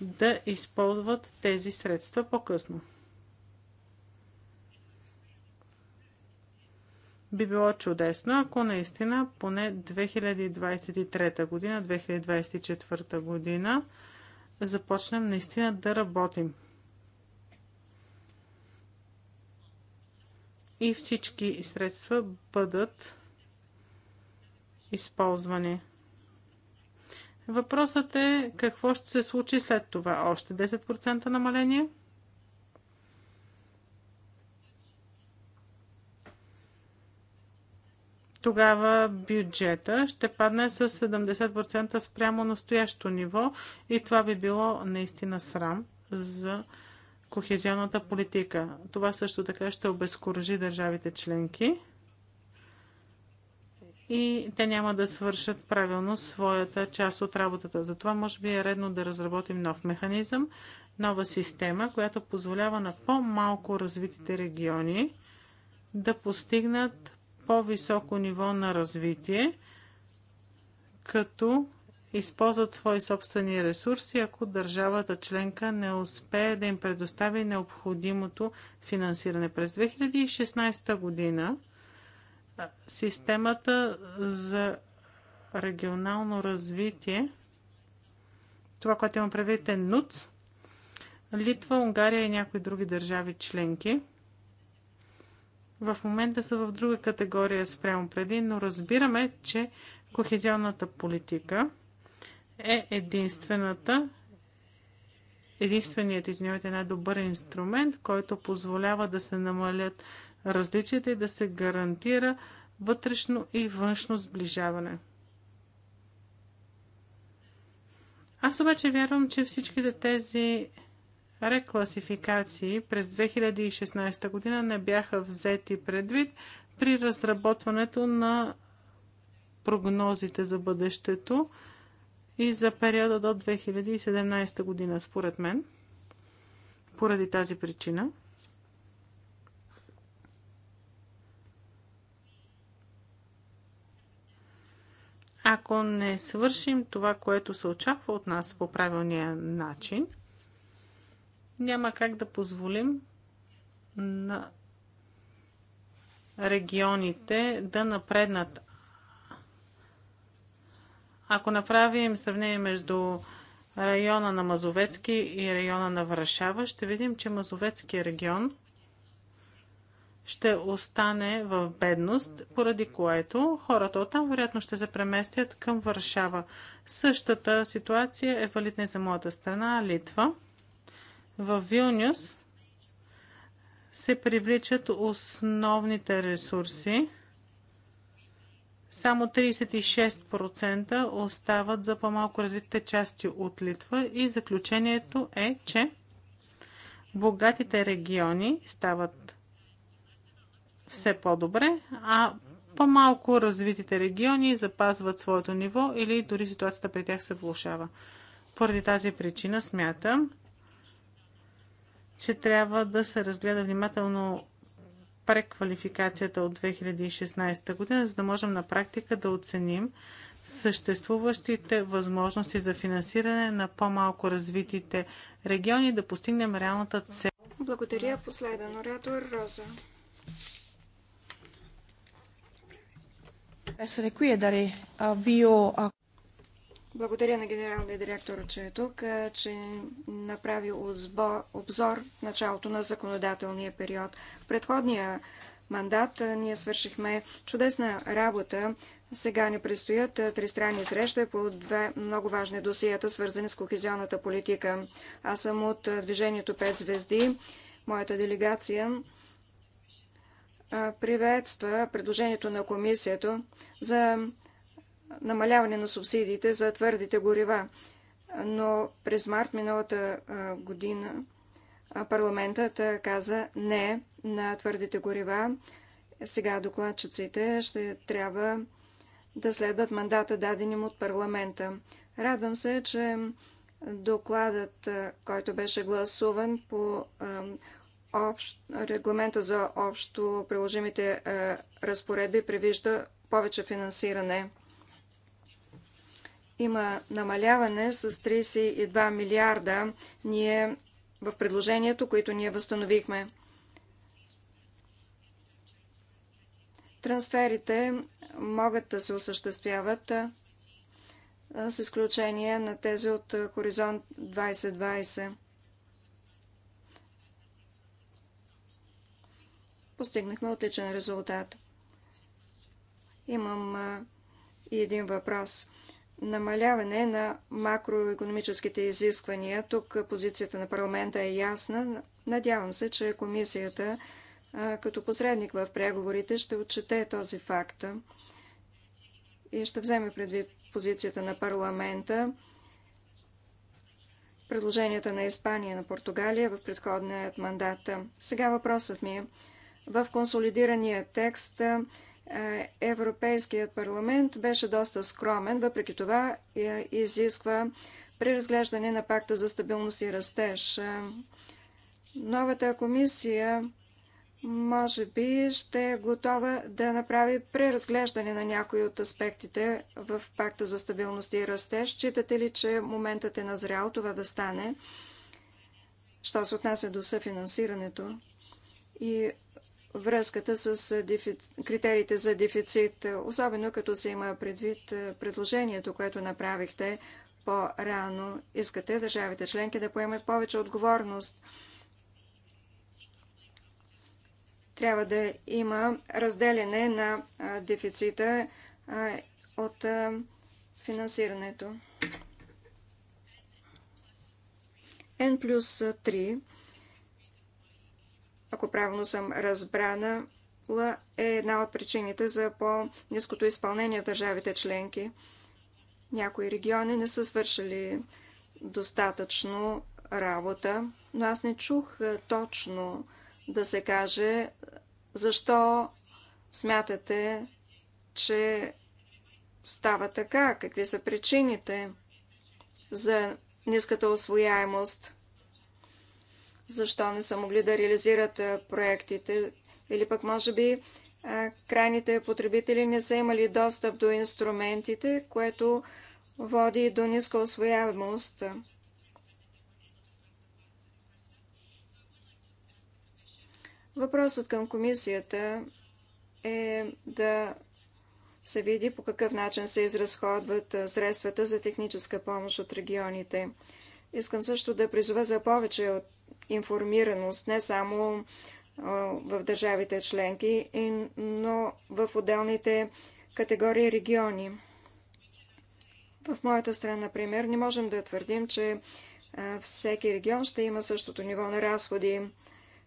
да използват тези средства по-късно. би било чудесно, ако наистина поне 2023 година, 2024 година започнем наистина да работим. И всички средства бъдат използвани. Въпросът е какво ще се случи след това. Още 10% намаление – тогава бюджета ще падне с 70% спрямо настоящото ниво и това би било наистина срам за кохезионната политика. Това също така ще обезкуражи държавите членки и те няма да свършат правилно своята част от работата. Затова може би е редно да разработим нов механизъм, нова система, която позволява на по-малко развитите региони да постигнат по-високо ниво на развитие, като използват свои собствени ресурси, ако държавата членка не успее да им предостави необходимото финансиране. През 2016 година системата за регионално развитие, това, което имам предвид е НУЦ, Литва, Унгария и някои други държави членки – в момента са в друга категория спрямо преди, но разбираме, че кохезионната политика е единствената, единственият, извинявайте, най-добър инструмент, който позволява да се намалят различията и да се гарантира вътрешно и външно сближаване. Аз обаче вярвам, че всичките тези рекласификации през 2016 година не бяха взети предвид при разработването на прогнозите за бъдещето и за периода до 2017 година, според мен, поради тази причина. Ако не свършим това, което се очаква от нас по правилния начин – няма как да позволим на регионите да напреднат. Ако направим сравнение между района на Мазовецки и района на Варшава, ще видим, че Мазовецкият регион ще остане в бедност, поради което хората оттам вероятно ще се преместят към Варшава. Същата ситуация е валидна и за моята страна, Литва – в Вилнюс се привличат основните ресурси. Само 36% остават за по-малко развитите части от Литва и заключението е, че богатите региони стават все по-добре, а по-малко развитите региони запазват своето ниво или дори ситуацията при тях се влушава. Поради тази причина смятам, че трябва да се разгледа внимателно преквалификацията от 2016 година, за да можем на практика да оценим съществуващите възможности за финансиране на по-малко развитите региони да постигнем реалната цел. Благодаря. Последен оратор Роза. Essere qui e dare avvio a благодаря на генералния директор, че е тук, че направи обзор в началото на законодателния период. В предходния мандат ние свършихме чудесна работа. Сега ни предстоят тристранни срещи по две много важни досията, свързани с кохезионната политика. Аз съм от Движението 5 звезди. Моята делегация приветства предложението на комисията за намаляване на субсидиите за твърдите горива. Но през март миналата година парламентът каза не на твърдите горива. Сега докладчиците ще трябва да следват мандата, даден им от парламента. Радвам се, че докладът, който беше гласуван по общ, регламента за общо приложимите разпоредби, превижда повече финансиране има намаляване с 32 милиарда ние в предложението, които ние възстановихме. Трансферите могат да се осъществяват с изключение на тези от Хоризонт 2020. Постигнахме отличен резултат. Имам и един въпрос – намаляване на макроекономическите изисквания. Тук позицията на парламента е ясна. Надявам се, че комисията като посредник в преговорите ще отчете този факт и ще вземе предвид позицията на парламента. Предложенията на Испания и на Португалия в предходният мандат. Сега въпросът ми е в консолидирания текст е, Европейският парламент беше доста скромен, въпреки това е, изисква преразглеждане на пакта за стабилност и растеж. Е, новата комисия може би ще е готова да направи преразглеждане на някои от аспектите в пакта за стабилност и растеж. Считате ли, че моментът е назрял това да стане? Що се отнася до съфинансирането? И връзката с критериите за дефицит, особено като се има предвид предложението, което направихте по-рано. Искате държавите членки да поемат повече отговорност. Трябва да има разделяне на дефицита от финансирането. N плюс 3 ако правилно съм разбрана, е една от причините за по-низкото изпълнение в държавите членки. Някои региони не са свършили достатъчно работа, но аз не чух е, точно да се каже защо смятате, че става така, какви са причините за ниската освояемост защо не са могли да реализират проектите. Или пък може би крайните потребители не са имали достъп до инструментите, което води до ниска освояемост. Въпросът към комисията е да се види по какъв начин се изразходват средствата за техническа помощ от регионите. Искам също да призова за повече от информираност не само в държавите членки, но в отделните категории региони. В моята страна, например, не можем да твърдим, че всеки регион ще има същото ниво на разходи.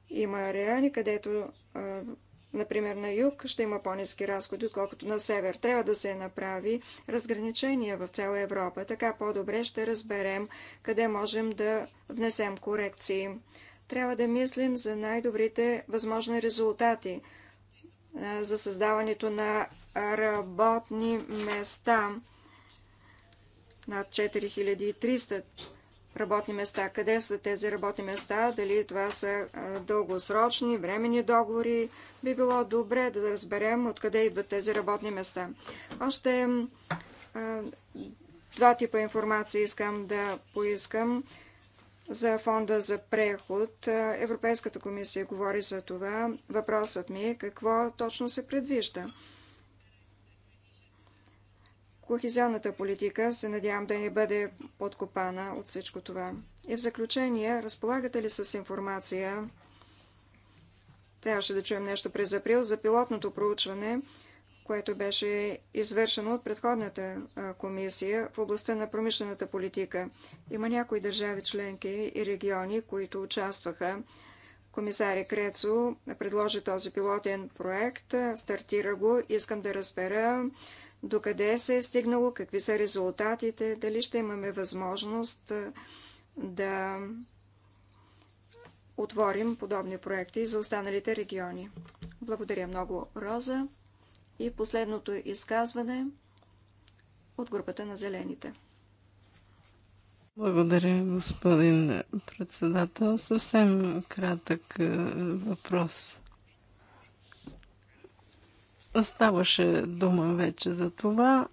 Има райони, където Например, на юг ще има по-низки разходи, отколкото на север. Трябва да се направи разграничение в цяла Европа. Така по-добре ще разберем къде можем да внесем корекции. Трябва да мислим за най-добрите възможни резултати за създаването на работни места над 4300 работни места. Къде са тези работни места? Дали това са дългосрочни, времени договори? Би било добре да разберем откъде идват тези работни места. Още два типа информация искам да поискам за фонда за преход. Европейската комисия говори за това. Въпросът ми е какво точно се предвижда. Кохезионната политика се надявам да не бъде подкопана от всичко това. И в заключение, разполагате ли с информация? Трябваше да чуем нещо през април за пилотното проучване, което беше извършено от предходната комисия в областта на промишлената политика. Има някои държави членки и региони, които участваха. Комисари Крецо предложи този пилотен проект, стартира го. Искам да разбера докъде се е стигнало, какви са резултатите, дали ще имаме възможност да отворим подобни проекти за останалите региони. Благодаря много, Роза. И последното изказване от групата на зелените. Благодаря, господин председател. Съвсем кратък въпрос. Ставаше дума вече за това.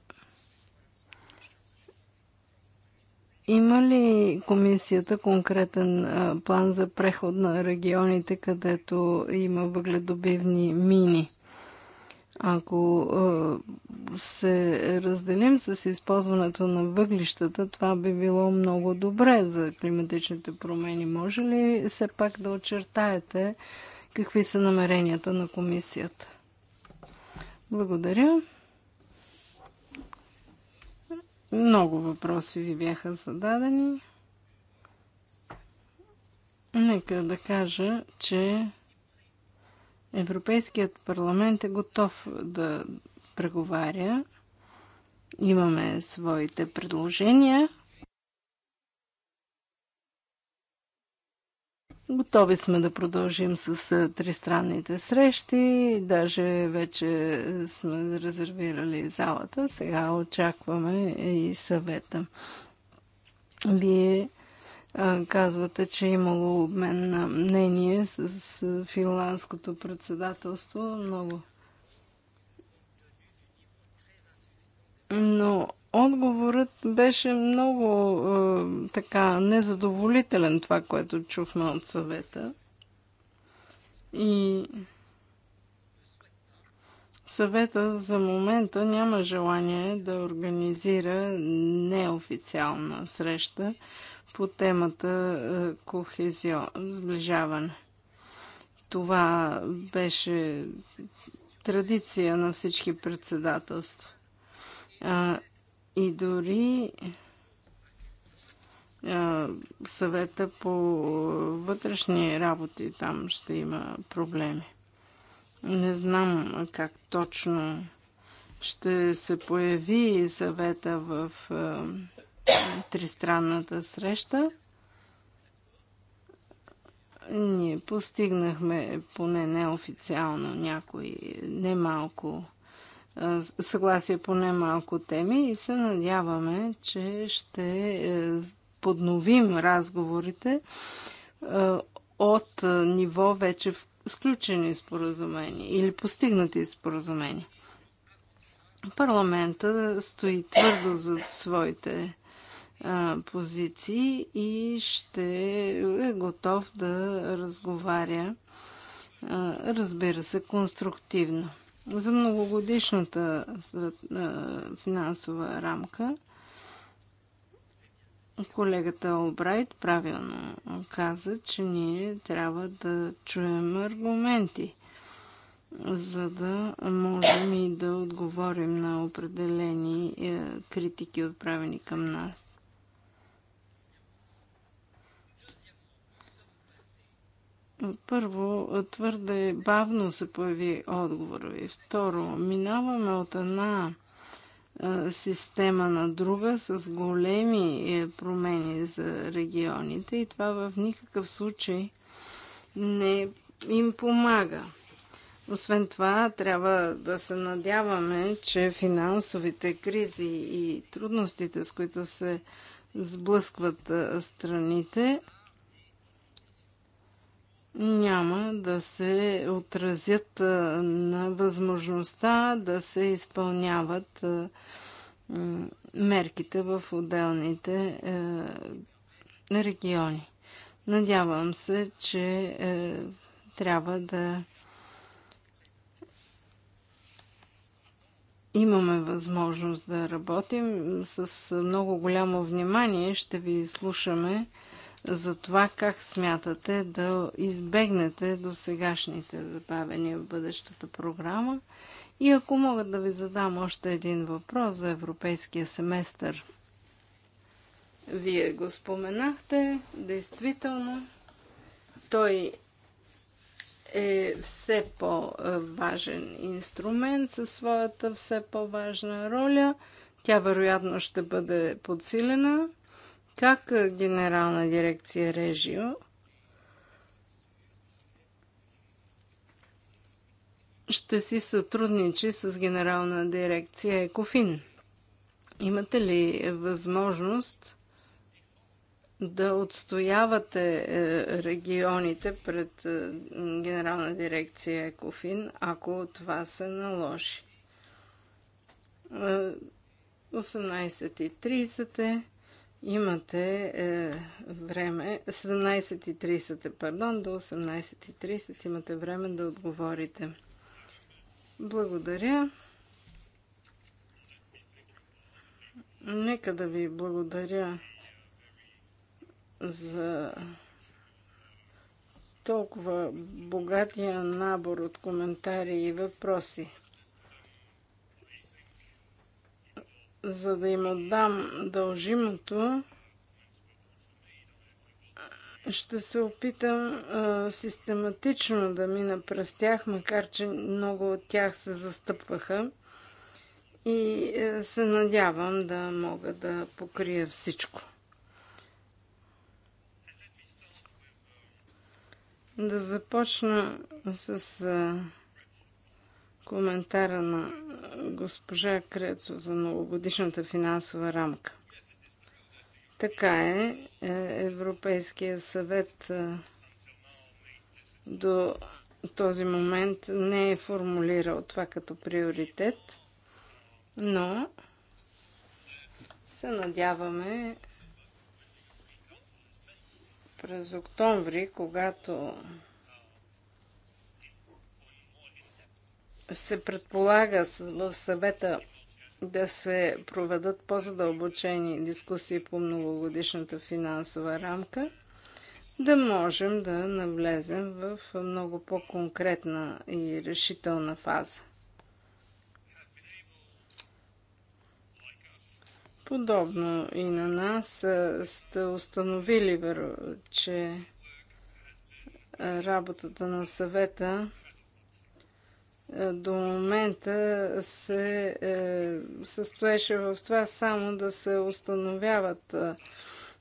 Има ли комисията конкретен план за преход на регионите, където има въгледобивни мини? Ако се разделим с използването на въглищата, това би било много добре за климатичните промени. Може ли все пак да очертаете какви са намеренията на комисията? Благодаря. Много въпроси ви бяха зададени. Нека да кажа, че Европейският парламент е готов да преговаря. Имаме своите предложения. Готови сме да продължим с тристранните срещи. Даже вече сме резервирали залата. Сега очакваме и съвета. Вие казвате, че е имало обмен на мнение с финландското председателство. Много. Но Отговорът беше много е, така незадоволителен това, което чухме от съвета. И съвета за момента няма желание да организира неофициална среща по темата е, кохезио, сближаване. Това беше традиция на всички председателства. И дори съвета по вътрешни работи там ще има проблеми. Не знам как точно ще се появи съвета в тристранната среща. Ние постигнахме поне неофициално някои немалко съгласие по немалко теми и се надяваме, че ще е, подновим разговорите е, от е, ниво вече сключени споразумения или постигнати споразумения. Парламента стои твърдо за своите позиции и ще е готов да разговаря, разбира се, конструктивно за многогодишната финансова рамка. Колегата Олбрайт правилно каза, че ние трябва да чуем аргументи, за да можем и да отговорим на определени е, критики, отправени към нас. Първо, твърде бавно се появи отговор. И второ, минаваме от една система на друга с големи е, промени за регионите и това в никакъв случай не им помага. Освен това, трябва да се надяваме, че финансовите кризи и трудностите, с които се сблъскват страните, няма да се отразят на възможността да се изпълняват мерките в отделните е, региони. Надявам се, че е, трябва да имаме възможност да работим с много голямо внимание. Ще ви слушаме за това как смятате да избегнете до сегашните забавения в бъдещата програма. И ако мога да ви задам още един въпрос за европейския семестър. Вие го споменахте, действително той е все по-важен инструмент със своята все по-важна роля. Тя вероятно ще бъде подсилена как Генерална дирекция Режио ще си сътрудничи с Генерална дирекция Екофин? Имате ли възможност да отстоявате е, регионите пред е, Генерална дирекция Екофин, ако това се наложи? 18.30 е, Имате е, време, 17.30, е, пардон, до 18.30 имате време да отговорите. Благодаря. Нека да ви благодаря за толкова богатия набор от коментари и въпроси. за да им отдам дължимото, ще се опитам а, систематично да мина през тях, макар че много от тях се застъпваха и а, е, се надявам да мога да покрия всичко. Да започна с. А, коментара на госпожа Крецо за многогодишната финансова рамка. Така е, е Европейския съвет е, до този момент не е формулирал това като приоритет, но се надяваме през октомври, когато се предполага в съвета да се проведат по-задълбочени дискусии по многогодишната финансова рамка, да можем да навлезем в много по-конкретна и решителна фаза. Подобно и на нас сте установили, че работата на съвета е, до момента се е, състоеше в това само да се установяват е,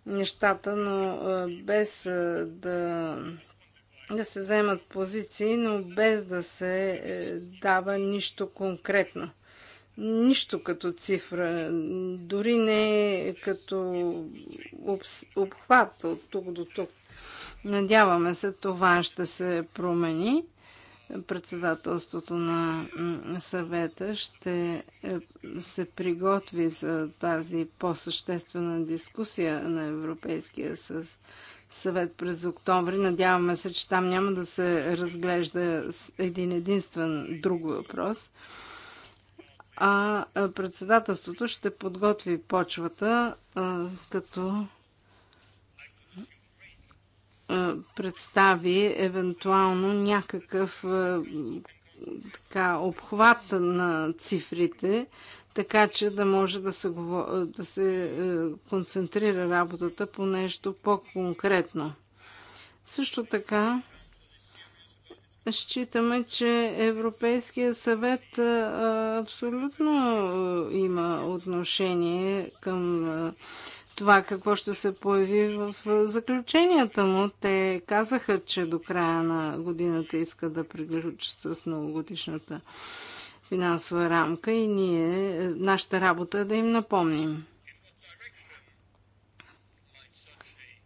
нещата, но без да, да се вземат позиции, но без да се дава нищо конкретно. Нищо като цифра, дори не като обхват от тук до тук. Надяваме се, това ще се промени председателството на съвета ще е, се приготви за тази по-съществена дискусия на Европейския съвет през октомври. Надяваме се, че там няма да се разглежда един единствен друг въпрос. А председателството ще подготви почвата, като представи евентуално някакъв така, обхват на цифрите, така че да може да се, да се е, концентрира работата по нещо по-конкретно. Също така, считаме, че Европейския съвет е, абсолютно е, има отношение към това какво ще се появи в заключенията му. Те казаха, че до края на годината искат да приключат с многогодишната финансова рамка и ние, нашата работа е да им напомним.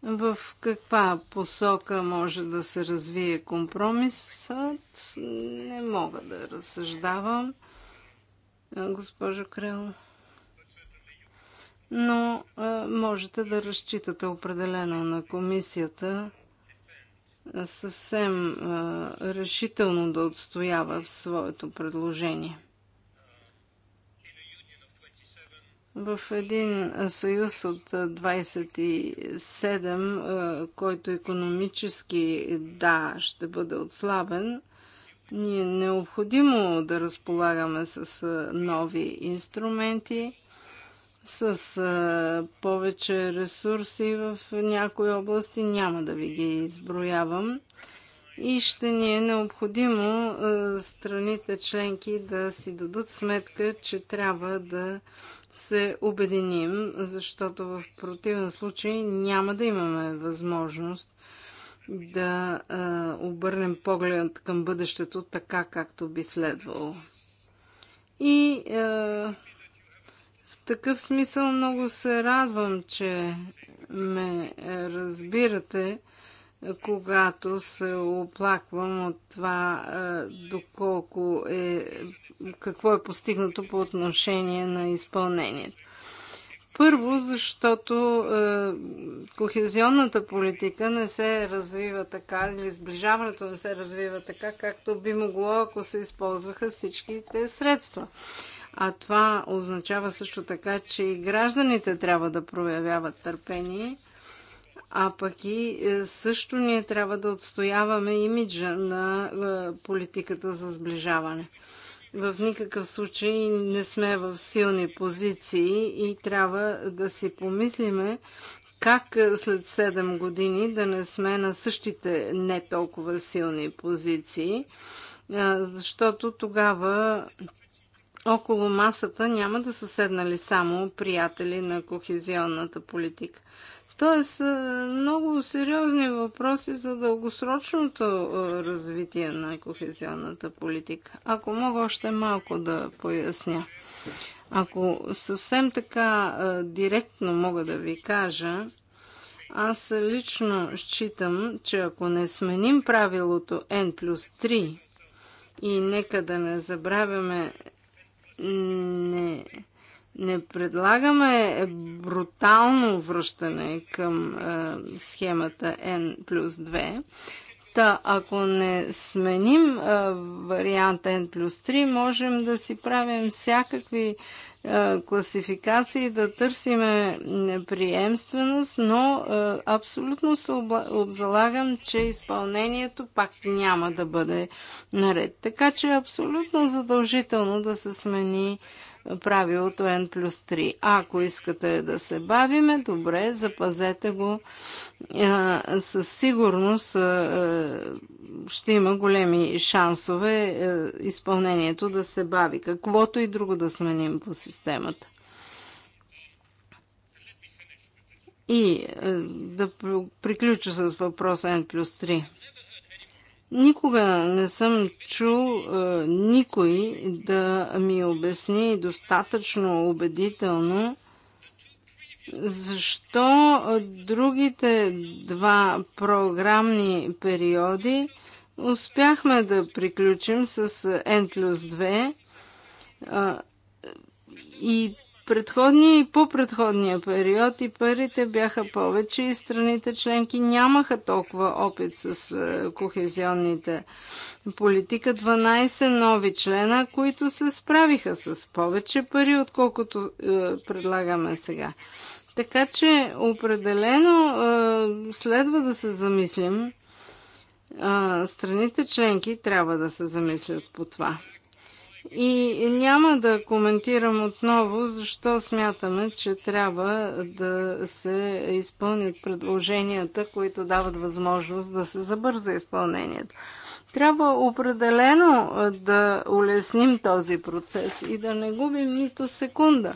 В каква посока може да се развие компромисът, не мога да разсъждавам. Госпожо Крел но можете да разчитате определено на комисията съвсем решително да отстоява в своето предложение. В един съюз от 27, който економически да ще бъде отслабен, ние е необходимо да разполагаме с нови инструменти, с а, повече ресурси в някои области, няма да ви ги изброявам. И ще ни е необходимо а, страните членки да си дадат сметка, че трябва да се обединим, защото в противен случай няма да имаме възможност да а, обърнем поглед към бъдещето така, както би следвало. И а, такъв смисъл много се радвам, че ме разбирате, когато се оплаквам от това е, доколко е, какво е постигнато по отношение на изпълнението. Първо, защото е, кохезионната политика не се развива така, или сближаването не се развива така, както би могло, ако се използваха всичките средства. А това означава също така, че и гражданите трябва да проявяват търпение, а пък и е, също ние трябва да отстояваме имиджа на е, политиката за сближаване. В никакъв случай не сме в силни позиции и трябва да си помислиме как е, след 7 години да не сме на същите не толкова силни позиции, защото тогава около масата няма да са седнали само приятели на кохезионната политика. Тоест, е, много сериозни въпроси за дългосрочното е, развитие на кохезионната политика. Ако мога още малко да поясня. Ако съвсем така е, директно мога да ви кажа, аз лично считам, че ако не сменим правилото N плюс 3 и нека да не забравяме не, не предлагаме брутално връщане към е, схемата N плюс 2. Та, ако не сменим а, е, варианта N плюс 3, можем да си правим всякакви а, класификации, да търсиме приемственост, но абсолютно се обзалагам, че изпълнението пак няма да бъде наред. Така че е абсолютно задължително да се смени правилото N плюс 3. Ако искате да се бавиме, добре, запазете го. Със сигурност ще има големи шансове изпълнението да се бави, каквото и друго да сменим по системата. И да приключа с въпроса N плюс 3. Никога не съм чул е, никой да ми обясни достатъчно убедително защо другите два програмни периоди успяхме да приключим с N плюс 2 е, и предходния и по-предходния период и парите бяха повече и страните членки нямаха толкова опит с е, кохезионните политика. 12 нови члена, които се справиха с повече пари, отколкото е, предлагаме сега. Така че определено е, следва да се замислим. Е, страните членки трябва да се замислят по това. И няма да коментирам отново защо смятаме, че трябва да се изпълнят предложенията, които дават възможност да се забърза изпълнението. Трябва определено да улесним този процес и да не губим нито секунда.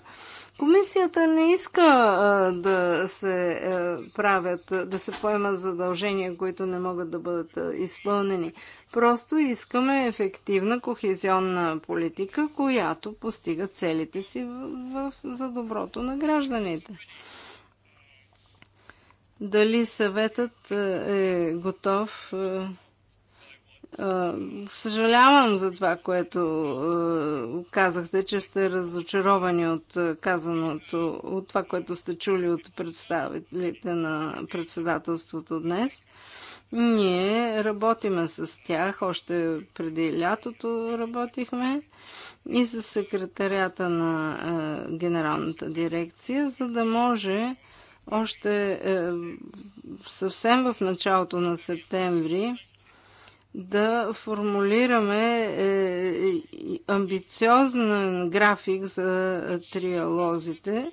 Комисията не иска а, да се а, правят, да се поемат задължения, които не могат да бъдат а, изпълнени. Просто искаме ефективна кохезионна политика, която постига целите си в, в, за доброто на гражданите. Дали съветът е готов? А, Съжалявам за това, което казахте, че сте разочаровани от казаното, от това, което сте чули от представителите на председателството днес. Ние работиме с тях, още преди лятото работихме и с секретарята на генералната дирекция, за да може още съвсем в началото на септември да формулираме е, е, амбициозен график за триалозите,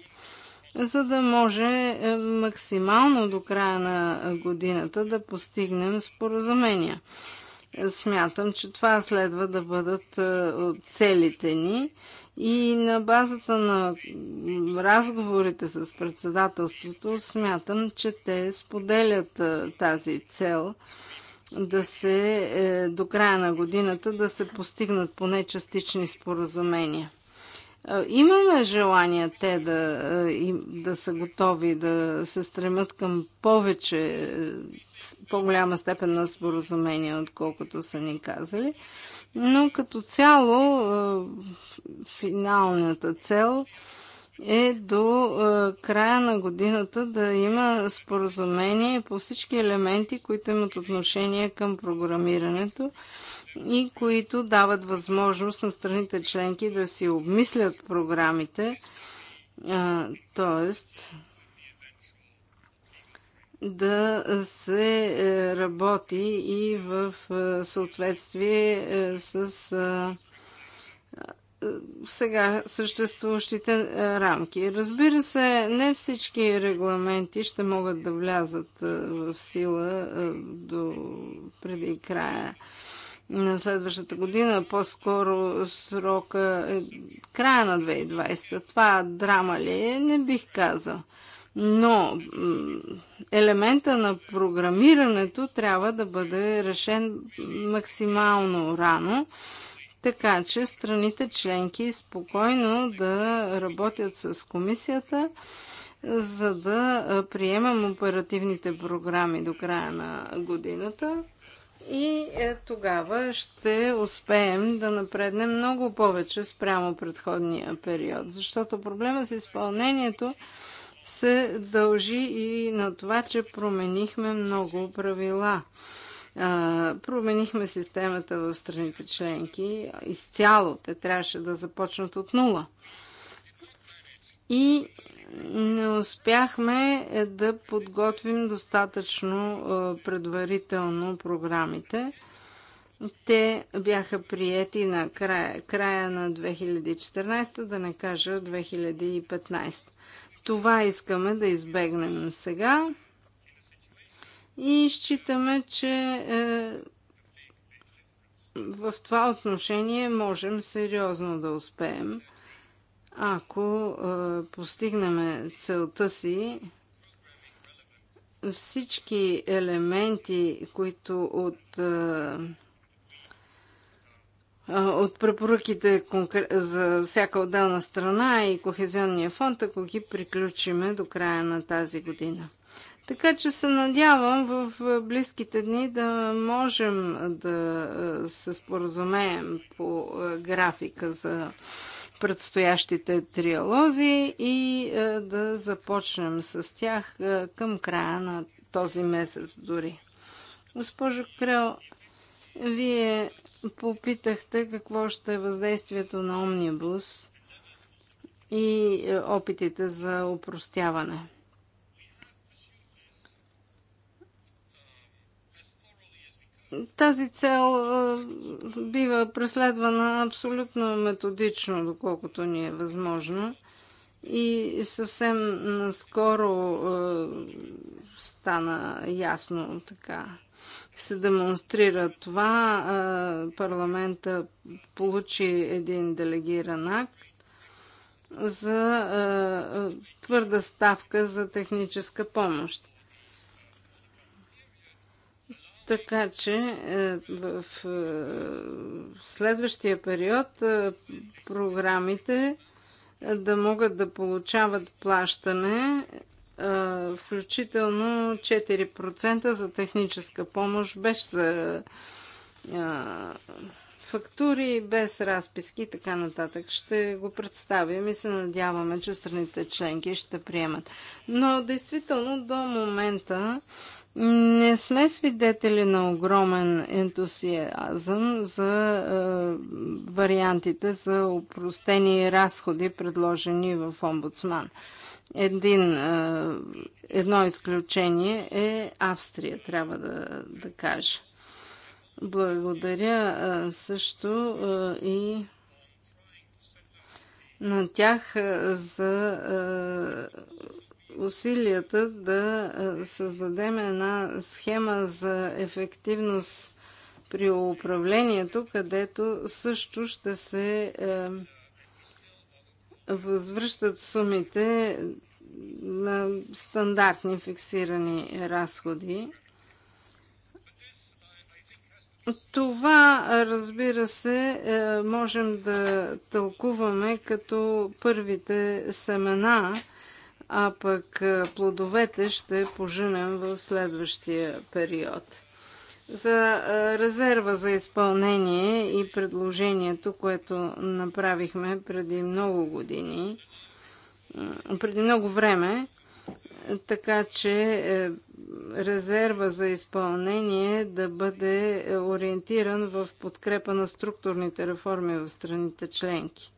за да може е, максимално до края на годината да постигнем споразумения. Смятам, че това следва да бъдат целите ни и на базата на разговорите с председателството смятам, че те споделят тази цел – да се е, до края на годината да се постигнат поне частични споразумения. Е, имаме желание те да, е, да са готови да се стремят към повече, по-голяма степен на споразумение, отколкото са ни казали. Но като цяло, финалната цел е до е, края на годината да има споразумение по всички елементи, които имат отношение към програмирането и които дават възможност на страните членки да си обмислят програмите, т.е. да се е, работи и в е, съответствие с сега съществуващите е, рамки. Разбира се, не всички регламенти ще могат да влязат е, в сила е, до преди края на следващата година, по-скоро срока е края на 2020. Това драма ли е? Не бих казал. Но елемента на програмирането трябва да бъде решен максимално рано така че страните членки спокойно да работят с комисията, за да приемам оперативните програми до края на годината. И е, тогава ще успеем да напреднем много повече спрямо предходния период, защото проблема с изпълнението се дължи и на това, че променихме много правила променихме системата в страните членки изцяло. Те трябваше да започнат от нула. И не успяхме да подготвим достатъчно предварително програмите. Те бяха приети на края, края на 2014, да не кажа 2015. Това искаме да избегнем сега и считаме, че е, в това отношение можем сериозно да успеем, ако е, постигнем целта си всички елементи, които от, е, от препоръките за всяка отделна страна и Кохезионния фонд, ако ги приключиме до края на тази година. Така че се надявам в близките дни да можем да е, се споразумеем по е, графика за предстоящите триалози и е, да започнем с тях към края на този месец дори. Госпожо Крел, вие попитахте какво ще е въздействието на Омнибус и опитите за упростяване. Тази цел бива преследвана абсолютно методично, доколкото ни е възможно. И съвсем наскоро стана ясно така. Се демонстрира това. парламента получи един делегиран акт за твърда ставка за техническа помощ. Така че е, в е, следващия период е, програмите да могат да получават плащане, включително 4% за техническа помощ, без за фактури, без разписки и така нататък. Ще го представим и се надяваме, че страните членки ще приемат. Но действително до момента не сме свидетели на огромен ентусиазъм за е, вариантите за упростени разходи, предложени в омбудсман. Един, е, едно изключение е Австрия, трябва да, да кажа. Благодаря е, също е, и на тях е, за е, усилията да създадем една схема за ефективност при управлението, където също ще се възвръщат сумите на стандартни фиксирани разходи. Това, разбира се, е, можем да тълкуваме като първите семена а пък плодовете ще поженем в следващия период. За резерва за изпълнение и предложението, което направихме преди много години, преди много време, така че е, резерва за изпълнение да бъде ориентиран в подкрепа на структурните реформи в страните членки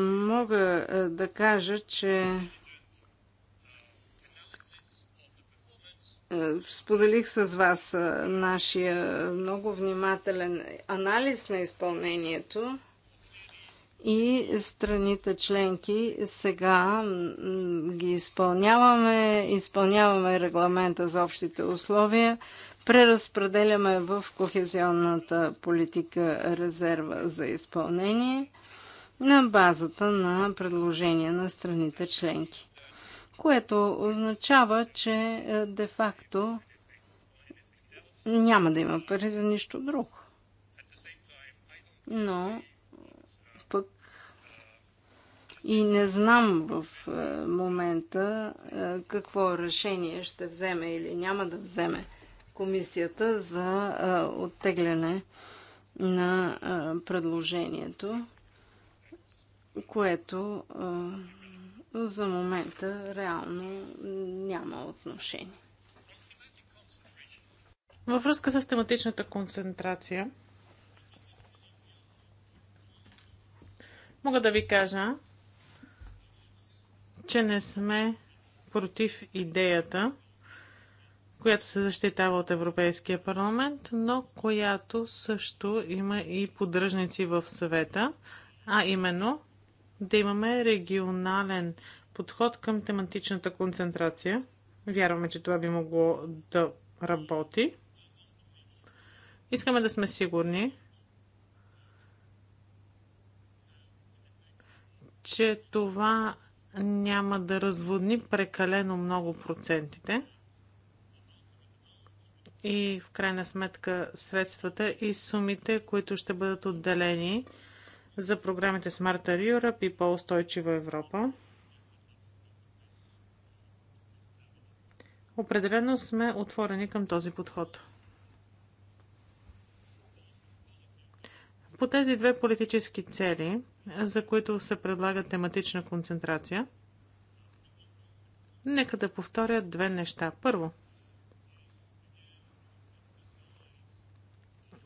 мога е, да кажа, че е, споделих с вас е, нашия много внимателен анализ на изпълнението и страните членки сега ги изпълняваме, изпълняваме регламента за общите условия, преразпределяме в кохезионната политика резерва за изпълнение – на базата на предложения на страните членки. Което означава, че е, де-факто няма да има пари за нищо друго. Но пък и не знам в е, момента е, какво решение ще вземе или няма да вземе комисията за оттегляне на предложението което за момента реално няма отношение. Във връзка с тематичната концентрация, мога да ви кажа, че не сме против идеята, която се защитава от Европейския парламент, но която също има и поддръжници в съвета, а именно да имаме регионален подход към тематичната концентрация. Вярваме, че това би могло да работи. Искаме да сме сигурни, че това няма да разводни прекалено много процентите и в крайна сметка средствата и сумите, които ще бъдат отделени за програмите Smart Europe и по-устойчива Европа. Определено сме отворени към този подход. По тези две политически цели, за които се предлага тематична концентрация, нека да повторя две неща. Първо,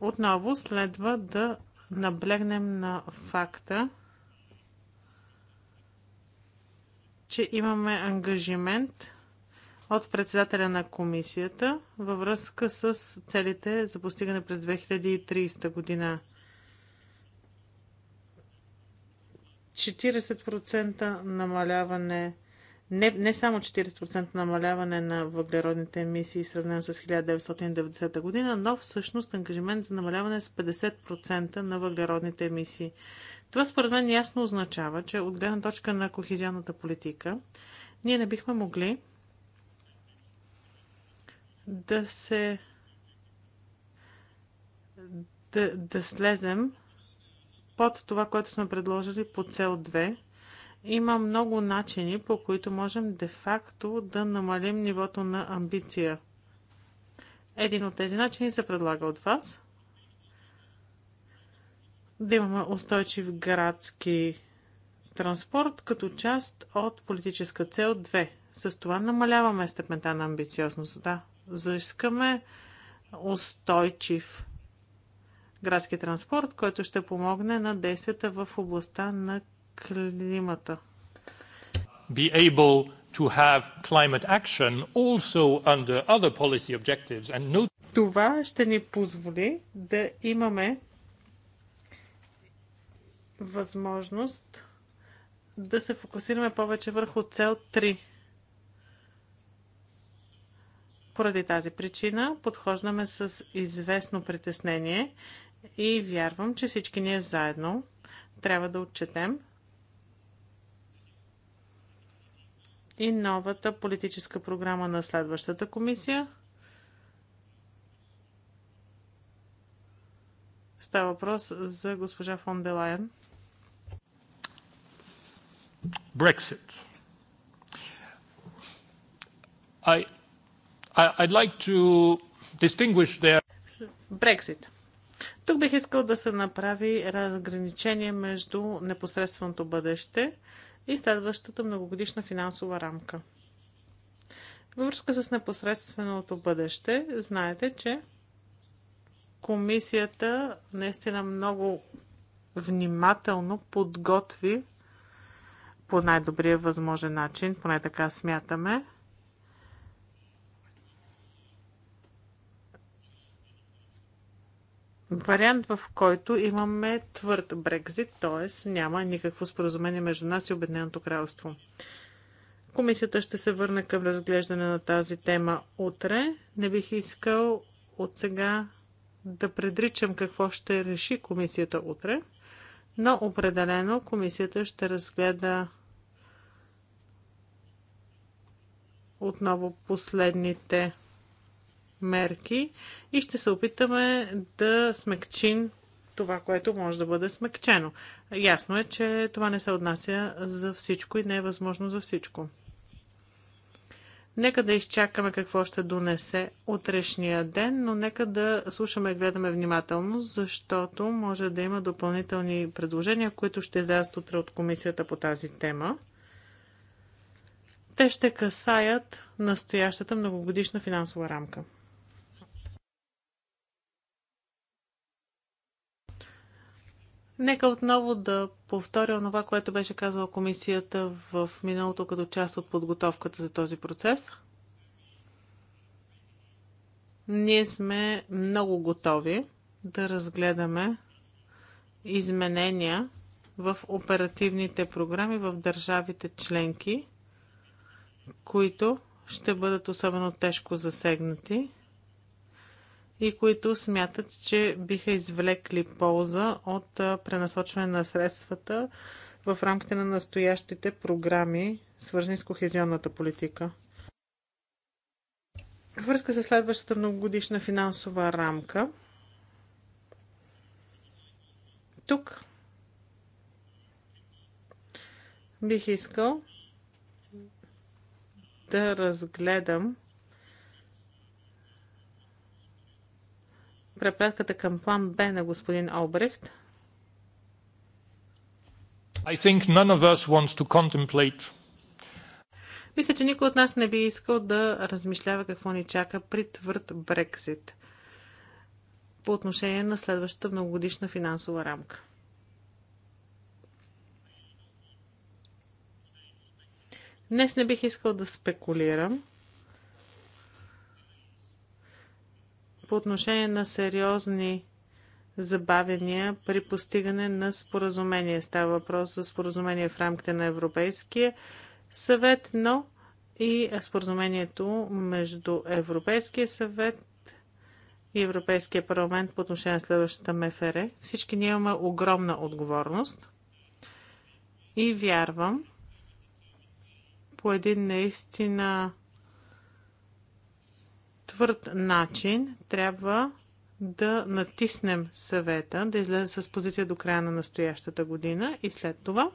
отново следва да наблегнем на факта, че имаме ангажимент от председателя на комисията във връзка с целите за постигане през 2030 година. 40% намаляване не, не само 40% намаляване на въглеродните емисии, сравнено с 1990 година, но всъщност ангажимент за намаляване с 50% на въглеродните емисии. Това според мен ясно означава, че от гледна точка на кохезионната политика, ние не бихме могли да се да, да слезем под това, което сме предложили по цел 2 има много начини, по които можем де-факто да намалим нивото на амбиция. Един от тези начини се предлага от вас. Да имаме устойчив градски транспорт като част от политическа цел 2. С това намаляваме степента на амбициозност. Да, заискаме устойчив градски транспорт, който ще помогне на действията в областта на климата. Be able to have climate action also under other policy objectives and no... Това ще ни позволи да имаме възможност да се фокусираме повече върху цел 3. Поради тази причина подхождаме с известно притеснение и вярвам, че всички ние заедно трябва да отчетем, и новата политическа програма на следващата комисия. Става въпрос за госпожа фон Делайен. Brexit. I, I, I'd like to distinguish there. Brexit. Тук бих искал да се направи разграничение между непосредственото бъдеще и следващата многогодишна финансова рамка. Във връзка с непосредственото бъдеще, знаете, че комисията наистина много внимателно подготви по най-добрия възможен начин, поне така смятаме, вариант, в който имаме твърд Брекзит, т.е. няма никакво споразумение между нас и Обединеното кралство. Комисията ще се върне към разглеждане на тази тема утре. Не бих искал от сега да предричам какво ще реши комисията утре, но определено комисията ще разгледа отново последните мерки и ще се опитаме да смекчим това, което може да бъде смекчено. Ясно е, че това не се отнася за всичко и не е възможно за всичко. Нека да изчакаме какво ще донесе утрешния ден, но нека да слушаме и гледаме внимателно, защото може да има допълнителни предложения, които ще излязат утре от комисията по тази тема. Те ще касаят настоящата многогодишна финансова рамка. Нека отново да повторя това, което беше казала комисията в миналото като част от подготовката за този процес. Ние сме много готови да разгледаме изменения в оперативните програми в държавите членки, които ще бъдат особено тежко засегнати и които смятат, че биха извлекли полза от пренасочване на средствата в рамките на настоящите програми, свързани с кохезионната политика. Връзка с следващата многогодишна финансова рамка. Тук бих искал да разгледам препратката към план Б на господин Обрехт. I think none of us wants to contemplate. Мисля, че никой от нас не би искал да размишлява какво ни чака при твърд Брексит по отношение на следващата многогодишна финансова рамка. Днес не бих искал да спекулирам по отношение на сериозни забавяния при постигане на споразумение. Става въпрос за споразумение в рамките на Европейския съвет, но и споразумението между Европейския съвет и Европейския парламент по отношение на следващата МФР. Всички ние имаме огромна отговорност и вярвам по един наистина твърд начин трябва да натиснем съвета да излезе с позиция до края на настоящата година и след това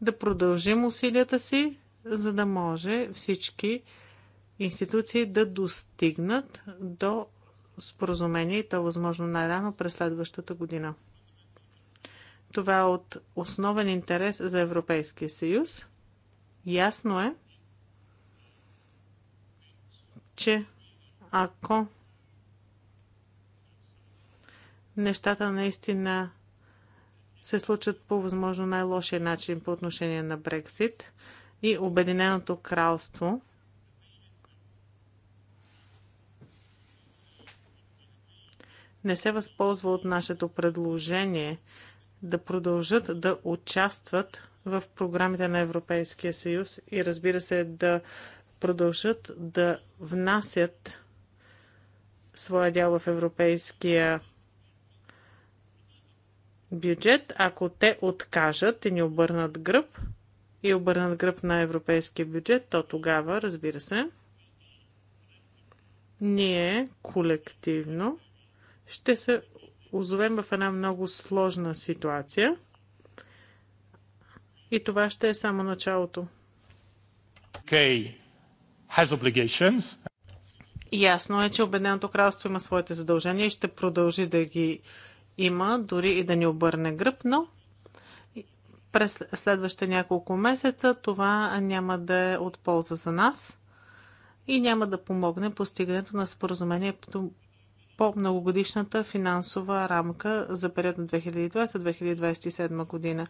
да продължим усилията си, за да може всички институции да достигнат до споразумение и то възможно най-рано през следващата година. Това е от основен интерес за Европейския съюз. Ясно е, че ако нещата наистина се случат по възможно най-лошия начин по отношение на Брексит и Обединеното кралство не се възползва от нашето предложение да продължат да участват в програмите на Европейския съюз и разбира се да продължат да внасят своя дял в европейския бюджет, ако те откажат и ни обърнат гръб и обърнат гръб на европейския бюджет, то тогава, разбира се, ние колективно ще се озовем в една много сложна ситуация. И това ще е само началото. Okay has obligations. Ясно е, че Обединеното кралство има своите задължения и ще продължи да ги има, дори и да ни обърне гръб, но през следващите няколко месеца това няма да е от полза за нас и няма да помогне постигането на споразумение по многогодишната финансова рамка за период на 2020-2027 година.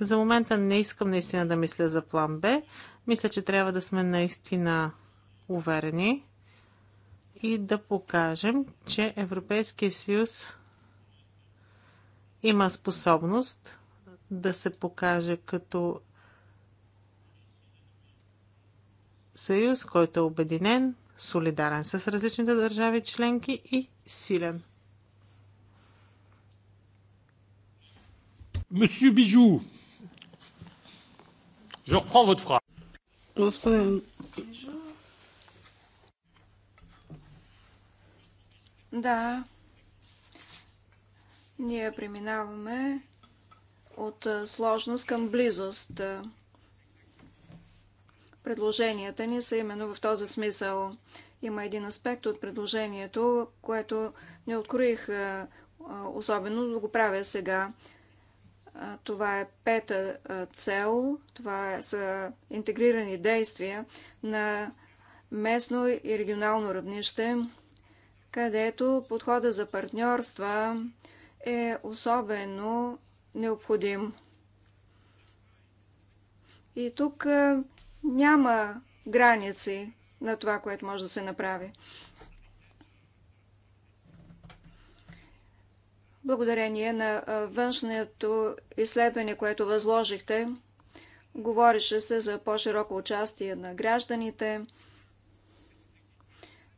За момента не искам наистина да мисля за план Б. Мисля, че трябва да сме наистина уверени и да покажем, че Европейския съюз има способност да се покаже като съюз, който е обединен, солидарен с различните държави членки и силен. Monsieur Бижу, je reprends votre phrase. Господин Да, ние преминаваме от сложност към близост. Предложенията ни са именно в този смисъл. Има един аспект от предложението, което не откроих особено, но го правя сега. Това е пета цел. Това са интегрирани действия на местно и регионално равнище – където подхода за партньорства е особено необходим. И тук няма граници на това, което може да се направи. Благодарение на външното изследване, което възложихте, говореше се за по-широко участие на гражданите –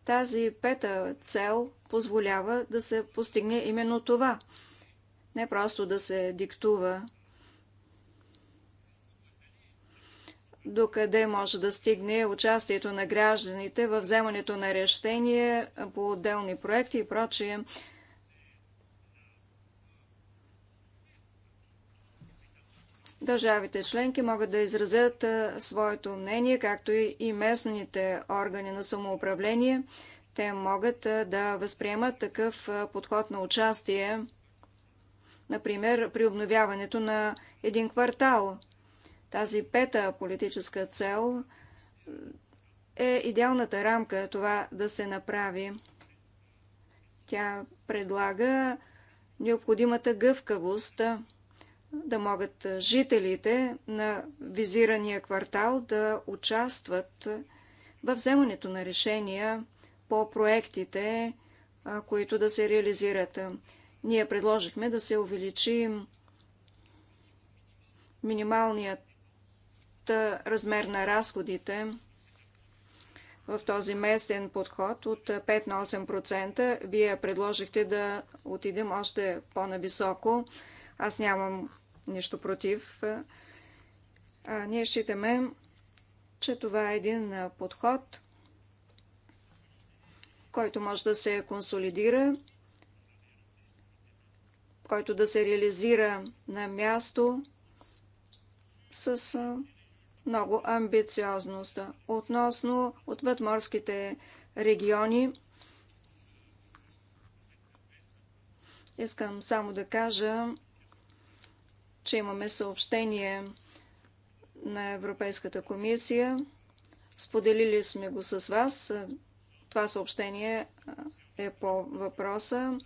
тази пета цел позволява да се постигне именно това. Не просто да се диктува докъде може да стигне участието на гражданите в вземането на решения по отделни проекти и прочие. Държавите членки могат да изразят своето мнение, както и местните органи на самоуправление. Те могат да възприемат такъв подход на участие, например при обновяването на един квартал. Тази пета политическа цел е идеалната рамка това да се направи. Тя предлага необходимата гъвкавост – да могат жителите на визирания квартал да участват в вземането на решения по проектите, които да се реализират. Ние предложихме да се увеличи минималният размер на разходите в този местен подход от 5 на 8%. Вие предложихте да отидем още по-нависоко. Аз нямам нищо против. Ние считаме, че това е един подход, който може да се консолидира, който да се реализира на място с много амбициозност. Относно отвъдморските региони, искам само да кажа, че имаме съобщение на Европейската комисия. Споделили сме го с вас. Това съобщение е по въпроса.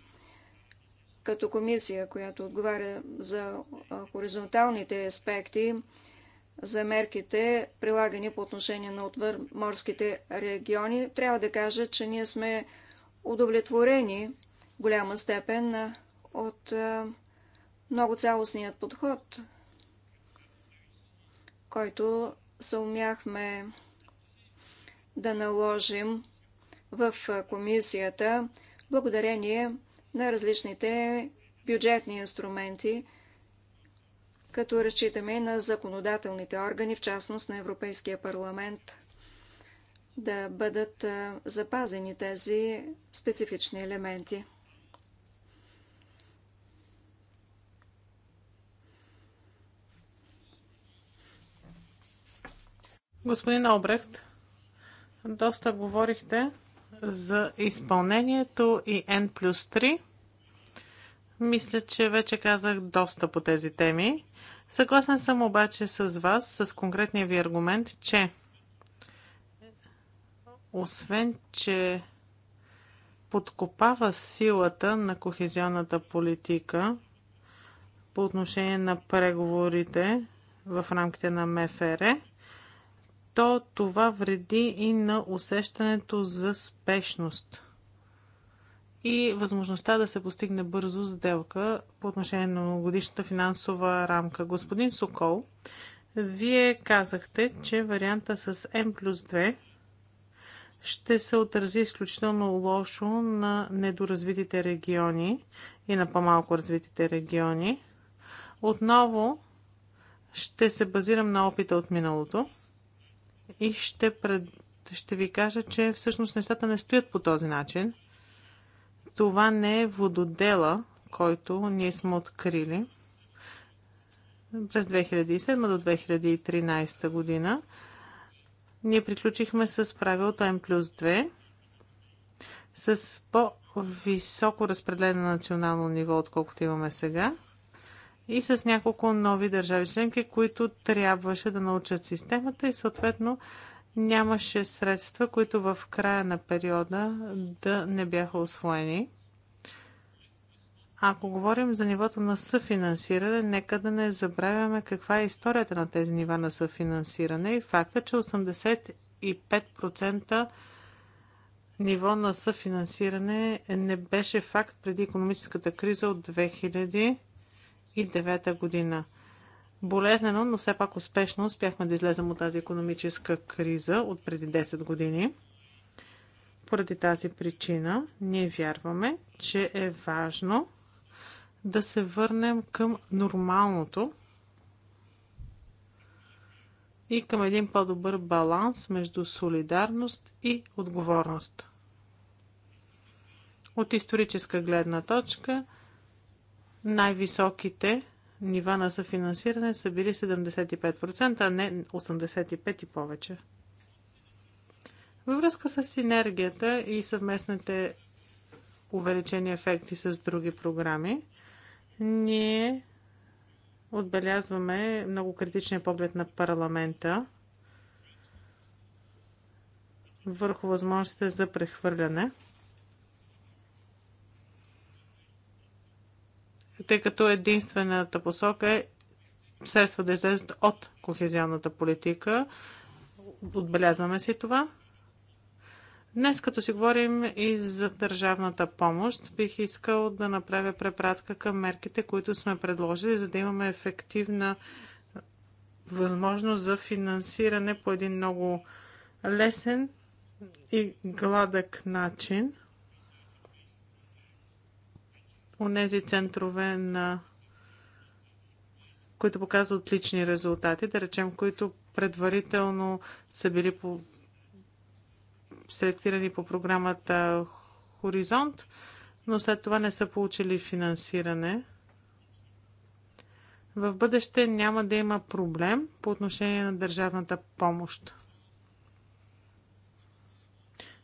Като комисия, която отговаря за хоризонталните аспекти, за мерките, прилагани по отношение на отвърморските региони, трябва да кажа, че ние сме удовлетворени в голяма степен от много цялостният подход, който умяхме да наложим в комисията, благодарение на различните бюджетни инструменти, като разчитаме на законодателните органи, в частност на Европейския парламент, да бъдат запазени тези специфични елементи. Господин Обрехт, доста говорихте за изпълнението и N плюс 3. Мисля, че вече казах доста по тези теми. Съгласен съм обаче с вас, с конкретния ви аргумент, че освен, че подкопава силата на кохезионната политика по отношение на преговорите в рамките на МФР, то това вреди и на усещането за спешност и възможността да се постигне бързо сделка по отношение на годишната финансова рамка. Господин Сокол, вие казахте, че варианта с M плюс 2 ще се отрази изключително лошо на недоразвитите региони и на по-малко развитите региони. Отново ще се базирам на опита от миналото и ще, пред... ще ви кажа, че всъщност нещата не стоят по този начин. Това не е вододела, който ние сме открили през 2007 до 2013 година. Ние приключихме с правилото М плюс 2, с по-високо разпределение на национално ниво, отколкото имаме сега и с няколко нови държави членки, които трябваше да научат системата и съответно нямаше средства, които в края на периода да не бяха освоени. Ако говорим за нивото на съфинансиране, нека да не забравяме каква е историята на тези нива на съфинансиране и факта, че 85% ниво на съфинансиране не беше факт преди економическата криза от 2000 2009 година. Болезнено, но все пак успешно успяхме да излезем от тази економическа криза от преди 10 години. Поради тази причина ние вярваме, че е важно да се върнем към нормалното и към един по-добър баланс между солидарност и отговорност. От историческа гледна точка – най-високите нива на съфинансиране са били 75%, а не 85% и повече. Във връзка с синергията и съвместните увеличени ефекти с други програми, ние отбелязваме много критичния поглед на парламента върху възможностите за прехвърляне – тъй като единствената посока е средства да излезат от кохезионната политика. Отбелязваме си това. Днес, като си говорим и за държавната помощ, бих искал да направя препратка към мерките, които сме предложили, за да имаме ефективна възможност за финансиране по един много лесен и гладък начин онези центрове на които показват отлични резултати, да речем, които предварително са били по... селектирани по програмата Хоризонт, но след това не са получили финансиране. В бъдеще няма да има проблем по отношение на държавната помощ.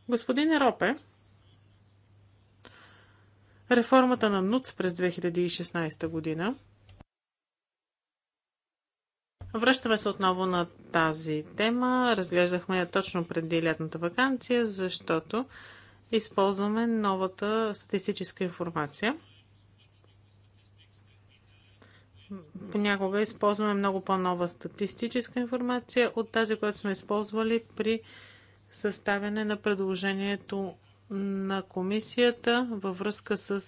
Господин Ропе, реформата на НУЦ през 2016 година. Връщаме се отново на тази тема. Разглеждахме я точно преди лятната вакансия, защото използваме новата статистическа информация. Понякога използваме много по-нова статистическа информация от тази, която сме използвали при съставяне на предложението на комисията във връзка с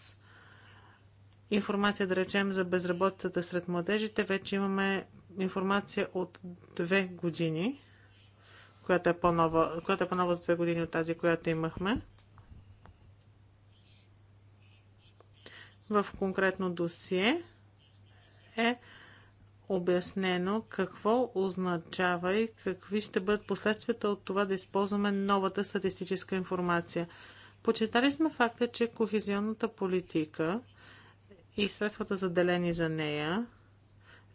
информация, да речем, за безработицата сред младежите. Вече имаме информация от две години, която е по-нова, която е по-нова с две години от тази, която имахме. В конкретно досие е обяснено какво означава и какви ще бъдат последствията от това да използваме новата статистическа информация. Почитали сме факта, че кохезионната политика и средствата заделени за нея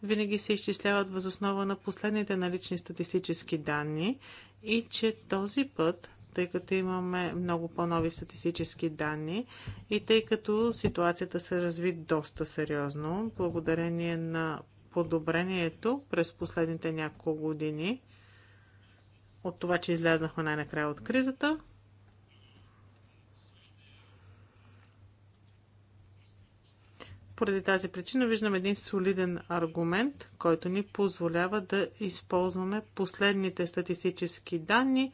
винаги се изчисляват възоснова на последните налични статистически данни и че този път, тъй като имаме много по-нови статистически данни и тъй като ситуацията се разви доста сериозно, благодарение на подобрението през последните няколко години от това, че излязнахме най-накрая от кризата. Поради тази причина виждам един солиден аргумент, който ни позволява да използваме последните статистически данни,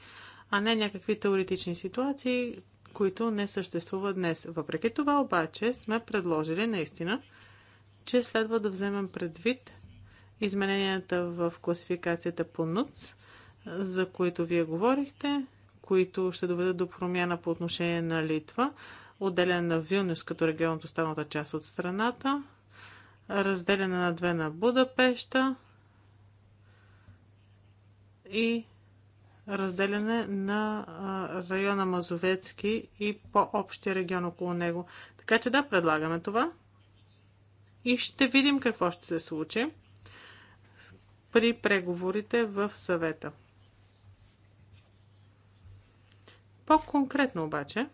а не някакви теоретични ситуации, които не съществуват днес. Въпреки това обаче сме предложили наистина че следва да вземем предвид измененията в класификацията по НУЦ, за които вие говорихте, които ще доведат до промяна по отношение на Литва, отделяне на Вилнюс като регион от останалата част от страната, разделяне на две на Будапешта и разделяне на района Мазовецки и по-общия регион около него. Така че да, предлагаме това и ще видим какво ще се случи при преговорите в съвета. По-конкретно обаче,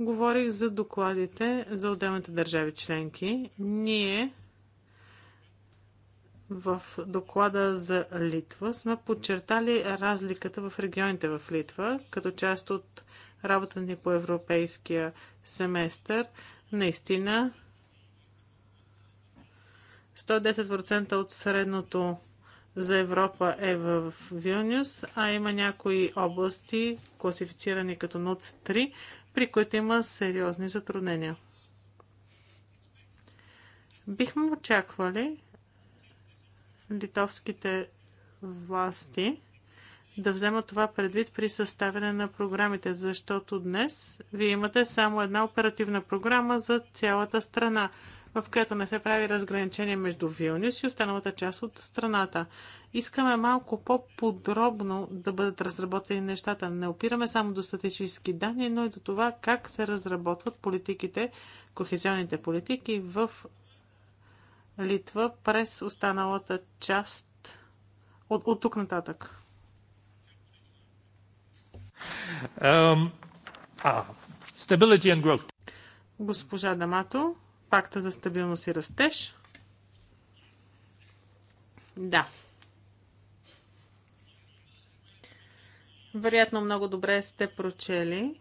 говорих за докладите за отделните държави членки. Ние в доклада за Литва сме подчертали разликата в регионите в Литва, като част от Работа ни по европейския семестър, наистина 110% от средното за Европа е в Вилнюс, а има някои области, класифицирани като НУЦ-3, при които има сериозни затруднения. Бихме очаквали литовските власти да взема това предвид при съставяне на програмите, защото днес вие имате само една оперативна програма за цялата страна, в която не се прави разграничение между Вилнюс и останалата част от страната. Искаме малко по-подробно да бъдат разработени нещата. Не опираме само до статистически данни, но и до това как се разработват политиките, кохезионните политики в Литва през останалата част от, от тук нататък stability and growth. Госпожа Дамато, пакта за стабилност и растеж. Да. Вероятно много добре сте прочели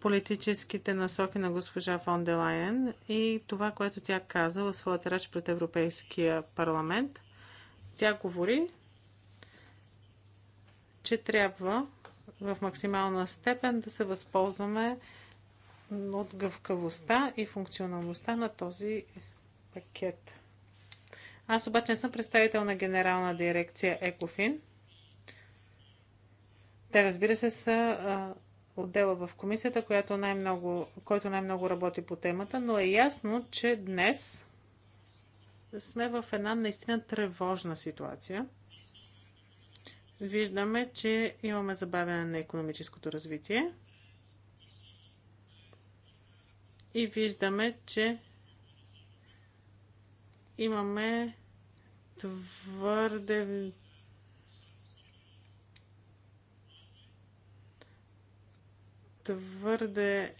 политическите насоки на госпожа фон де Лайен и това, което тя каза в своята реч пред Европейския парламент. Тя говори че трябва в максимална степен да се възползваме от гъвкавостта и функционалността на този пакет. Аз обаче не съм представител на генерална дирекция Екофин. Те, разбира се, са отдела в комисията, която най-много, който най-много работи по темата, но е ясно, че днес сме в една наистина тревожна ситуация – виждаме, че имаме забавяне на економическото развитие и виждаме, че имаме твърде твърде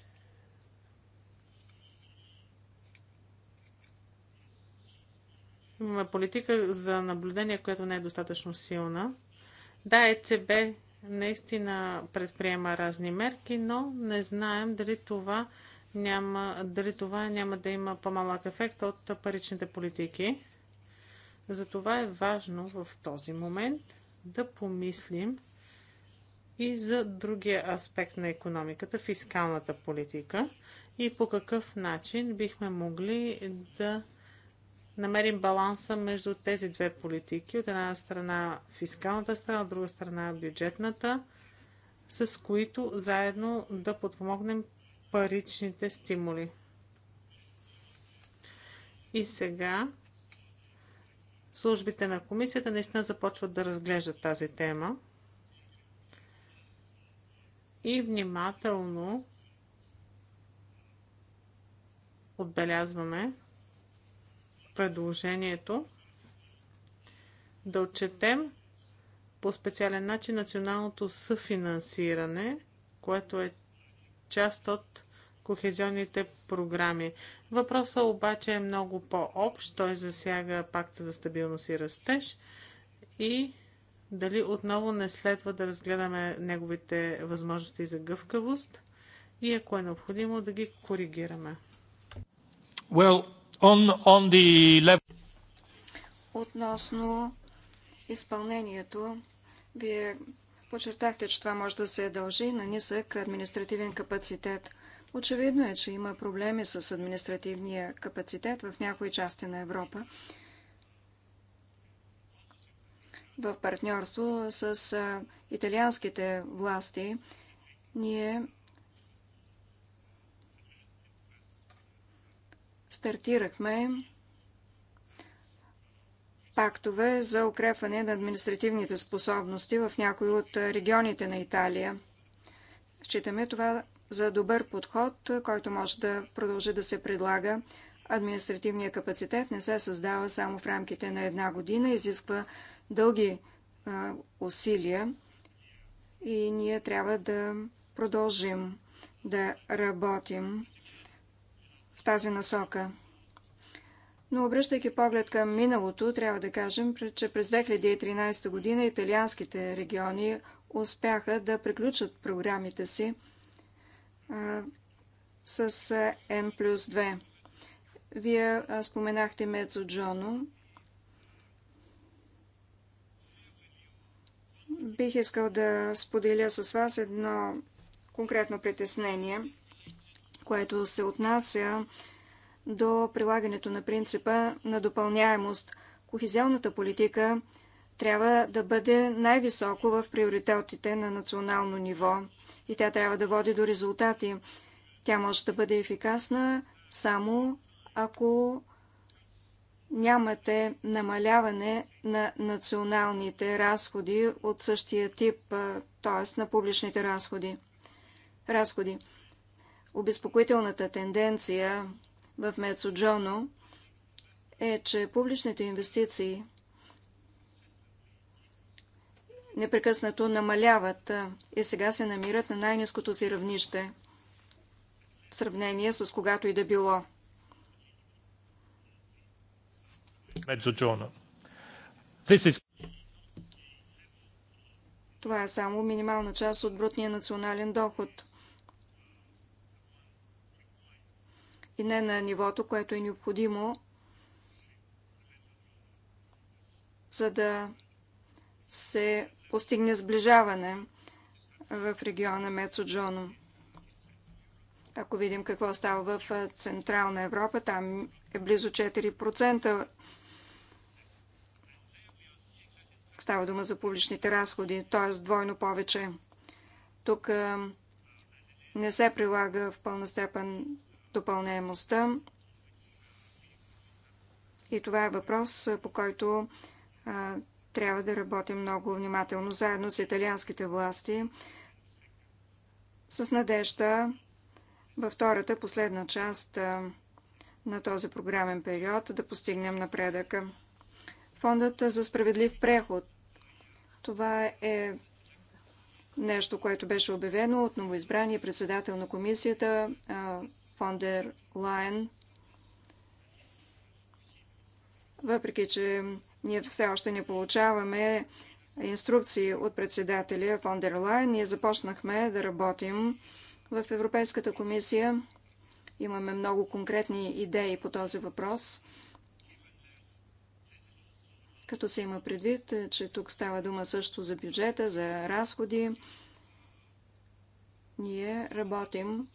имаме политика за наблюдение, която не е достатъчно силна. Да, ЕЦБ наистина предприема разни мерки, но не знаем дали това няма, дали това няма да има по-малък ефект от паричните политики. Затова е важно в този момент да помислим и за другия аспект на економиката, фискалната политика и по какъв начин бихме могли да намерим баланса между тези две политики. От една страна фискалната страна, от друга страна бюджетната, с които заедно да подпомогнем паричните стимули. И сега службите на комисията наистина започват да разглеждат тази тема и внимателно отбелязваме предложението да отчетем по специален начин националното съфинансиране, което е част от кохезионните програми. Въпросът обаче е много по-общ. Той засяга пакта за стабилност и растеж и дали отново не следва да разгледаме неговите възможности за гъвкавост и ако е необходимо да ги коригираме. Well, On, on the level... Относно изпълнението, вие подчертахте, че това може да се дължи на нисък административен капацитет. Очевидно е, че има проблеми с административния капацитет в някои части на Европа в партньорство с италианските власти, ние стартирахме пактове за укрепване на административните способности в някои от регионите на Италия. Считаме това за добър подход, който може да продължи да се предлага. Административният капацитет не се създава само в рамките на една година, изисква дълги а, усилия и ние трябва да продължим да работим тази насока. Но обръщайки поглед към миналото, трябва да кажем, че през 2013 година италианските региони успяха да приключат програмите си а, с М плюс 2. Вие споменахте Мецо Джоно. Бих искал да споделя с вас едно конкретно притеснение – което се отнася до прилагането на принципа на допълняемост. Кохизионната политика трябва да бъде най-високо в приоритетите на национално ниво и тя трябва да води до резултати. Тя може да бъде ефикасна само ако нямате намаляване на националните разходи от същия тип, т.е. на публичните разходи. разходи обезпокоителната тенденция в Джоно е, че публичните инвестиции непрекъснато намаляват и сега се намират на най-низкото си равнище в сравнение с когато и да било. Mezzogiorno. Това е само минимална част от брутния национален доход. и не на нивото, което е необходимо, за да се постигне сближаване в региона Мецоджоно. Ако видим какво става в Централна Европа, там е близо 4%. Става дума за публичните разходи, т.е. двойно повече. Тук не се прилага в пълна степен допълняемостта. И това е въпрос, по който а, трябва да работим много внимателно заедно с италианските власти, с надежда във втората, последна част а, на този програмен период да постигнем напредъка. Фондът за справедлив преход. Това е нещо, което беше обявено от новоизбрания председател на комисията дер Лайн. Въпреки, че ние все още не получаваме инструкции от председателя дер Лайн, ние започнахме да работим в Европейската комисия. Имаме много конкретни идеи по този въпрос. Като се има предвид, че тук става дума също за бюджета, за разходи, ние работим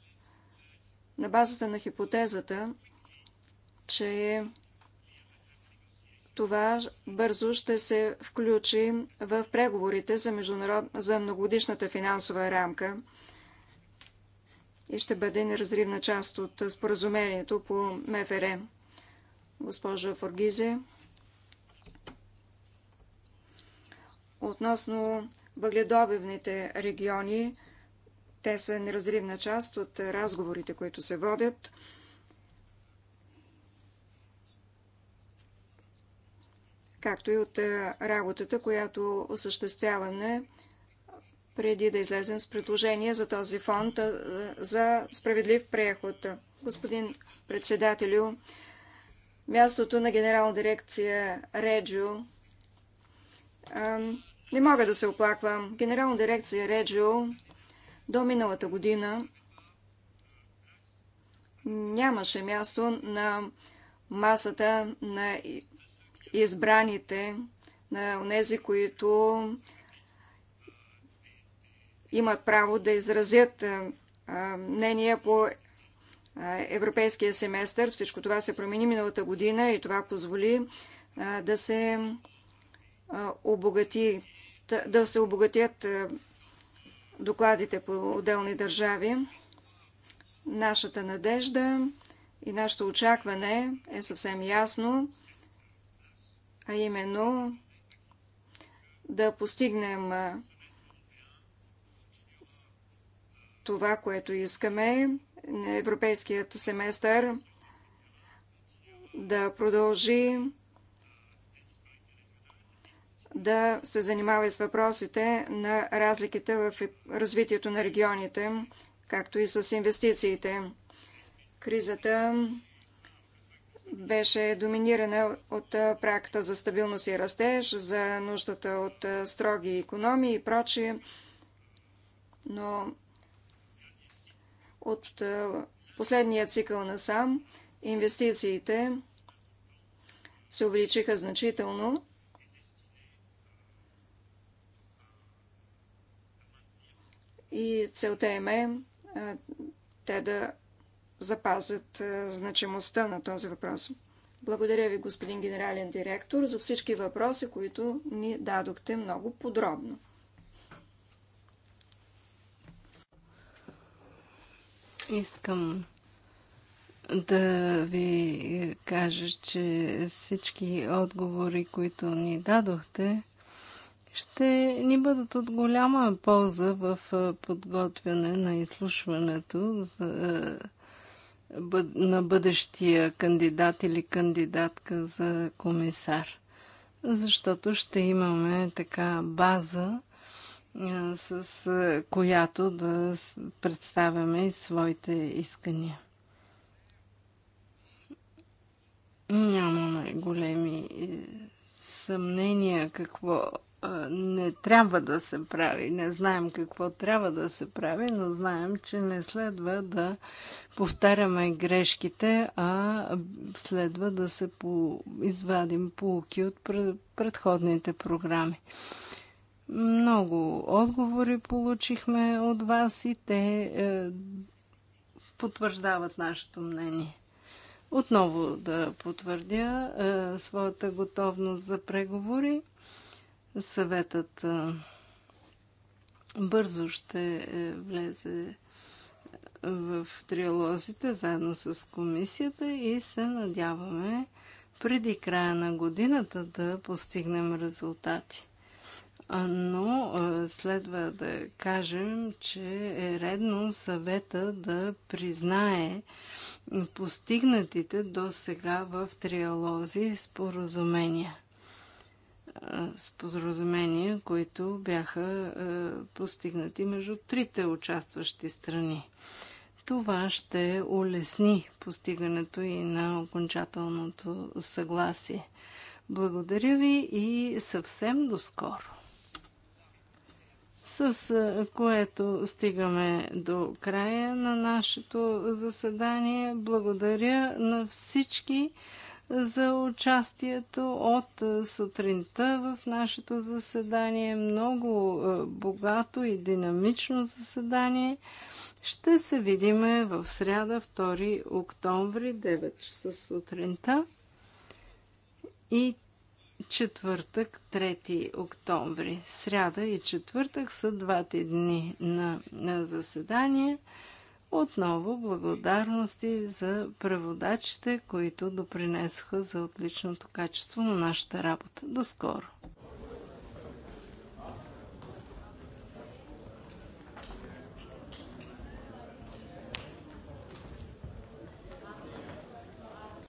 на базата на хипотезата, че това бързо ще се включи в преговорите за, международ... за многодишната финансова рамка и ще бъде неразривна част от споразумението по МФР. Госпожа Форгизе, относно въгледобивните региони, те са неразривна част от разговорите, които се водят. както и от работата, която осъществяваме преди да излезем с предложение за този фонд за справедлив преход. Господин председателю, мястото на генерална дирекция Реджо, не мога да се оплаквам. Генерална дирекция Реджо до миналата година нямаше място на масата на избраните, на тези, които имат право да изразят мнение по европейския семестър. Всичко това се промени миналата година и това позволи да се обогати да се обогатят докладите по отделни държави. Нашата надежда и нашето очакване е съвсем ясно, а именно да постигнем това, което искаме, европейският семестър да продължи да се занимава и с въпросите на разликите в е- развитието на регионите, както и с инвестициите. Кризата беше доминирана от практа за стабилност и растеж, за нуждата от строги економии и прочие. Но от последния цикъл на сам инвестициите се увеличиха значително и целта им е те да запазят значимостта на този въпрос. Благодаря ви, господин генерален директор, за всички въпроси, които ни дадохте много подробно. Искам да ви кажа, че всички отговори, които ни дадохте, ще ни бъдат от голяма полза в подготвяне на изслушването за, на бъдещия кандидат или кандидатка за комисар. Защото ще имаме така база, с която да представяме своите искания. Нямаме големи е, съмнения какво не трябва да се прави. Не знаем какво трябва да се прави, но знаем, че не следва да повтаряме грешките, а следва да се по... извадим полуки от предходните програми. Много отговори получихме от вас и те е, потвърждават нашето мнение отново да потвърдя е, своята готовност за преговори съветът бързо ще е, влезе е, в триалозите заедно с комисията и се надяваме преди края на годината да постигнем резултати. Но е, следва да кажем, че е редно съвета да признае постигнатите до сега в триалози споразумения – споразумения, които бяха постигнати между трите участващи страни. Това ще улесни постигането и на окончателното съгласие. Благодаря ви и съвсем доскоро. С което стигаме до края на нашето заседание. Благодаря на всички за участието от е, сутринта в нашето заседание. Много е, богато и динамично заседание. Ще се видим в сряда 2 октомври 9 часа сутринта и четвъртък 3 октомври. Сряда и четвъртък са двата дни на, на заседание. Отново благодарности за преводачите, които допринесоха за отличното качество на нашата работа. До скоро!